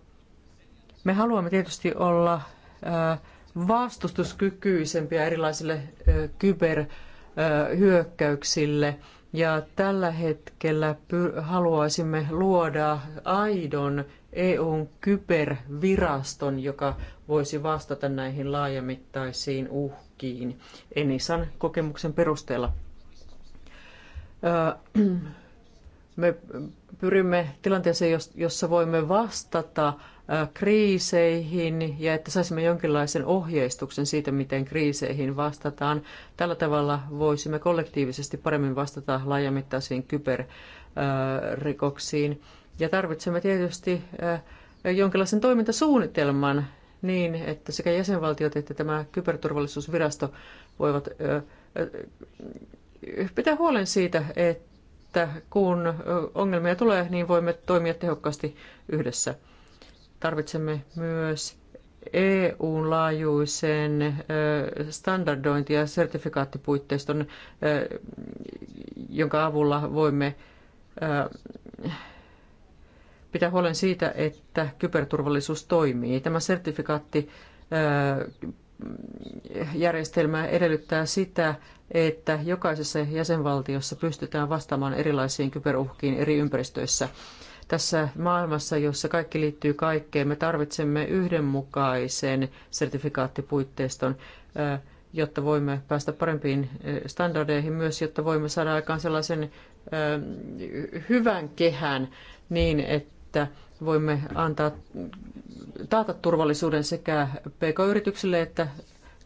me haluamme tietysti olla äh, vastustuskykyisempiä erilaisille äh, kyberhyökkäyksille. Äh, ja tällä hetkellä haluaisimme luoda aidon EUn kyberviraston, joka voisi vastata näihin laajamittaisiin uhkiin Enisan kokemuksen perusteella. me pyrimme tilanteeseen, jossa voimme vastata kriiseihin ja että saisimme jonkinlaisen ohjeistuksen siitä, miten kriiseihin vastataan. Tällä tavalla voisimme kollektiivisesti paremmin vastata laajamittaisiin kyberrikoksiin. Ja tarvitsemme tietysti jonkinlaisen toimintasuunnitelman niin, että sekä jäsenvaltiot että tämä kyberturvallisuusvirasto voivat pitää huolen siitä, että kun ongelmia tulee, niin voimme toimia tehokkaasti yhdessä. Tarvitsemme myös EUn laajuisen standardointi- ja sertifikaattipuitteiston, jonka avulla voimme pitää huolen siitä, että kyberturvallisuus toimii. Tämä sertifikaatti järjestelmä edellyttää sitä, että jokaisessa jäsenvaltiossa pystytään vastaamaan erilaisiin kyberuhkiin eri ympäristöissä. Tässä maailmassa, jossa kaikki liittyy kaikkeen, me tarvitsemme yhdenmukaisen sertifikaattipuitteiston, jotta voimme päästä parempiin standardeihin myös, jotta voimme saada aikaan sellaisen hyvän kehän niin, että voimme antaa, taata turvallisuuden sekä pk-yrityksille että,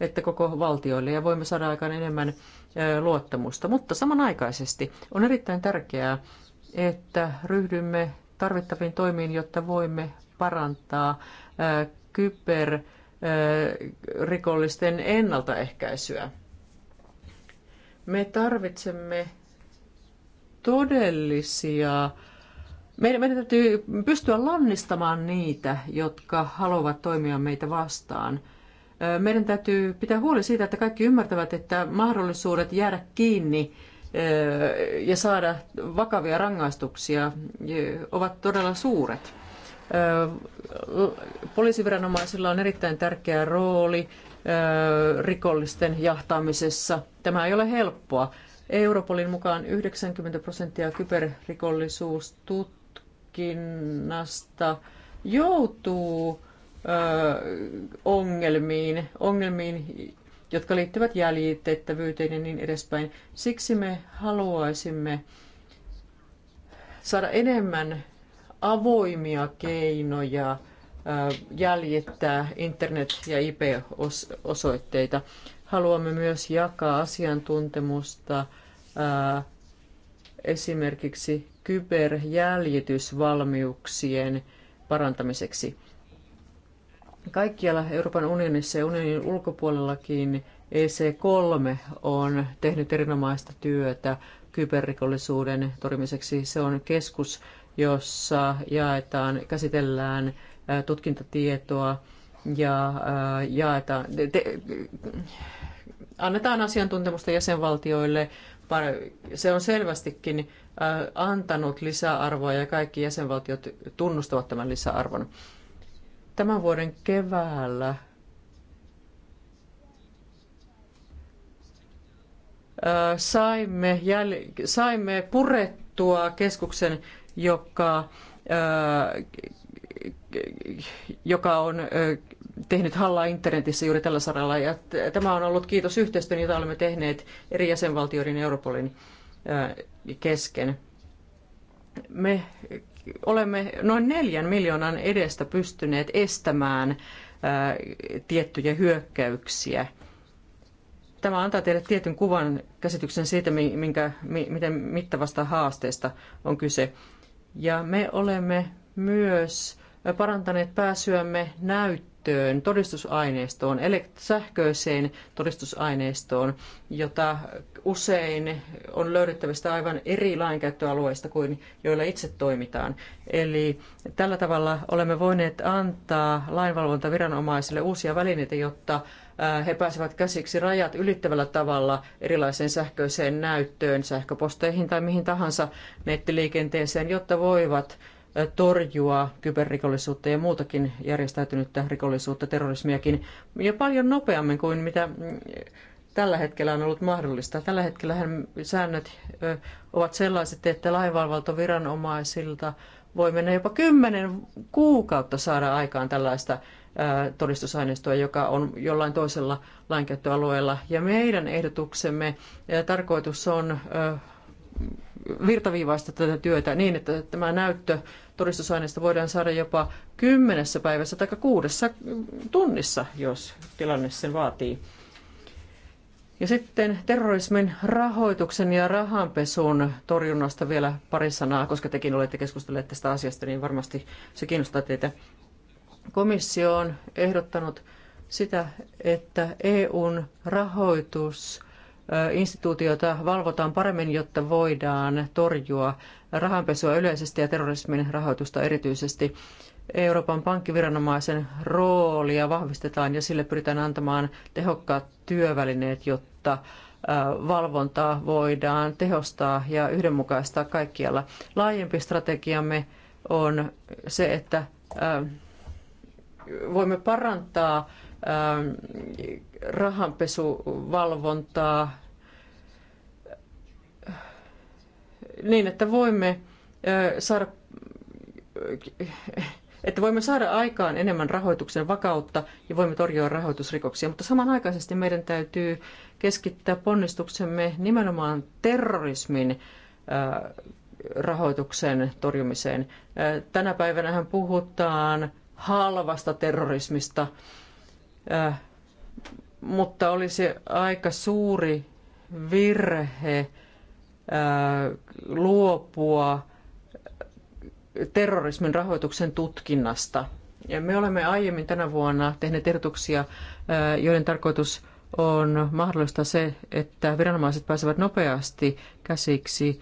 että koko valtioille ja voimme saada aikaan enemmän luottamusta. Mutta samanaikaisesti on erittäin tärkeää, että ryhdymme tarvittaviin toimiin, jotta voimme parantaa kyberrikollisten ennaltaehkäisyä. Me tarvitsemme todellisia meidän, meidän täytyy pystyä lannistamaan niitä, jotka haluavat toimia meitä vastaan. Meidän täytyy pitää huoli siitä, että kaikki ymmärtävät, että mahdollisuudet jäädä kiinni ja saada vakavia rangaistuksia ovat todella suuret. Poliisiviranomaisilla on erittäin tärkeä rooli rikollisten jahtaamisessa. Tämä ei ole helppoa. Europolin mukaan 90 prosenttia kyberrikollisuustutkimuksista tulkinnasta joutuu ongelmiin, ongelmiin, jotka liittyvät jäljitettävyyteen ja niin edespäin. Siksi me haluaisimme saada enemmän avoimia keinoja jäljittää internet- ja IP-osoitteita. Haluamme myös jakaa asiantuntemusta esimerkiksi kyberjäljitysvalmiuksien parantamiseksi. Kaikkialla Euroopan unionissa ja unionin ulkopuolellakin EC3 on tehnyt erinomaista työtä kyberrikollisuuden torjumiseksi. Se on keskus, jossa jaetaan, käsitellään tutkintatietoa ja jaetaan, te, annetaan asiantuntemusta jäsenvaltioille, se on selvästikin antanut lisäarvoa ja kaikki jäsenvaltiot tunnustavat tämän lisäarvon. Tämän vuoden keväällä saimme, jäl- saimme purettua keskuksen, joka, joka on tehnyt hallaa internetissä juuri tällä saralla. Ja tämä on ollut kiitos yhteistyön, jota olemme tehneet eri jäsenvaltioiden ja Europolin kesken. Me olemme noin neljän miljoonan edestä pystyneet estämään tiettyjä hyökkäyksiä. Tämä antaa teille tietyn kuvan käsityksen siitä, minkä, miten mittavasta haasteesta on kyse. Ja me olemme myös parantaneet pääsyämme näyttöön käyttöön todistusaineistoon, elekt- sähköiseen todistusaineistoon, jota usein on löydettävistä aivan eri lainkäyttöalueista kuin joilla itse toimitaan. Eli tällä tavalla olemme voineet antaa lainvalvontaviranomaisille uusia välineitä, jotta he pääsevät käsiksi rajat ylittävällä tavalla erilaiseen sähköiseen näyttöön, sähköposteihin tai mihin tahansa nettiliikenteeseen, jotta voivat torjua kyberrikollisuutta ja muutakin järjestäytynyttä rikollisuutta, terrorismiakin, ja paljon nopeammin kuin mitä mm, tällä hetkellä on ollut mahdollista. Tällä hetkellä säännöt ovat sellaiset, että lainvalvontaviranomaisilta voi mennä jopa kymmenen kuukautta saada aikaan tällaista todistusaineistoa, joka on jollain toisella lainkäyttöalueella. Ja meidän ehdotuksemme tarkoitus on virtaviivaista tätä työtä niin, että tämä näyttö todistusaineista voidaan saada jopa kymmenessä päivässä tai kuudessa tunnissa, jos tilanne sen vaatii. Ja sitten terrorismin rahoituksen ja rahanpesun torjunnasta vielä pari sanaa, koska tekin olette keskustelleet tästä asiasta, niin varmasti se kiinnostaa teitä. Komissio on ehdottanut sitä, että EUn rahoitus instituutioita valvotaan paremmin, jotta voidaan torjua rahanpesua yleisesti ja terrorismin rahoitusta erityisesti. Euroopan pankkiviranomaisen roolia vahvistetaan ja sille pyritään antamaan tehokkaat työvälineet, jotta valvontaa voidaan tehostaa ja yhdenmukaistaa kaikkialla. Laajempi strategiamme on se, että voimme parantaa Ähm, rahanpesuvalvontaa niin, että voimme saada että voimme saada aikaan enemmän rahoituksen vakautta ja voimme torjua rahoitusrikoksia, mutta samanaikaisesti meidän täytyy keskittää ponnistuksemme nimenomaan terrorismin rahoituksen torjumiseen. Tänä päivänä puhutaan halvasta terrorismista, Äh, mutta olisi aika suuri virhe äh, luopua terrorismin rahoituksen tutkinnasta. Ja me olemme aiemmin tänä vuonna tehneet ehdotuksia, äh, joiden tarkoitus on mahdollista se, että viranomaiset pääsevät nopeasti käsiksi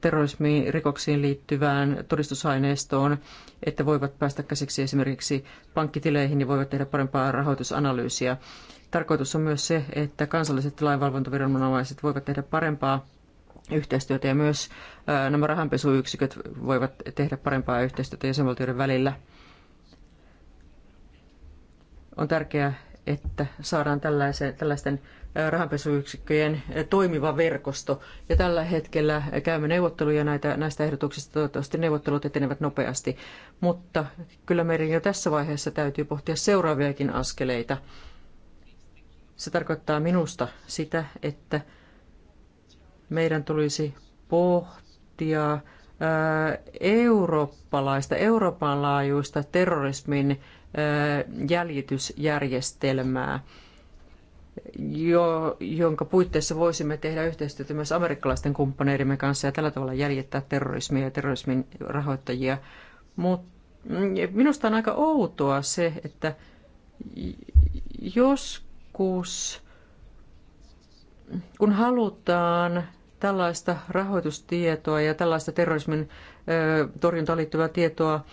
terrorismirikoksiin liittyvään todistusaineistoon, että voivat päästä käsiksi esimerkiksi pankkitileihin ja voivat tehdä parempaa rahoitusanalyysiä. Tarkoitus on myös se, että kansalliset lainvalvontaviranomaiset voivat tehdä parempaa yhteistyötä ja myös nämä rahanpesuyksiköt voivat tehdä parempaa yhteistyötä jäsenvaltioiden välillä. On tärkeää, että saadaan tällaisten rahanpesuyksikköjen toimiva verkosto. Ja tällä hetkellä käymme neuvotteluja näitä, näistä ehdotuksista. Toivottavasti neuvottelut etenevät nopeasti. Mutta kyllä meidän jo tässä vaiheessa täytyy pohtia seuraaviakin askeleita. Se tarkoittaa minusta sitä, että meidän tulisi pohtia eurooppalaista, Euroopan laajuista terrorismin jäljitysjärjestelmää, jo, jonka puitteissa voisimme tehdä yhteistyötä myös amerikkalaisten kumppaneidemme kanssa ja tällä tavalla jäljittää terrorismia ja terrorismin rahoittajia. Mut, mm, minusta on aika outoa se, että joskus kun halutaan tällaista rahoitustietoa ja tällaista terrorismin torjuntaan liittyvää tietoa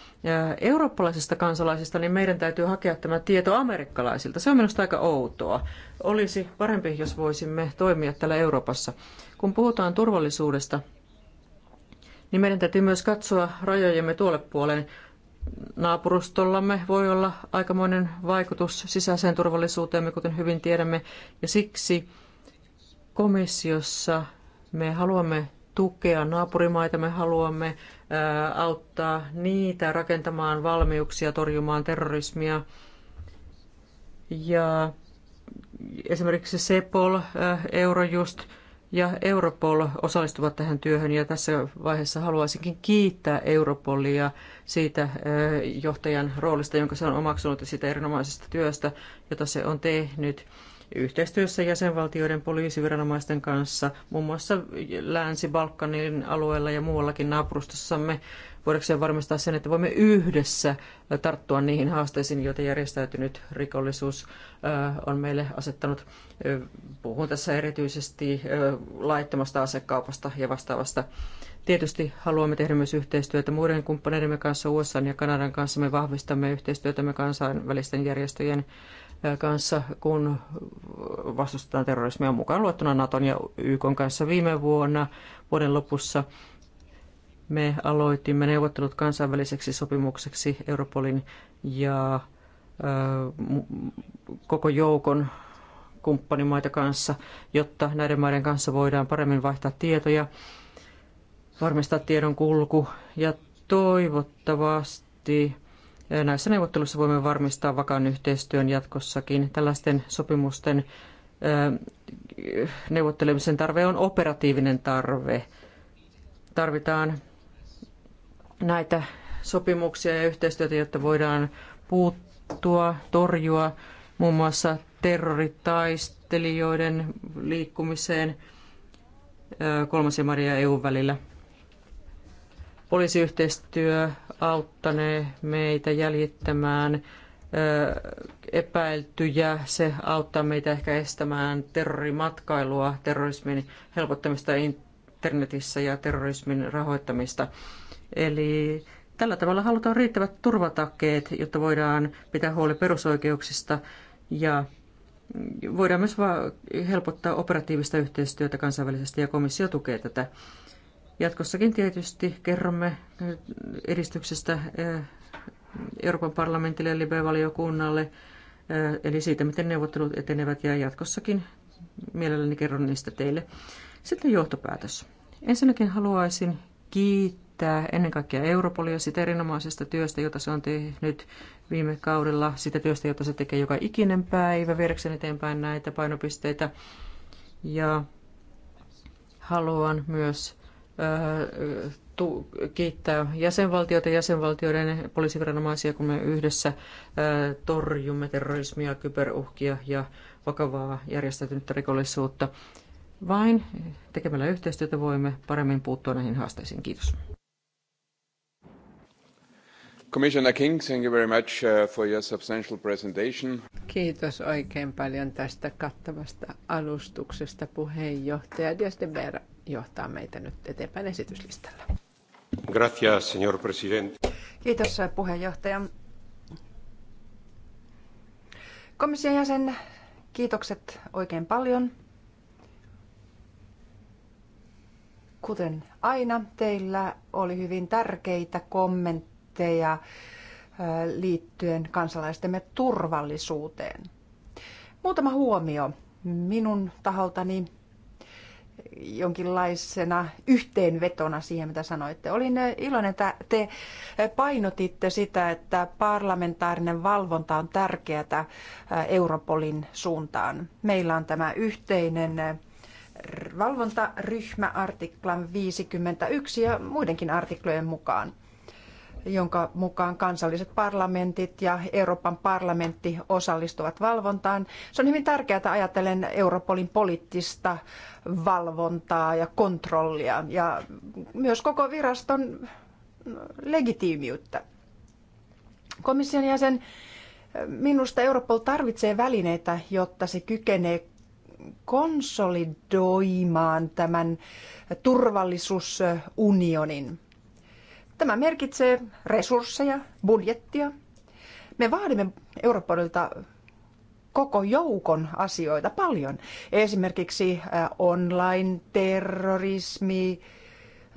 eurooppalaisista kansalaisista, niin meidän täytyy hakea tämä tieto amerikkalaisilta. Se on minusta aika outoa. Olisi parempi, jos voisimme toimia täällä Euroopassa. Kun puhutaan turvallisuudesta, niin meidän täytyy myös katsoa rajojemme tuolle puoleen. Naapurustollamme voi olla aikamoinen vaikutus sisäiseen turvallisuuteemme, kuten hyvin tiedämme, ja siksi komissiossa me haluamme tukea naapurimaita, me haluamme auttaa niitä rakentamaan valmiuksia torjumaan terrorismia. Ja esimerkiksi CEPOL, Eurojust ja Europol osallistuvat tähän työhön ja tässä vaiheessa haluaisinkin kiittää Europolia siitä johtajan roolista, jonka se on omaksunut ja siitä erinomaisesta työstä, jota se on tehnyt yhteistyössä jäsenvaltioiden poliisiviranomaisten kanssa, muun muassa Länsi-Balkanin alueella ja muuallakin naapurustossamme, voidaanko varmistaa sen, että voimme yhdessä tarttua niihin haasteisiin, joita järjestäytynyt rikollisuus on meille asettanut. Puhun tässä erityisesti laittomasta asekaupasta ja vastaavasta. Tietysti haluamme tehdä myös yhteistyötä muiden kumppaneidemme kanssa, USA ja Kanadan kanssa. Me vahvistamme yhteistyötämme kansainvälisten järjestöjen kanssa, kun vastustetaan terrorismia mukaan luettuna Naton ja YK kanssa viime vuonna vuoden lopussa. Me aloitimme neuvottelut kansainväliseksi sopimukseksi Europolin ja koko joukon kumppanimaita kanssa, jotta näiden maiden kanssa voidaan paremmin vaihtaa tietoja, varmistaa tiedon kulku ja toivottavasti Näissä neuvotteluissa voimme varmistaa vakaan yhteistyön jatkossakin. Tällaisten sopimusten neuvottelemisen tarve on operatiivinen tarve. Tarvitaan näitä sopimuksia ja yhteistyötä, jotta voidaan puuttua, torjua muun muassa terroritaistelijoiden liikkumiseen kolmas ja EU välillä. Poliisiyhteistyö auttanee meitä jäljittämään epäiltyjä. Se auttaa meitä ehkä estämään terrorimatkailua, terrorismin helpottamista internetissä ja terrorismin rahoittamista. Eli tällä tavalla halutaan riittävät turvatakeet, jotta voidaan pitää huoli perusoikeuksista ja voidaan myös helpottaa operatiivista yhteistyötä kansainvälisesti ja komissio tukee tätä. Jatkossakin tietysti kerromme edistyksestä eh, Euroopan parlamentille ja Libe-valiokunnalle, eh, eli siitä, miten neuvottelut etenevät, ja jatkossakin mielelläni kerron niistä teille. Sitten johtopäätös. Ensinnäkin haluaisin kiittää ennen kaikkea Europolia sitä erinomaisesta työstä, jota se on tehnyt viime kaudella, sitä työstä, jota se tekee joka ikinen päivä, viedäkseen eteenpäin näitä painopisteitä. Ja haluan myös kiittää jäsenvaltioita, jäsenvaltioiden poliisiviranomaisia, kun me yhdessä torjumme terrorismia, kyberuhkia ja vakavaa järjestäytynyttä rikollisuutta. Vain tekemällä yhteistyötä voimme paremmin puuttua näihin haasteisiin. Kiitos. Commissioner King, thank you very much uh, for your substantial presentation. Kiitos oikein paljon tästä kattavasta alustuksesta. Puheenjohtaja Dias de Vera johtaa meitä nyt eteenpäin esityslistalla. Gracias, señor presidente. Kiitos äh, puheenjohtaja. Komission jäsen, kiitokset oikein paljon. Kuten aina, teillä oli hyvin tärkeitä kommentteja kommentteja liittyen kansalaistemme turvallisuuteen. Muutama huomio minun taholtani jonkinlaisena yhteenvetona siihen, mitä sanoitte. Olin iloinen, että te painotitte sitä, että parlamentaarinen valvonta on tärkeää Europolin suuntaan. Meillä on tämä yhteinen valvontaryhmä artiklan 51 ja muidenkin artiklojen mukaan jonka mukaan kansalliset parlamentit ja Euroopan parlamentti osallistuvat valvontaan. Se on hyvin tärkeää ajatellen Europolin poliittista valvontaa ja kontrollia ja myös koko viraston legitiimiyttä. Komission jäsen, minusta Europol tarvitsee välineitä, jotta se kykenee konsolidoimaan tämän turvallisuusunionin Tämä merkitsee resursseja, budjettia. Me vaadimme Europolilta koko joukon asioita paljon. Esimerkiksi äh, online-terrorismi, äh,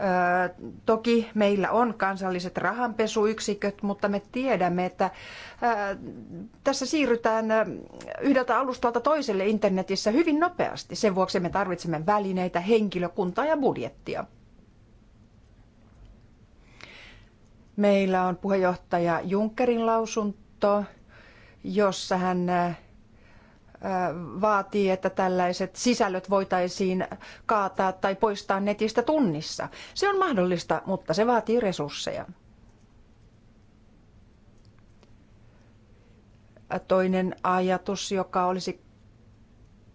Toki meillä on kansalliset rahanpesuyksiköt, mutta me tiedämme, että äh, tässä siirrytään yhdeltä alustalta toiselle internetissä hyvin nopeasti. Sen vuoksi me tarvitsemme välineitä, henkilökuntaa ja budjettia. Meillä on puheenjohtaja Junckerin lausunto, jossa hän äh, vaatii, että tällaiset sisällöt voitaisiin kaataa tai poistaa netistä tunnissa. Se on mahdollista, mutta se vaatii resursseja. Toinen ajatus, joka olisi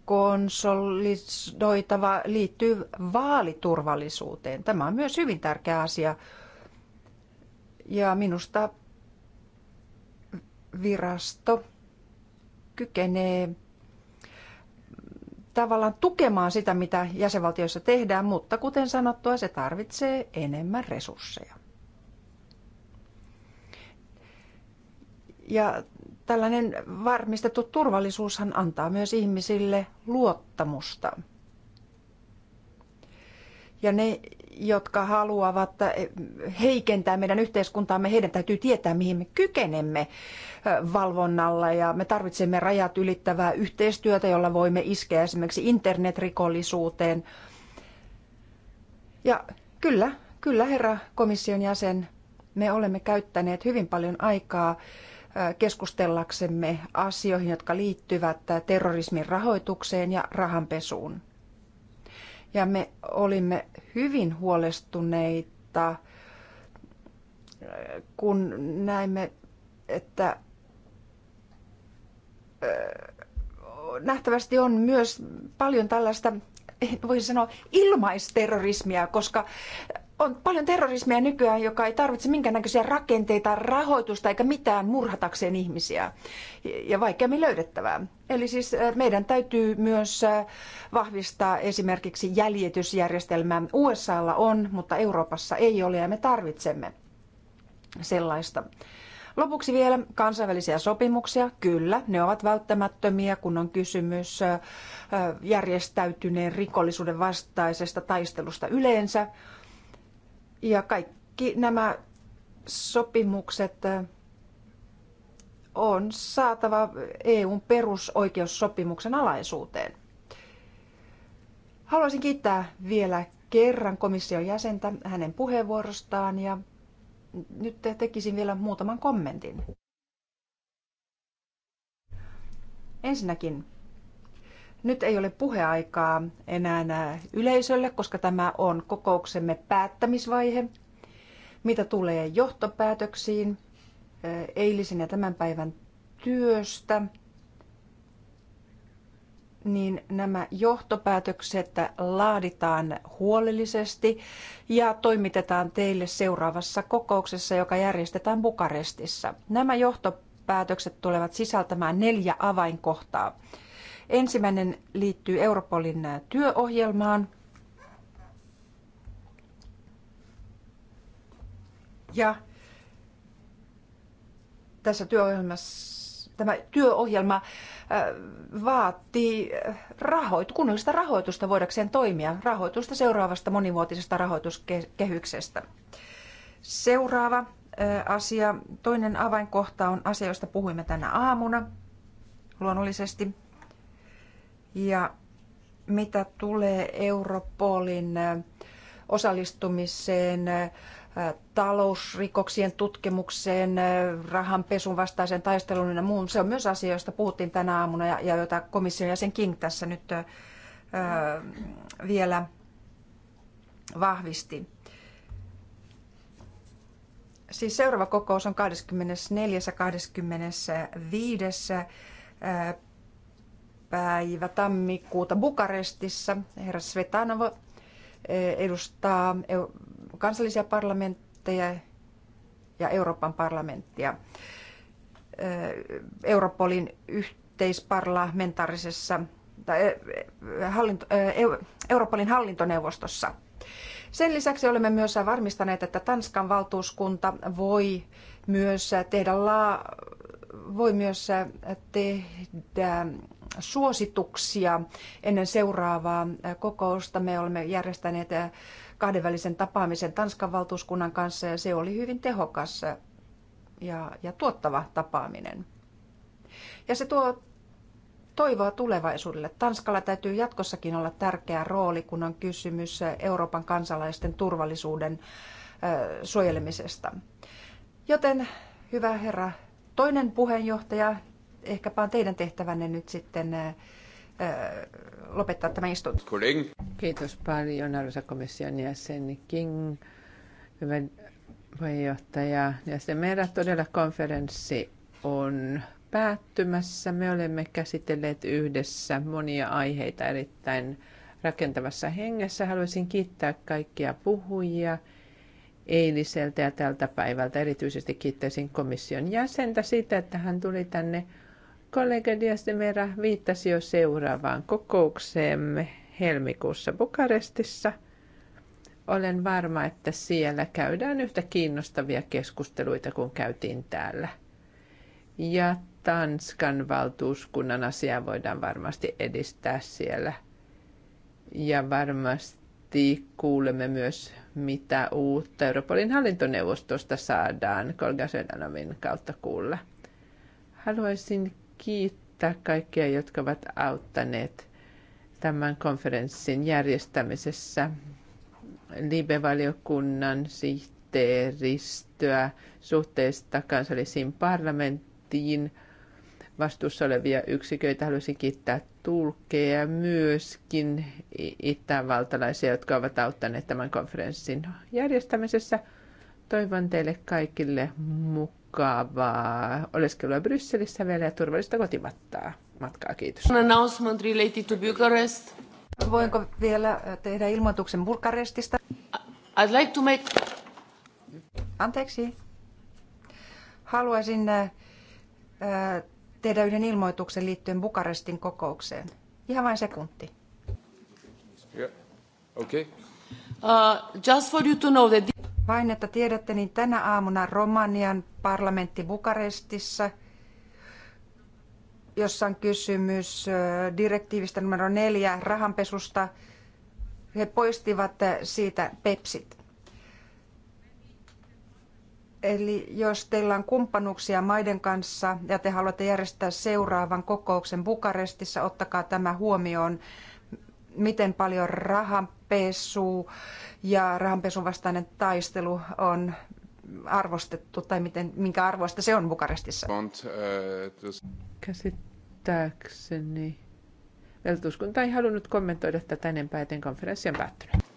konsolidoitava, liittyy vaaliturvallisuuteen. Tämä on myös hyvin tärkeä asia ja minusta virasto kykenee tavallaan tukemaan sitä, mitä jäsenvaltioissa tehdään, mutta kuten sanottua, se tarvitsee enemmän resursseja. Ja tällainen varmistettu turvallisuushan antaa myös ihmisille luottamusta. Ja ne, jotka haluavat heikentää meidän yhteiskuntaamme, heidän täytyy tietää, mihin me kykenemme valvonnalla ja me tarvitsemme rajat ylittävää yhteistyötä, jolla voimme iskeä esimerkiksi internetrikollisuuteen. Ja kyllä, kyllä herra komission jäsen, me olemme käyttäneet hyvin paljon aikaa keskustellaksemme asioihin, jotka liittyvät terrorismin rahoitukseen ja rahanpesuun. Ja me olimme hyvin huolestuneita, kun näimme, että nähtävästi on myös paljon tällaista voisi sanoa ilmaisterrorismia, koska on paljon terrorismia nykyään, joka ei tarvitse minkäännäköisiä rakenteita, rahoitusta eikä mitään murhatakseen ihmisiä ja vaikeammin löydettävää. Eli siis äh, meidän täytyy myös äh, vahvistaa esimerkiksi jäljitysjärjestelmää. USAlla on, mutta Euroopassa ei ole ja me tarvitsemme sellaista. Lopuksi vielä kansainvälisiä sopimuksia. Kyllä, ne ovat välttämättömiä, kun on kysymys äh, järjestäytyneen rikollisuuden vastaisesta taistelusta yleensä ja kaikki nämä sopimukset äh, on saatava EUn perusoikeussopimuksen alaisuuteen. Haluaisin kiittää vielä kerran komission jäsentä hänen puheenvuorostaan ja nyt tekisin vielä muutaman kommentin. Ensinnäkin nyt ei ole puheaikaa enää yleisölle, koska tämä on kokouksemme päättämisvaihe. Mitä tulee johtopäätöksiin eh, eilisen ja tämän päivän työstä, niin nämä johtopäätökset laaditaan huolellisesti ja toimitetaan teille seuraavassa kokouksessa, joka järjestetään Bukarestissa. Nämä johtopäätökset tulevat sisältämään neljä avainkohtaa. Ensimmäinen liittyy Europolin työohjelmaan. Ja tässä työohjelmassa, tämä työohjelma äh, vaatii äh, rahoit, kunnollista rahoitusta voidakseen toimia, rahoitusta seuraavasta monivuotisesta rahoituskehyksestä. Seuraava äh, asia, toinen avainkohta on asia, josta puhuimme tänä aamuna luonnollisesti. Ja mitä tulee Europolin osallistumiseen talousrikoksien tutkimukseen, rahanpesun vastaiseen taisteluun ja muun. Se on myös asia, josta puhuttiin tänä aamuna ja, ja jota komission jäsen King tässä nyt ö, vielä vahvisti. Siis seuraava kokous on 24. ja 25 päivä tammikuuta Bukarestissa. Herra Svetanov eh, edustaa kansallisia parlamentteja ja Euroopan parlamenttia eh, Europolin yhteisparlamentaarisessa tai eh, hallinto, Europolin hallintoneuvostossa. Sen lisäksi olemme myös varmistaneet, että Tanskan valtuuskunta voi myös tehdä, laa, voi myös tehdä suosituksia ennen seuraavaa kokousta. Me olemme järjestäneet kahdenvälisen tapaamisen Tanskan valtuuskunnan kanssa ja se oli hyvin tehokas ja, ja tuottava tapaaminen. Ja se tuo toivoa tulevaisuudelle. Tanskalla täytyy jatkossakin olla tärkeä rooli, kun on kysymys Euroopan kansalaisten turvallisuuden suojelemisesta. Joten hyvä herra toinen puheenjohtaja, ehkäpä on teidän tehtävänne nyt sitten äh, äh, lopettaa tämä istunto. Kiitos paljon arvoisa komission jäsen King, hyvä puheenjohtaja. Ja se meidän todella konferenssi on päättymässä. Me olemme käsitelleet yhdessä monia aiheita erittäin rakentavassa hengessä. Haluaisin kiittää kaikkia puhujia eiliseltä ja tältä päivältä. Erityisesti kiittäisin komission jäsentä siitä, että hän tuli tänne Kollega Diastemera viittasi jo seuraavaan kokoukseemme helmikuussa Bukarestissa. Olen varma, että siellä käydään yhtä kiinnostavia keskusteluita kuin käytiin täällä. Ja Tanskan valtuuskunnan asiaa voidaan varmasti edistää siellä. Ja varmasti kuulemme myös, mitä uutta Europolin hallintoneuvostosta saadaan Kolgasödanomin kautta kuulla. Haluaisin kiittää kaikkia, jotka ovat auttaneet tämän konferenssin järjestämisessä. Libe-valiokunnan sihteeristöä suhteesta kansallisiin parlamenttiin vastuussa olevia yksiköitä. Haluaisin kiittää tulkeja myöskin itävaltalaisia, jotka ovat auttaneet tämän konferenssin järjestämisessä. Toivon teille kaikille mukaan mukavaa oleskelua Brysselissä vielä ja turvallista kotimattaa matkaa. Kiitos. An announcement related to Bucharest. Voinko vielä äh, tehdä ilmoituksen Bukarestista? I'd like to make... Anteeksi. Haluaisin äh, äh, tehdä yhden ilmoituksen liittyen Bukarestin kokoukseen. Ihan vain sekunti. Yeah. Okay. Uh, just for you to know that... Vain että tiedätte, niin tänä aamuna Romanian parlamentti Bukarestissa, jossa on kysymys direktiivistä numero neljä rahanpesusta, he poistivat siitä pepsit. Eli jos teillä on kumppanuuksia maiden kanssa ja te haluatte järjestää seuraavan kokouksen Bukarestissa, ottakaa tämä huomioon miten paljon rahanpesu ja rahanpesun vastainen taistelu on arvostettu tai miten, minkä arvoista se on Bukarestissa? Eh, Käsittääkseni. Valtuuskunta ei halunnut kommentoida tätä enempää, joten konferenssi on päättynyt.